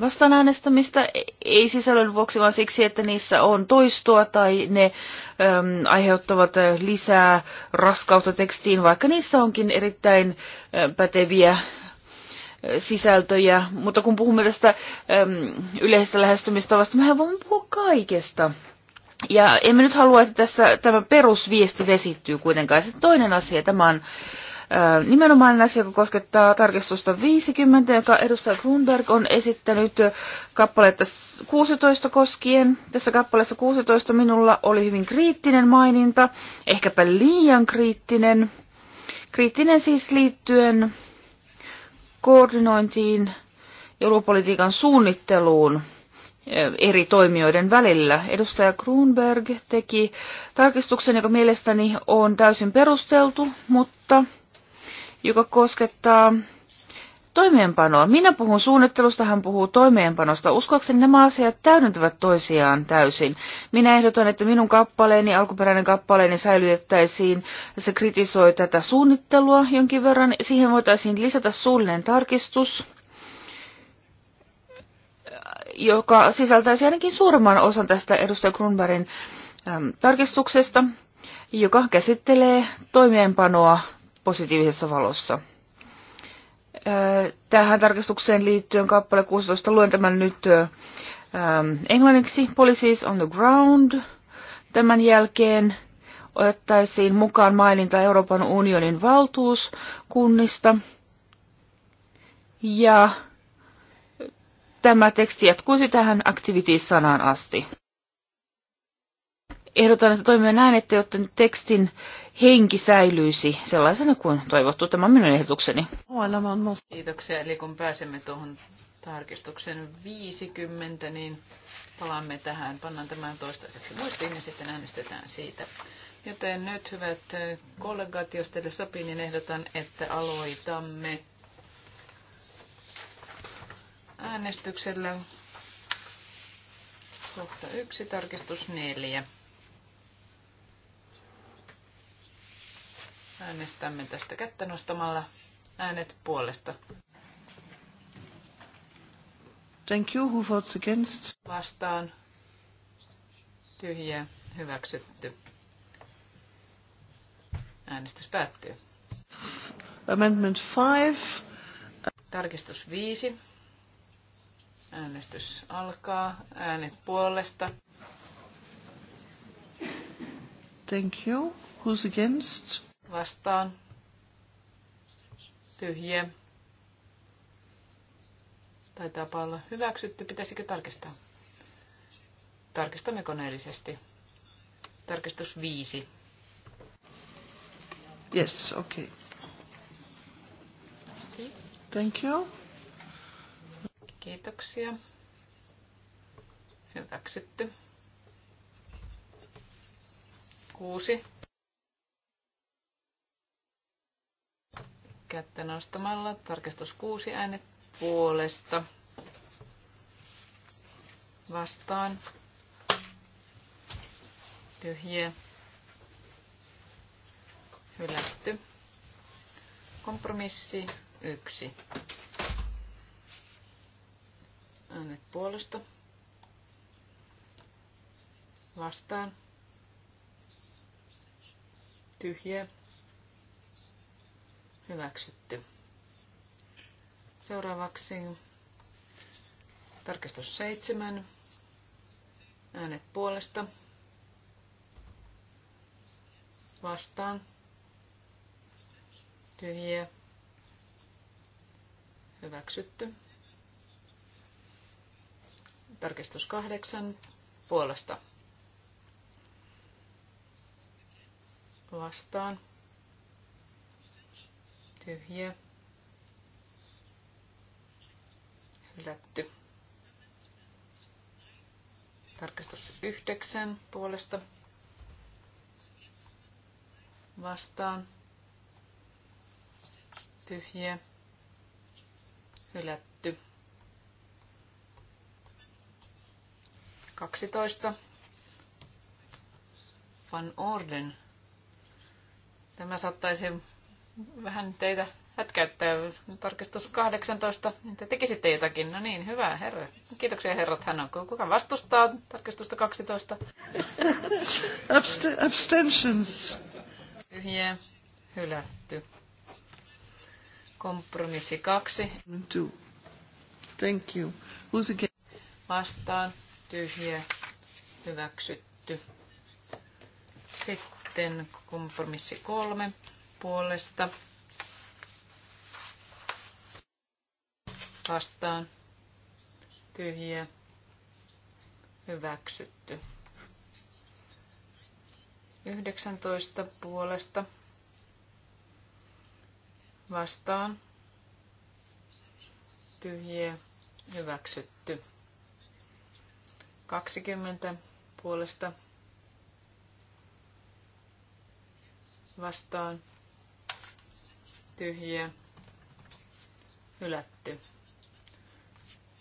vastaan äänestämistä, ei sisällön vuoksi, vaan siksi, että niissä on toistoa tai ne äm, aiheuttavat lisää raskautta tekstiin, vaikka niissä onkin erittäin ä, äh, päteviä äh, sisältöjä. Mutta kun puhumme tästä äm, yleisestä lähestymistavasta, mehän voimme puhua kaikesta. Ja emme nyt halua, että tässä tämä perusviesti vesittyy kuitenkaan. Se toinen asia, tämä on nimenomainen asia, joka koskettaa tarkistusta 50, joka edustaja Grunberg on esittänyt kappaletta 16 koskien. Tässä kappaleessa 16 minulla oli hyvin kriittinen maininta, ehkäpä liian kriittinen. Kriittinen siis liittyen koordinointiin ja ulkopolitiikan suunnitteluun eri toimijoiden välillä. Edustaja Grunberg teki tarkistuksen, joka mielestäni on täysin perusteltu, mutta joka koskettaa toimeenpanoa. Minä puhun suunnittelusta, hän puhuu toimeenpanosta. Uskoakseni nämä asiat täydentävät toisiaan täysin. Minä ehdotan, että minun kappaleeni, alkuperäinen kappaleeni säilytettäisiin. Se kritisoi tätä suunnittelua jonkin verran. Siihen voitaisiin lisätä suullinen tarkistus joka sisältäisi ainakin suurimman osan tästä edustaja Grunbergin äm, tarkistuksesta, joka käsittelee toimeenpanoa positiivisessa valossa. Tähän tarkastukseen liittyen kappale 16 luen tämän nyt ähm, englanniksi. Policies on the ground. Tämän jälkeen otettaisiin mukaan maininta Euroopan unionin valtuuskunnista. Ja tämä teksti jatkuisi tähän activities-sanaan asti. Ehdotan, että toimia näin, että jotta tekstin henki säilyisi sellaisena kuin toivottu. Tämä on minun ehdotukseni. Kiitoksia. Eli kun pääsemme tuohon tarkistuksen 50, niin palaamme tähän. Pannaan tämän toistaiseksi muistiin ja sitten äänestetään siitä. Joten nyt, hyvät kollegat, jos teille sopii, niin ehdotan, että aloitamme äänestyksellä kohta yksi, tarkistus neljä. Äänestämme tästä kättä nostamalla äänet puolesta. Thank you. Who votes against? Vastaan. Tyhjä. Hyväksytty. Äänestys päättyy. Amendment 5. Tarkistus 5. Äänestys alkaa. Äänet puolesta. Thank you. Who's against? vastaan tyhjiä. Taitaa olla hyväksytty. Pitäisikö tarkistaa? Tarkistamme koneellisesti. Tarkistus 5. Yes, okay. Thank you. Kiitoksia. Hyväksytty. Kuusi kättä nostamalla. Tarkistus kuusi äänet puolesta. Vastaan. Tyhjiä. Hylätty. Kompromissi yksi, Äänet puolesta. Vastaan. Tyhjiä. Hyväksytty. Seuraavaksi tarkistus seitsemän. Äänet puolesta. Vastaan. Tyhjiä. Hyväksytty. Tarkistus kahdeksan. Puolesta. Vastaan tyhjiä, hylätty. Tarkastus yhdeksän puolesta vastaan, tyhjiä, hylätty. 12. Van Orden. Tämä saattaisi vähän teitä hätkäyttää. Tarkistus 18, te tekisitte jotakin. No niin, hyvä herra. Kiitoksia herrat, hän on. Kuka vastustaa tarkistusta 12? Abst- abstentions. Tyhjiä, hylätty. Kompromissi 2. Thank you. Who's again? Vastaan, tyhjä hyväksytty. Sitten kompromissi kolme puolesta vastaan tyhjiä hyväksytty. 19 puolesta vastaan tyhjiä hyväksytty. 20 puolesta vastaan tyhjiä, hylätty.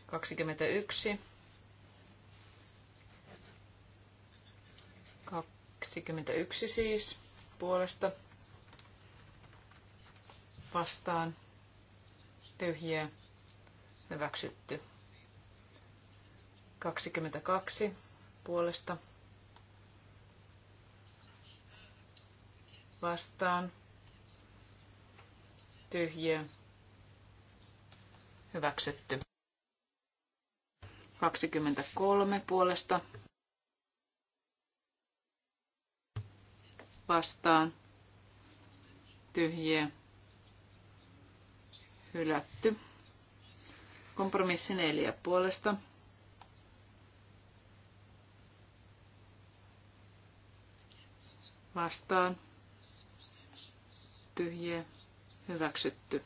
21, 21 siis puolesta vastaan tyhjiä, hyväksytty. 22 puolesta vastaan tyhjiä, hyväksytty. 23 puolesta vastaan tyhjiä, hylätty. Kompromissi 4 puolesta vastaan tyhjiä, Hyväksytty.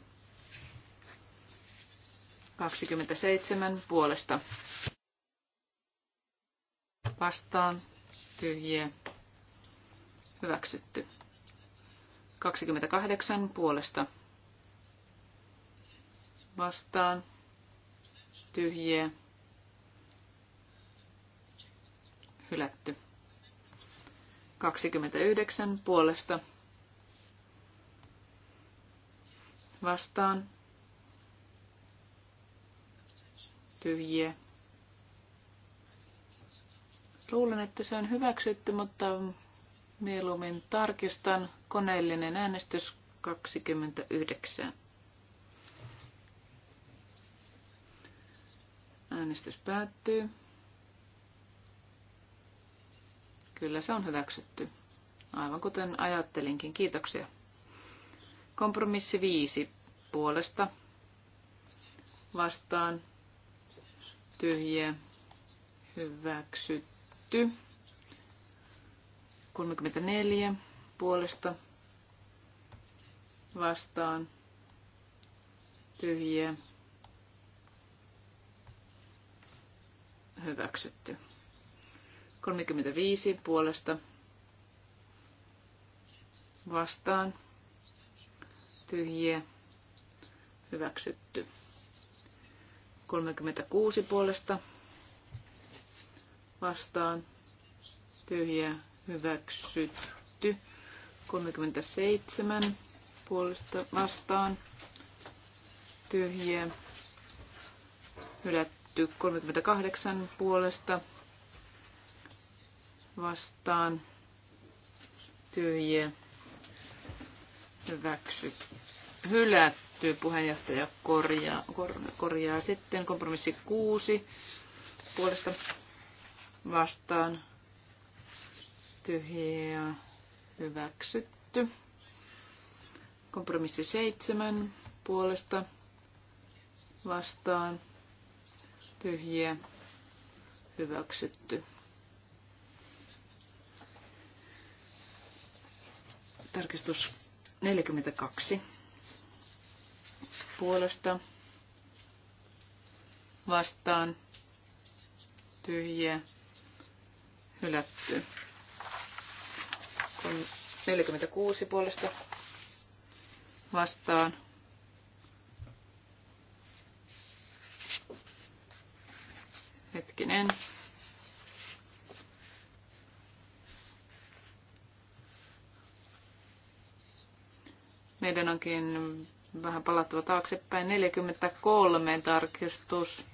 27 puolesta. Vastaan. Tyhjiä. Hyväksytty. 28 puolesta. Vastaan. Tyhjiä. Hylätty. 29 puolesta vastaan. Tyhjiä. Luulen, että se on hyväksytty, mutta mieluummin tarkistan koneellinen äänestys 29. Äänestys päättyy. Kyllä se on hyväksytty. Aivan kuten ajattelinkin. Kiitoksia. Kompromissi 5 puolesta vastaan tyhjiä hyväksytty. 34 puolesta vastaan tyhjiä hyväksytty. 35 puolesta vastaan tyhjiä hyväksytty. 36 puolesta vastaan tyhjä hyväksytty. 37 puolesta vastaan tyhjä hylätty. 38 puolesta vastaan tyhjä hyväksytty. Hylätty hyväksytty. Puheenjohtaja korjaa, kor, korjaa sitten. Kompromissi 6 puolesta vastaan tyhjä hyväksytty. Kompromissi 7 puolesta vastaan tyhjiä hyväksytty. Tarkistus 42 puolesta vastaan tyhjiä hylätty. 46 puolesta vastaan hetkinen. Meidän onkin vähän palattava taaksepäin. 43 tarkistus,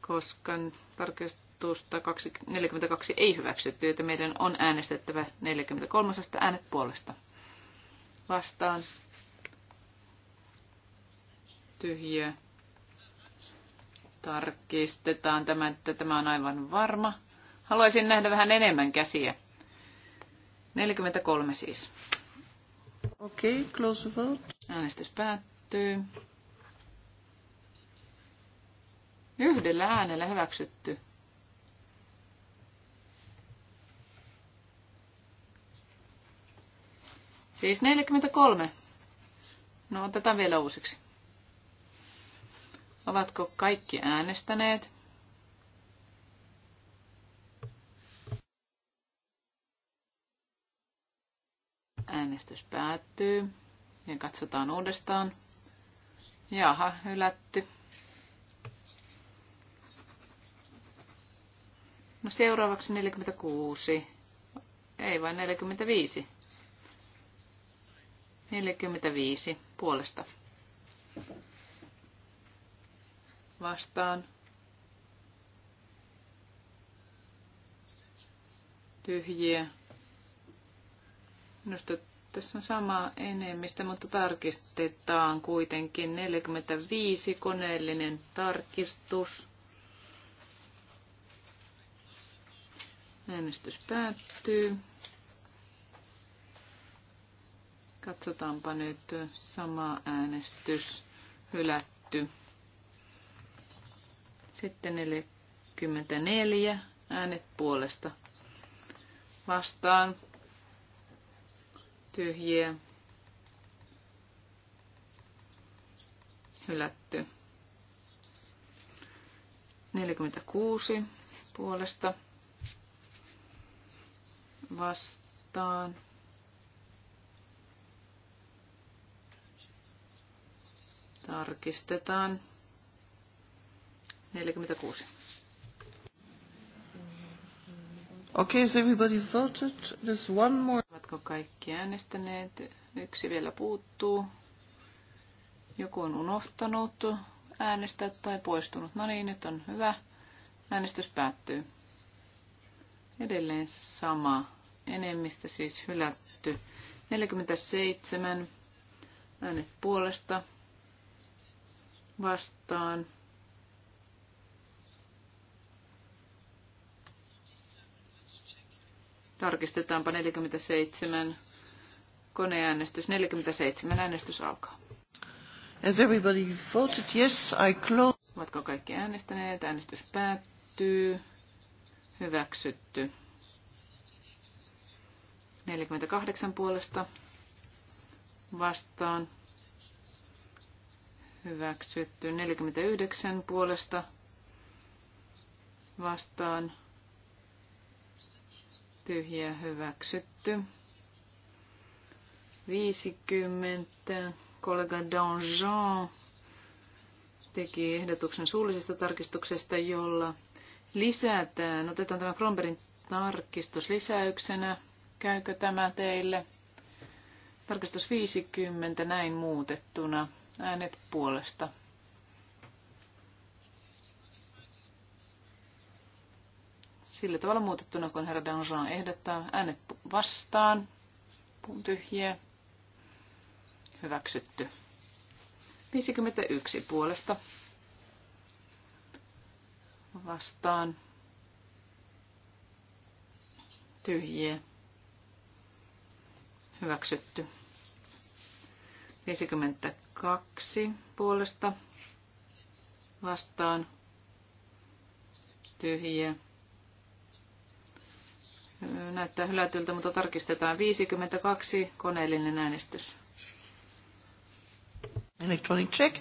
koska tarkistusta 42 ei hyväksytty, joten meidän on äänestettävä 43. äänet puolesta. Vastaan. Tyhjä. Tarkistetaan tämä, että tämä on aivan varma. Haluaisin nähdä vähän enemmän käsiä. 43 siis. Okei, okay, close vote. Äänestys päättyy. Yhdellä äänellä hyväksytty. Siis 43. No otetaan vielä uusiksi. Ovatko kaikki äänestäneet? Äänestys päättyy. Ja niin katsotaan uudestaan. Jaha, hylätty. No seuraavaksi 46. Ei vain 45. 45 puolesta. Vastaan. Tyhjiä. Minusta tässä on sama enemmistö, mutta tarkistetaan kuitenkin 45 koneellinen tarkistus. Äänestys päättyy. Katsotaanpa nyt sama äänestys hylätty. Sitten 44 äänet puolesta vastaan tyhjiä, hylätty. 46 puolesta vastaan. Tarkistetaan. 46. Okay, so everybody voted. There's one more. Ovatko kaikki äänestäneet? Yksi vielä puuttuu. Joku on unohtanut äänestää tai poistunut. No niin, nyt on hyvä. Äänestys päättyy. Edelleen sama. Enemmistö siis hylätty. 47 äänet puolesta vastaan Tarkistetaanpa 47. Koneäänestys 47. Äänestys alkaa. As everybody voted yes, I close. Ovatko kaikki äänestäneet? Äänestys päättyy. Hyväksytty. 48 puolesta vastaan. Hyväksytty. 49 puolesta vastaan tyhjä hyväksytty. 50. Kollega Donjon teki ehdotuksen suullisesta tarkistuksesta, jolla lisätään, otetaan tämä Kronberin tarkistus lisäyksenä. Käykö tämä teille? Tarkistus 50 näin muutettuna. Äänet puolesta sillä tavalla muutettuna, kun herra Danjean ehdottaa äänet vastaan, tyhjiä, hyväksytty. 51 puolesta vastaan, tyhjiä, hyväksytty. 52 puolesta vastaan, tyhjiä, Näyttää hylätyltä, mutta tarkistetaan 52, koneellinen äänestys. Electronic check.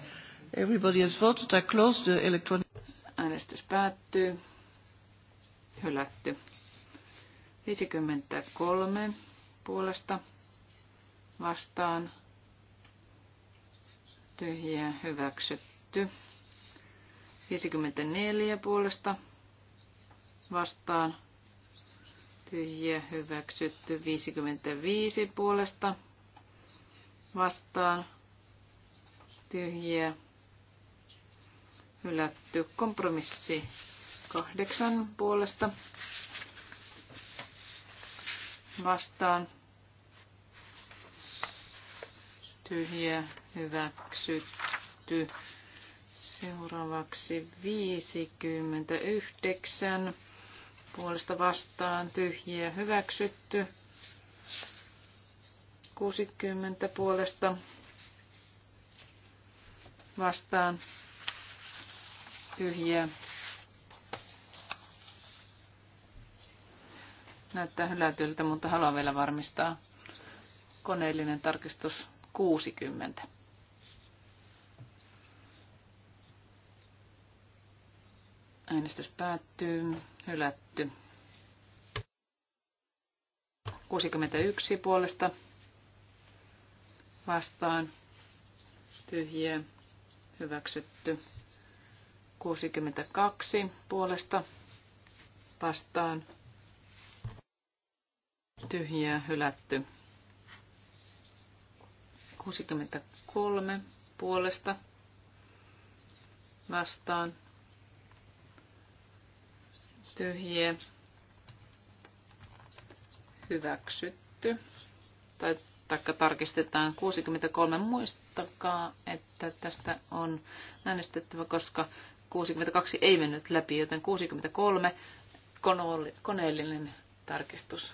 Everybody has voted. I close the electronic... Äänestys päättyy. Hylätty. 53 puolesta vastaan. Tyhjiä hyväksytty. 54 puolesta vastaan tyhjiä hyväksytty 55 puolesta vastaan tyhjiä hylätty kompromissi kahdeksan puolesta vastaan tyhjiä hyväksytty seuraavaksi 59 puolesta vastaan tyhjiä hyväksytty. 60 puolesta vastaan tyhjiä. Näyttää hylätyltä, mutta haluan vielä varmistaa koneellinen tarkistus 60. Äänestys päättyy. Hylätty. 61 puolesta vastaan. Tyhjiä. Hyväksytty. 62 puolesta vastaan. Tyhjiä. Hylätty. 63 puolesta vastaan tyhjiä, hyväksytty. Tai taikka tarkistetaan 63. Muistakaa, että tästä on äänestettävä, koska 62 ei mennyt läpi, joten 63 koneellinen tarkistus.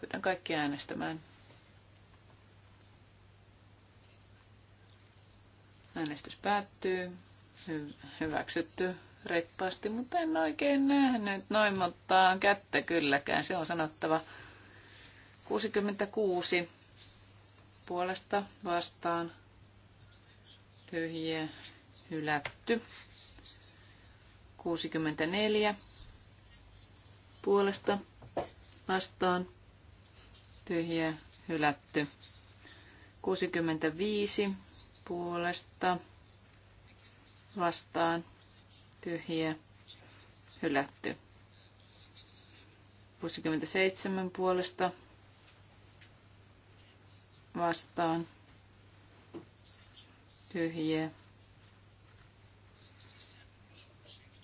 Pyydän kaikki äänestämään. Äänestys päättyy. Hy- hyväksytty reippaasti, mutta en oikein nähnyt noin montaa kättä kylläkään, se on sanottava. 66 puolesta vastaan tyhjiä hylätty. 64 puolesta vastaan tyhjiä hylätty. 65 puolesta vastaan tyhjiä, hylätty. 67 puolesta vastaan, tyhjiä.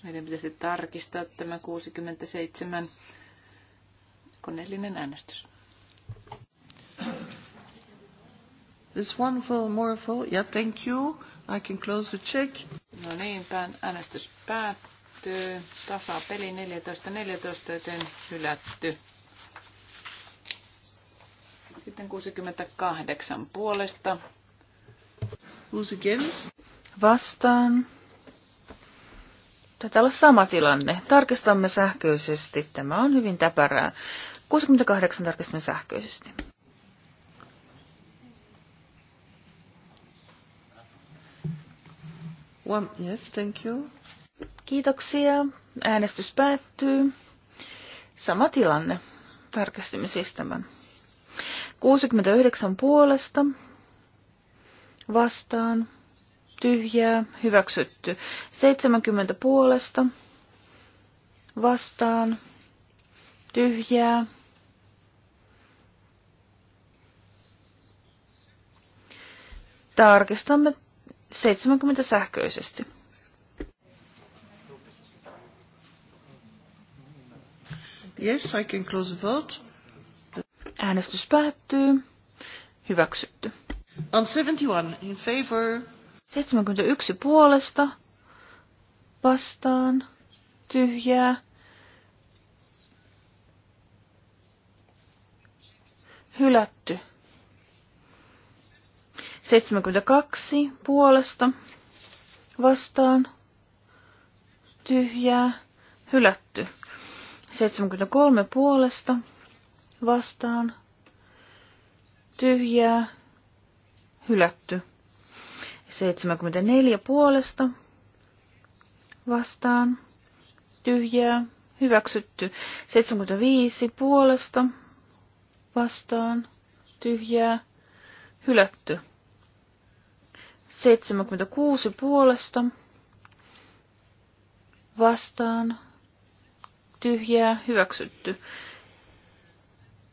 Meidän pitäisi tarkistaa tämä 67 koneellinen äänestys. This one for more for, yeah, thank you. I can close the check. No niin, äänestys päättyy. peli 14-14, joten hylätty. Sitten 68 puolesta. Who's against? Vastaan. Taitaa olla sama tilanne. Tarkistamme sähköisesti. Tämä on hyvin täpärää. 68 tarkistamme sähköisesti. One, yes, thank you. Kiitoksia. Äänestys päättyy. Sama tilanne. Tarkistimme siis tämän. 69 puolesta. Vastaan. Tyhjää. Hyväksytty. 70 puolesta. Vastaan. Tyhjää. Tarkistamme 70 sähköisesti. Yes, I can close the vote. Äänestys päättyy. Hyväksytty. On 71 in favor. 71 puolesta. Vastaan. Tyhjää. Hylätty. 72 puolesta vastaan tyhjää hylätty. 73 puolesta vastaan tyhjää hylätty. 74 puolesta vastaan tyhjää hyväksytty. 75 puolesta vastaan tyhjää hylätty. 76 puolesta vastaan tyhjää hyväksytty.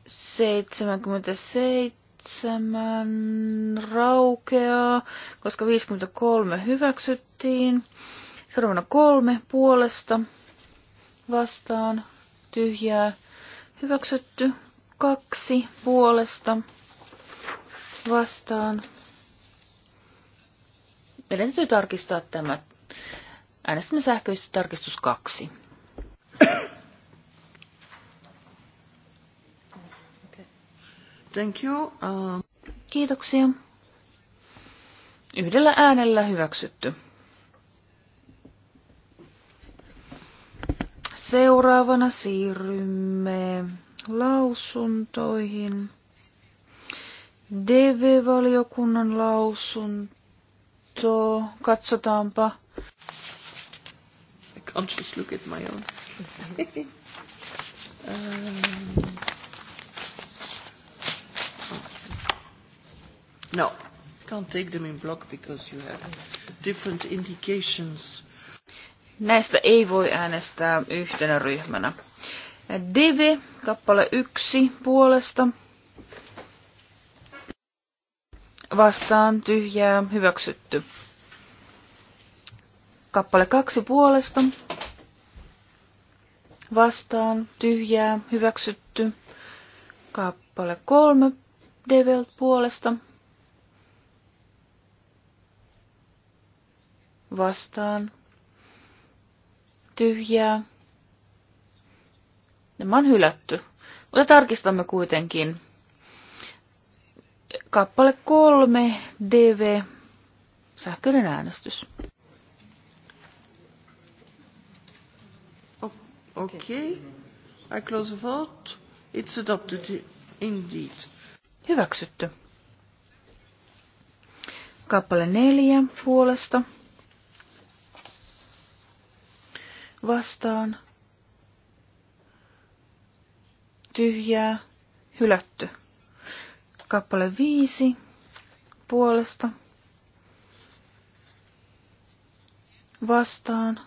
77 raukeaa, koska 53 hyväksyttiin. Seuraavana kolme puolesta vastaan tyhjää hyväksytty. Kaksi puolesta vastaan meidän täytyy tarkistaa tämä. Äänestämme sähköisesti tarkistus 2. Thank you. Uh... Kiitoksia. Yhdellä äänellä hyväksytty. Seuraavana siirrymme lausuntoihin. DV-valiokunnan lausunto to katsotaanpa. I can't just look at my own. um, no, can't take them in block because you have different indications. Näistä ei voi äänestää yhtenä ryhmänä. Divi, kappale yksi puolesta vastaan tyhjää hyväksytty. Kappale kaksi puolesta vastaan tyhjää hyväksytty. Kappale kolme Develt puolesta vastaan tyhjää. Nämä on hylätty. Mutta tarkistamme kuitenkin. Kappale kolme, DV, sähköinen äänestys. Okay. I close the vote. It's adopted indeed. Hyväksytty. Kappale neljä puolesta. Vastaan. Tyhjää. Hylätty. Kappale viisi puolesta vastaan.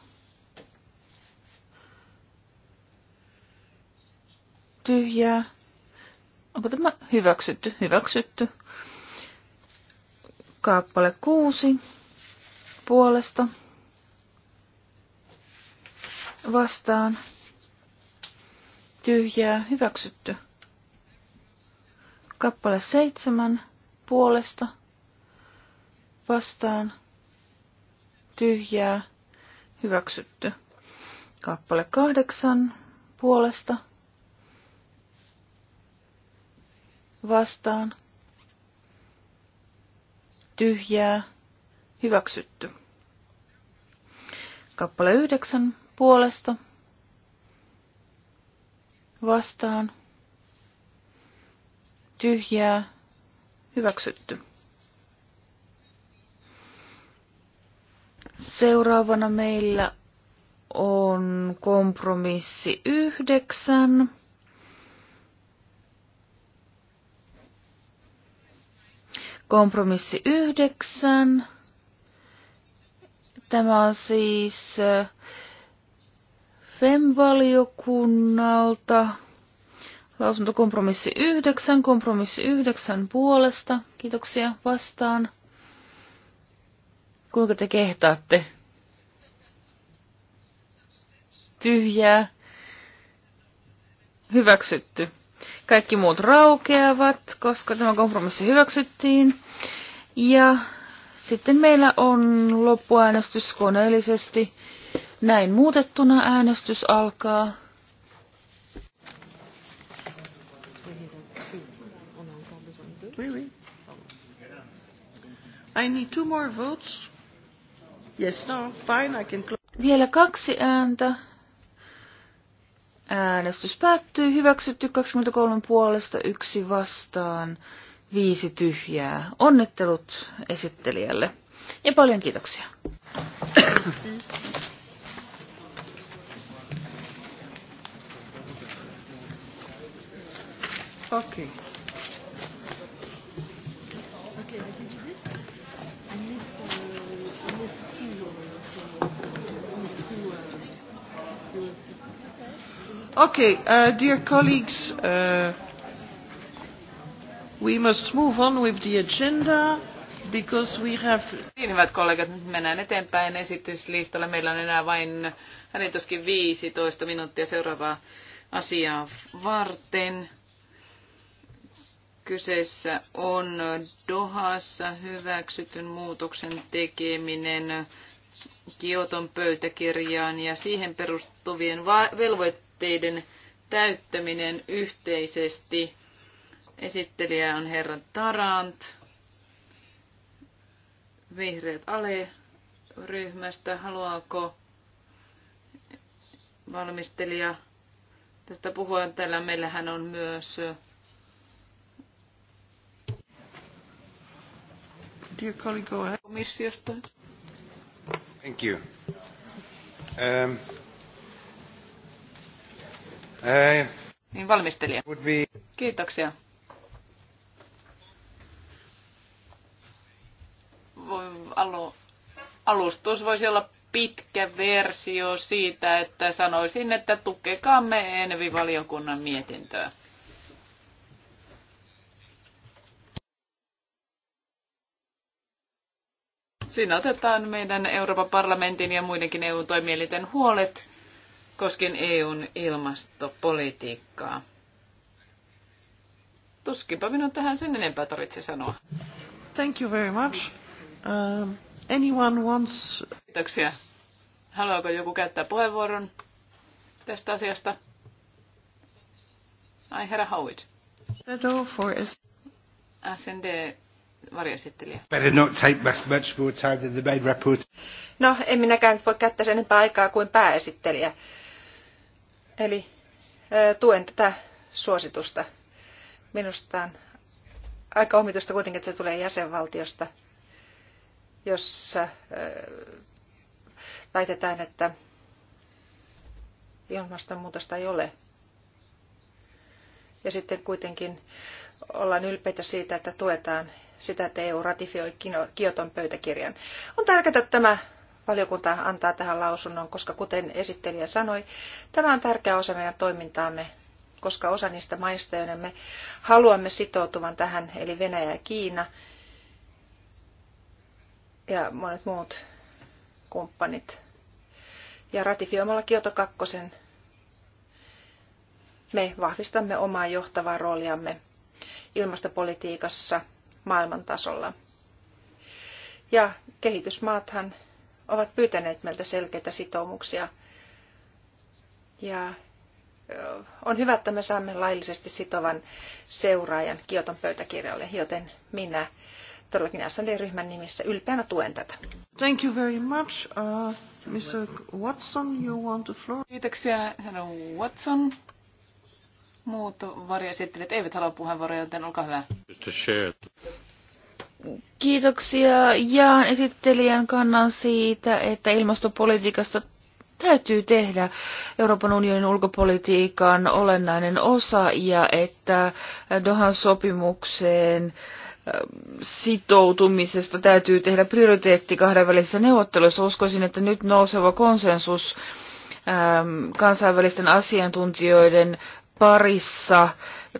Tyhjää. Onko tämä hyväksytty? Hyväksytty. Kappale kuusi puolesta vastaan. Tyhjää. Hyväksytty. Kappale seitsemän puolesta vastaan tyhjää hyväksytty. Kappale kahdeksan puolesta vastaan tyhjää hyväksytty. Kappale yhdeksän puolesta vastaan tyhjää, hyväksytty. Seuraavana meillä on kompromissi yhdeksän. Kompromissi yhdeksän. Tämä on siis äh, FEM-valiokunnalta Lausuntokompromissi 9, kompromissi 9 puolesta. Kiitoksia vastaan. Kuinka te kehtaatte? Tyhjää. Hyväksytty. Kaikki muut raukeavat, koska tämä kompromissi hyväksyttiin. Ja sitten meillä on loppuäänestys koneellisesti. Näin muutettuna äänestys alkaa. I need two more votes. Yes, no, fine, I can close. Vielä kaksi ääntä. Äänestys päättyy. Hyväksytty 23 puolesta, yksi vastaan, viisi tyhjää. Onnittelut esittelijälle ja paljon kiitoksia. Okei. Okay. Okay, uh, dear colleagues, uh, we must move on with the agenda because we have... Niin, hyvät kollegat, nyt mennään eteenpäin esityslistalle. Meillä on enää vain hänetoskin 15 minuuttia seuraavaa asiaa varten. Kyseessä on Dohassa hyväksytyn muutoksen tekeminen Kioton pöytäkirjaan ja siihen perustuvien velvoitteiden tavoitteiden täyttäminen yhteisesti. Esittelijä on herra Tarant, vihreät Ale-ryhmästä. Haluaako valmistelija tästä puhua? Täällä meillähän on myös Dear colleague, go ahead. Thank you. Um, ei. Niin valmistelija. Kiitoksia. Voi, alu, alustus voisi olla pitkä versio siitä, että sanoisin, että tukekaamme Envi-valiokunnan mietintöä. Siinä otetaan meidän Euroopan parlamentin ja muidenkin EU-toimielinten huolet koskien EUn ilmastopolitiikkaa. Tuskinpa minun tähän sen enempää tarvitse sanoa. Thank you very much. Um, anyone wants... Kiitoksia. Haluaako joku käyttää puheenvuoron tästä asiasta? Ai herra Howard. For SND varjoesittelijä. not take much more time than the main report. No, en minäkään voi käyttää sen enempää aikaa kuin pääesittelijä. Eli tuen tätä suositusta. Minusta on aika omitusta kuitenkin, että se tulee jäsenvaltiosta, jossa väitetään, että ilmastonmuutosta ei ole. Ja sitten kuitenkin ollaan ylpeitä siitä, että tuetaan sitä, että EU ratifioi Kioton pöytäkirjan. On tärkeää, että tämä valiokunta antaa tähän lausunnon, koska kuten esittelijä sanoi, tämä on tärkeä osa meidän toimintaamme, koska osa niistä maista, joiden me haluamme sitoutuvan tähän, eli Venäjä ja Kiina ja monet muut kumppanit. Ja ratifioimalla Kioto 2 me vahvistamme omaa johtavaa rooliamme ilmastopolitiikassa maailman tasolla. Ja kehitysmaathan ovat pyytäneet meiltä selkeitä sitoumuksia. Ja on hyvä, että me saamme laillisesti sitovan seuraajan Kioton pöytäkirjalle, joten minä todellakin SND-ryhmän nimissä ylpeänä tuen tätä. Thank you very much. Uh, Mr. Watson, you want the floor? Kiitoksia, herra Watson. Muut varjoesittelijät eivät halua puheenvuoroja, joten olkaa hyvä. Kiitoksia Jaan esittelijän kannan siitä, että ilmastopolitiikasta täytyy tehdä Euroopan unionin ulkopolitiikan olennainen osa ja että Dohan sopimukseen ähm, sitoutumisesta täytyy tehdä prioriteetti kahdenvälisissä neuvotteluissa. Uskoisin, että nyt nouseva konsensus ähm, kansainvälisten asiantuntijoiden parissa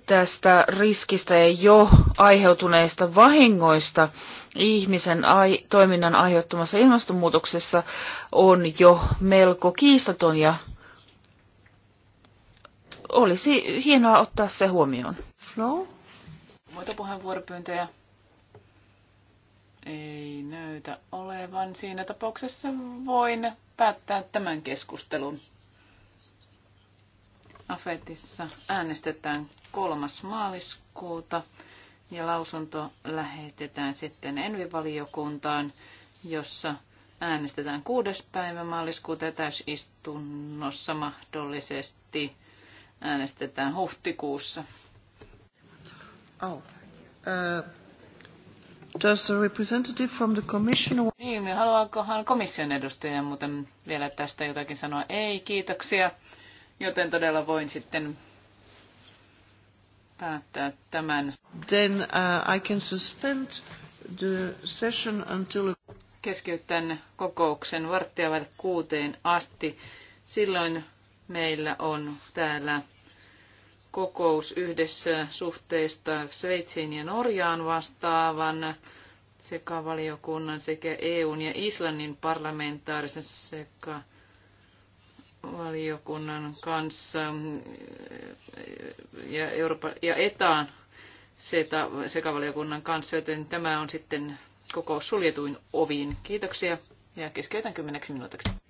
tästä riskistä ja jo aiheutuneista vahingoista ihmisen ai- toiminnan aiheuttamassa ilmastonmuutoksessa on jo melko kiistaton ja olisi hienoa ottaa se huomioon. No. Muita puheenvuoropyyntöjä? Ei näytä olevan. Siinä tapauksessa voin päättää tämän keskustelun. Afetissa äänestetään 3. maaliskuuta ja lausunto lähetetään sitten Envivaliokuntaan, jossa äänestetään 6. päivä maaliskuuta ja täysistunnossa mahdollisesti äänestetään huhtikuussa. Oh. Uh, does the representative from the commission... Niin, haluaakohan komission edustaja muuten vielä tästä jotakin sanoa? Ei, kiitoksia joten todella voin sitten päättää tämän. Then uh, I can suspend the session until... Keskeytän kokouksen varttia vaille kuuteen asti. Silloin meillä on täällä kokous yhdessä suhteista Sveitsiin ja Norjaan vastaavan sekä valiokunnan e sekä EUn ja Islannin parlamentaarisen sekä valiokunnan kanssa ja, Eurooppa, ja ETAan sekavaliokunnan kanssa, joten tämä on sitten kokous suljetuin oviin. Kiitoksia ja keskeytän kymmeneksi minuutiksi.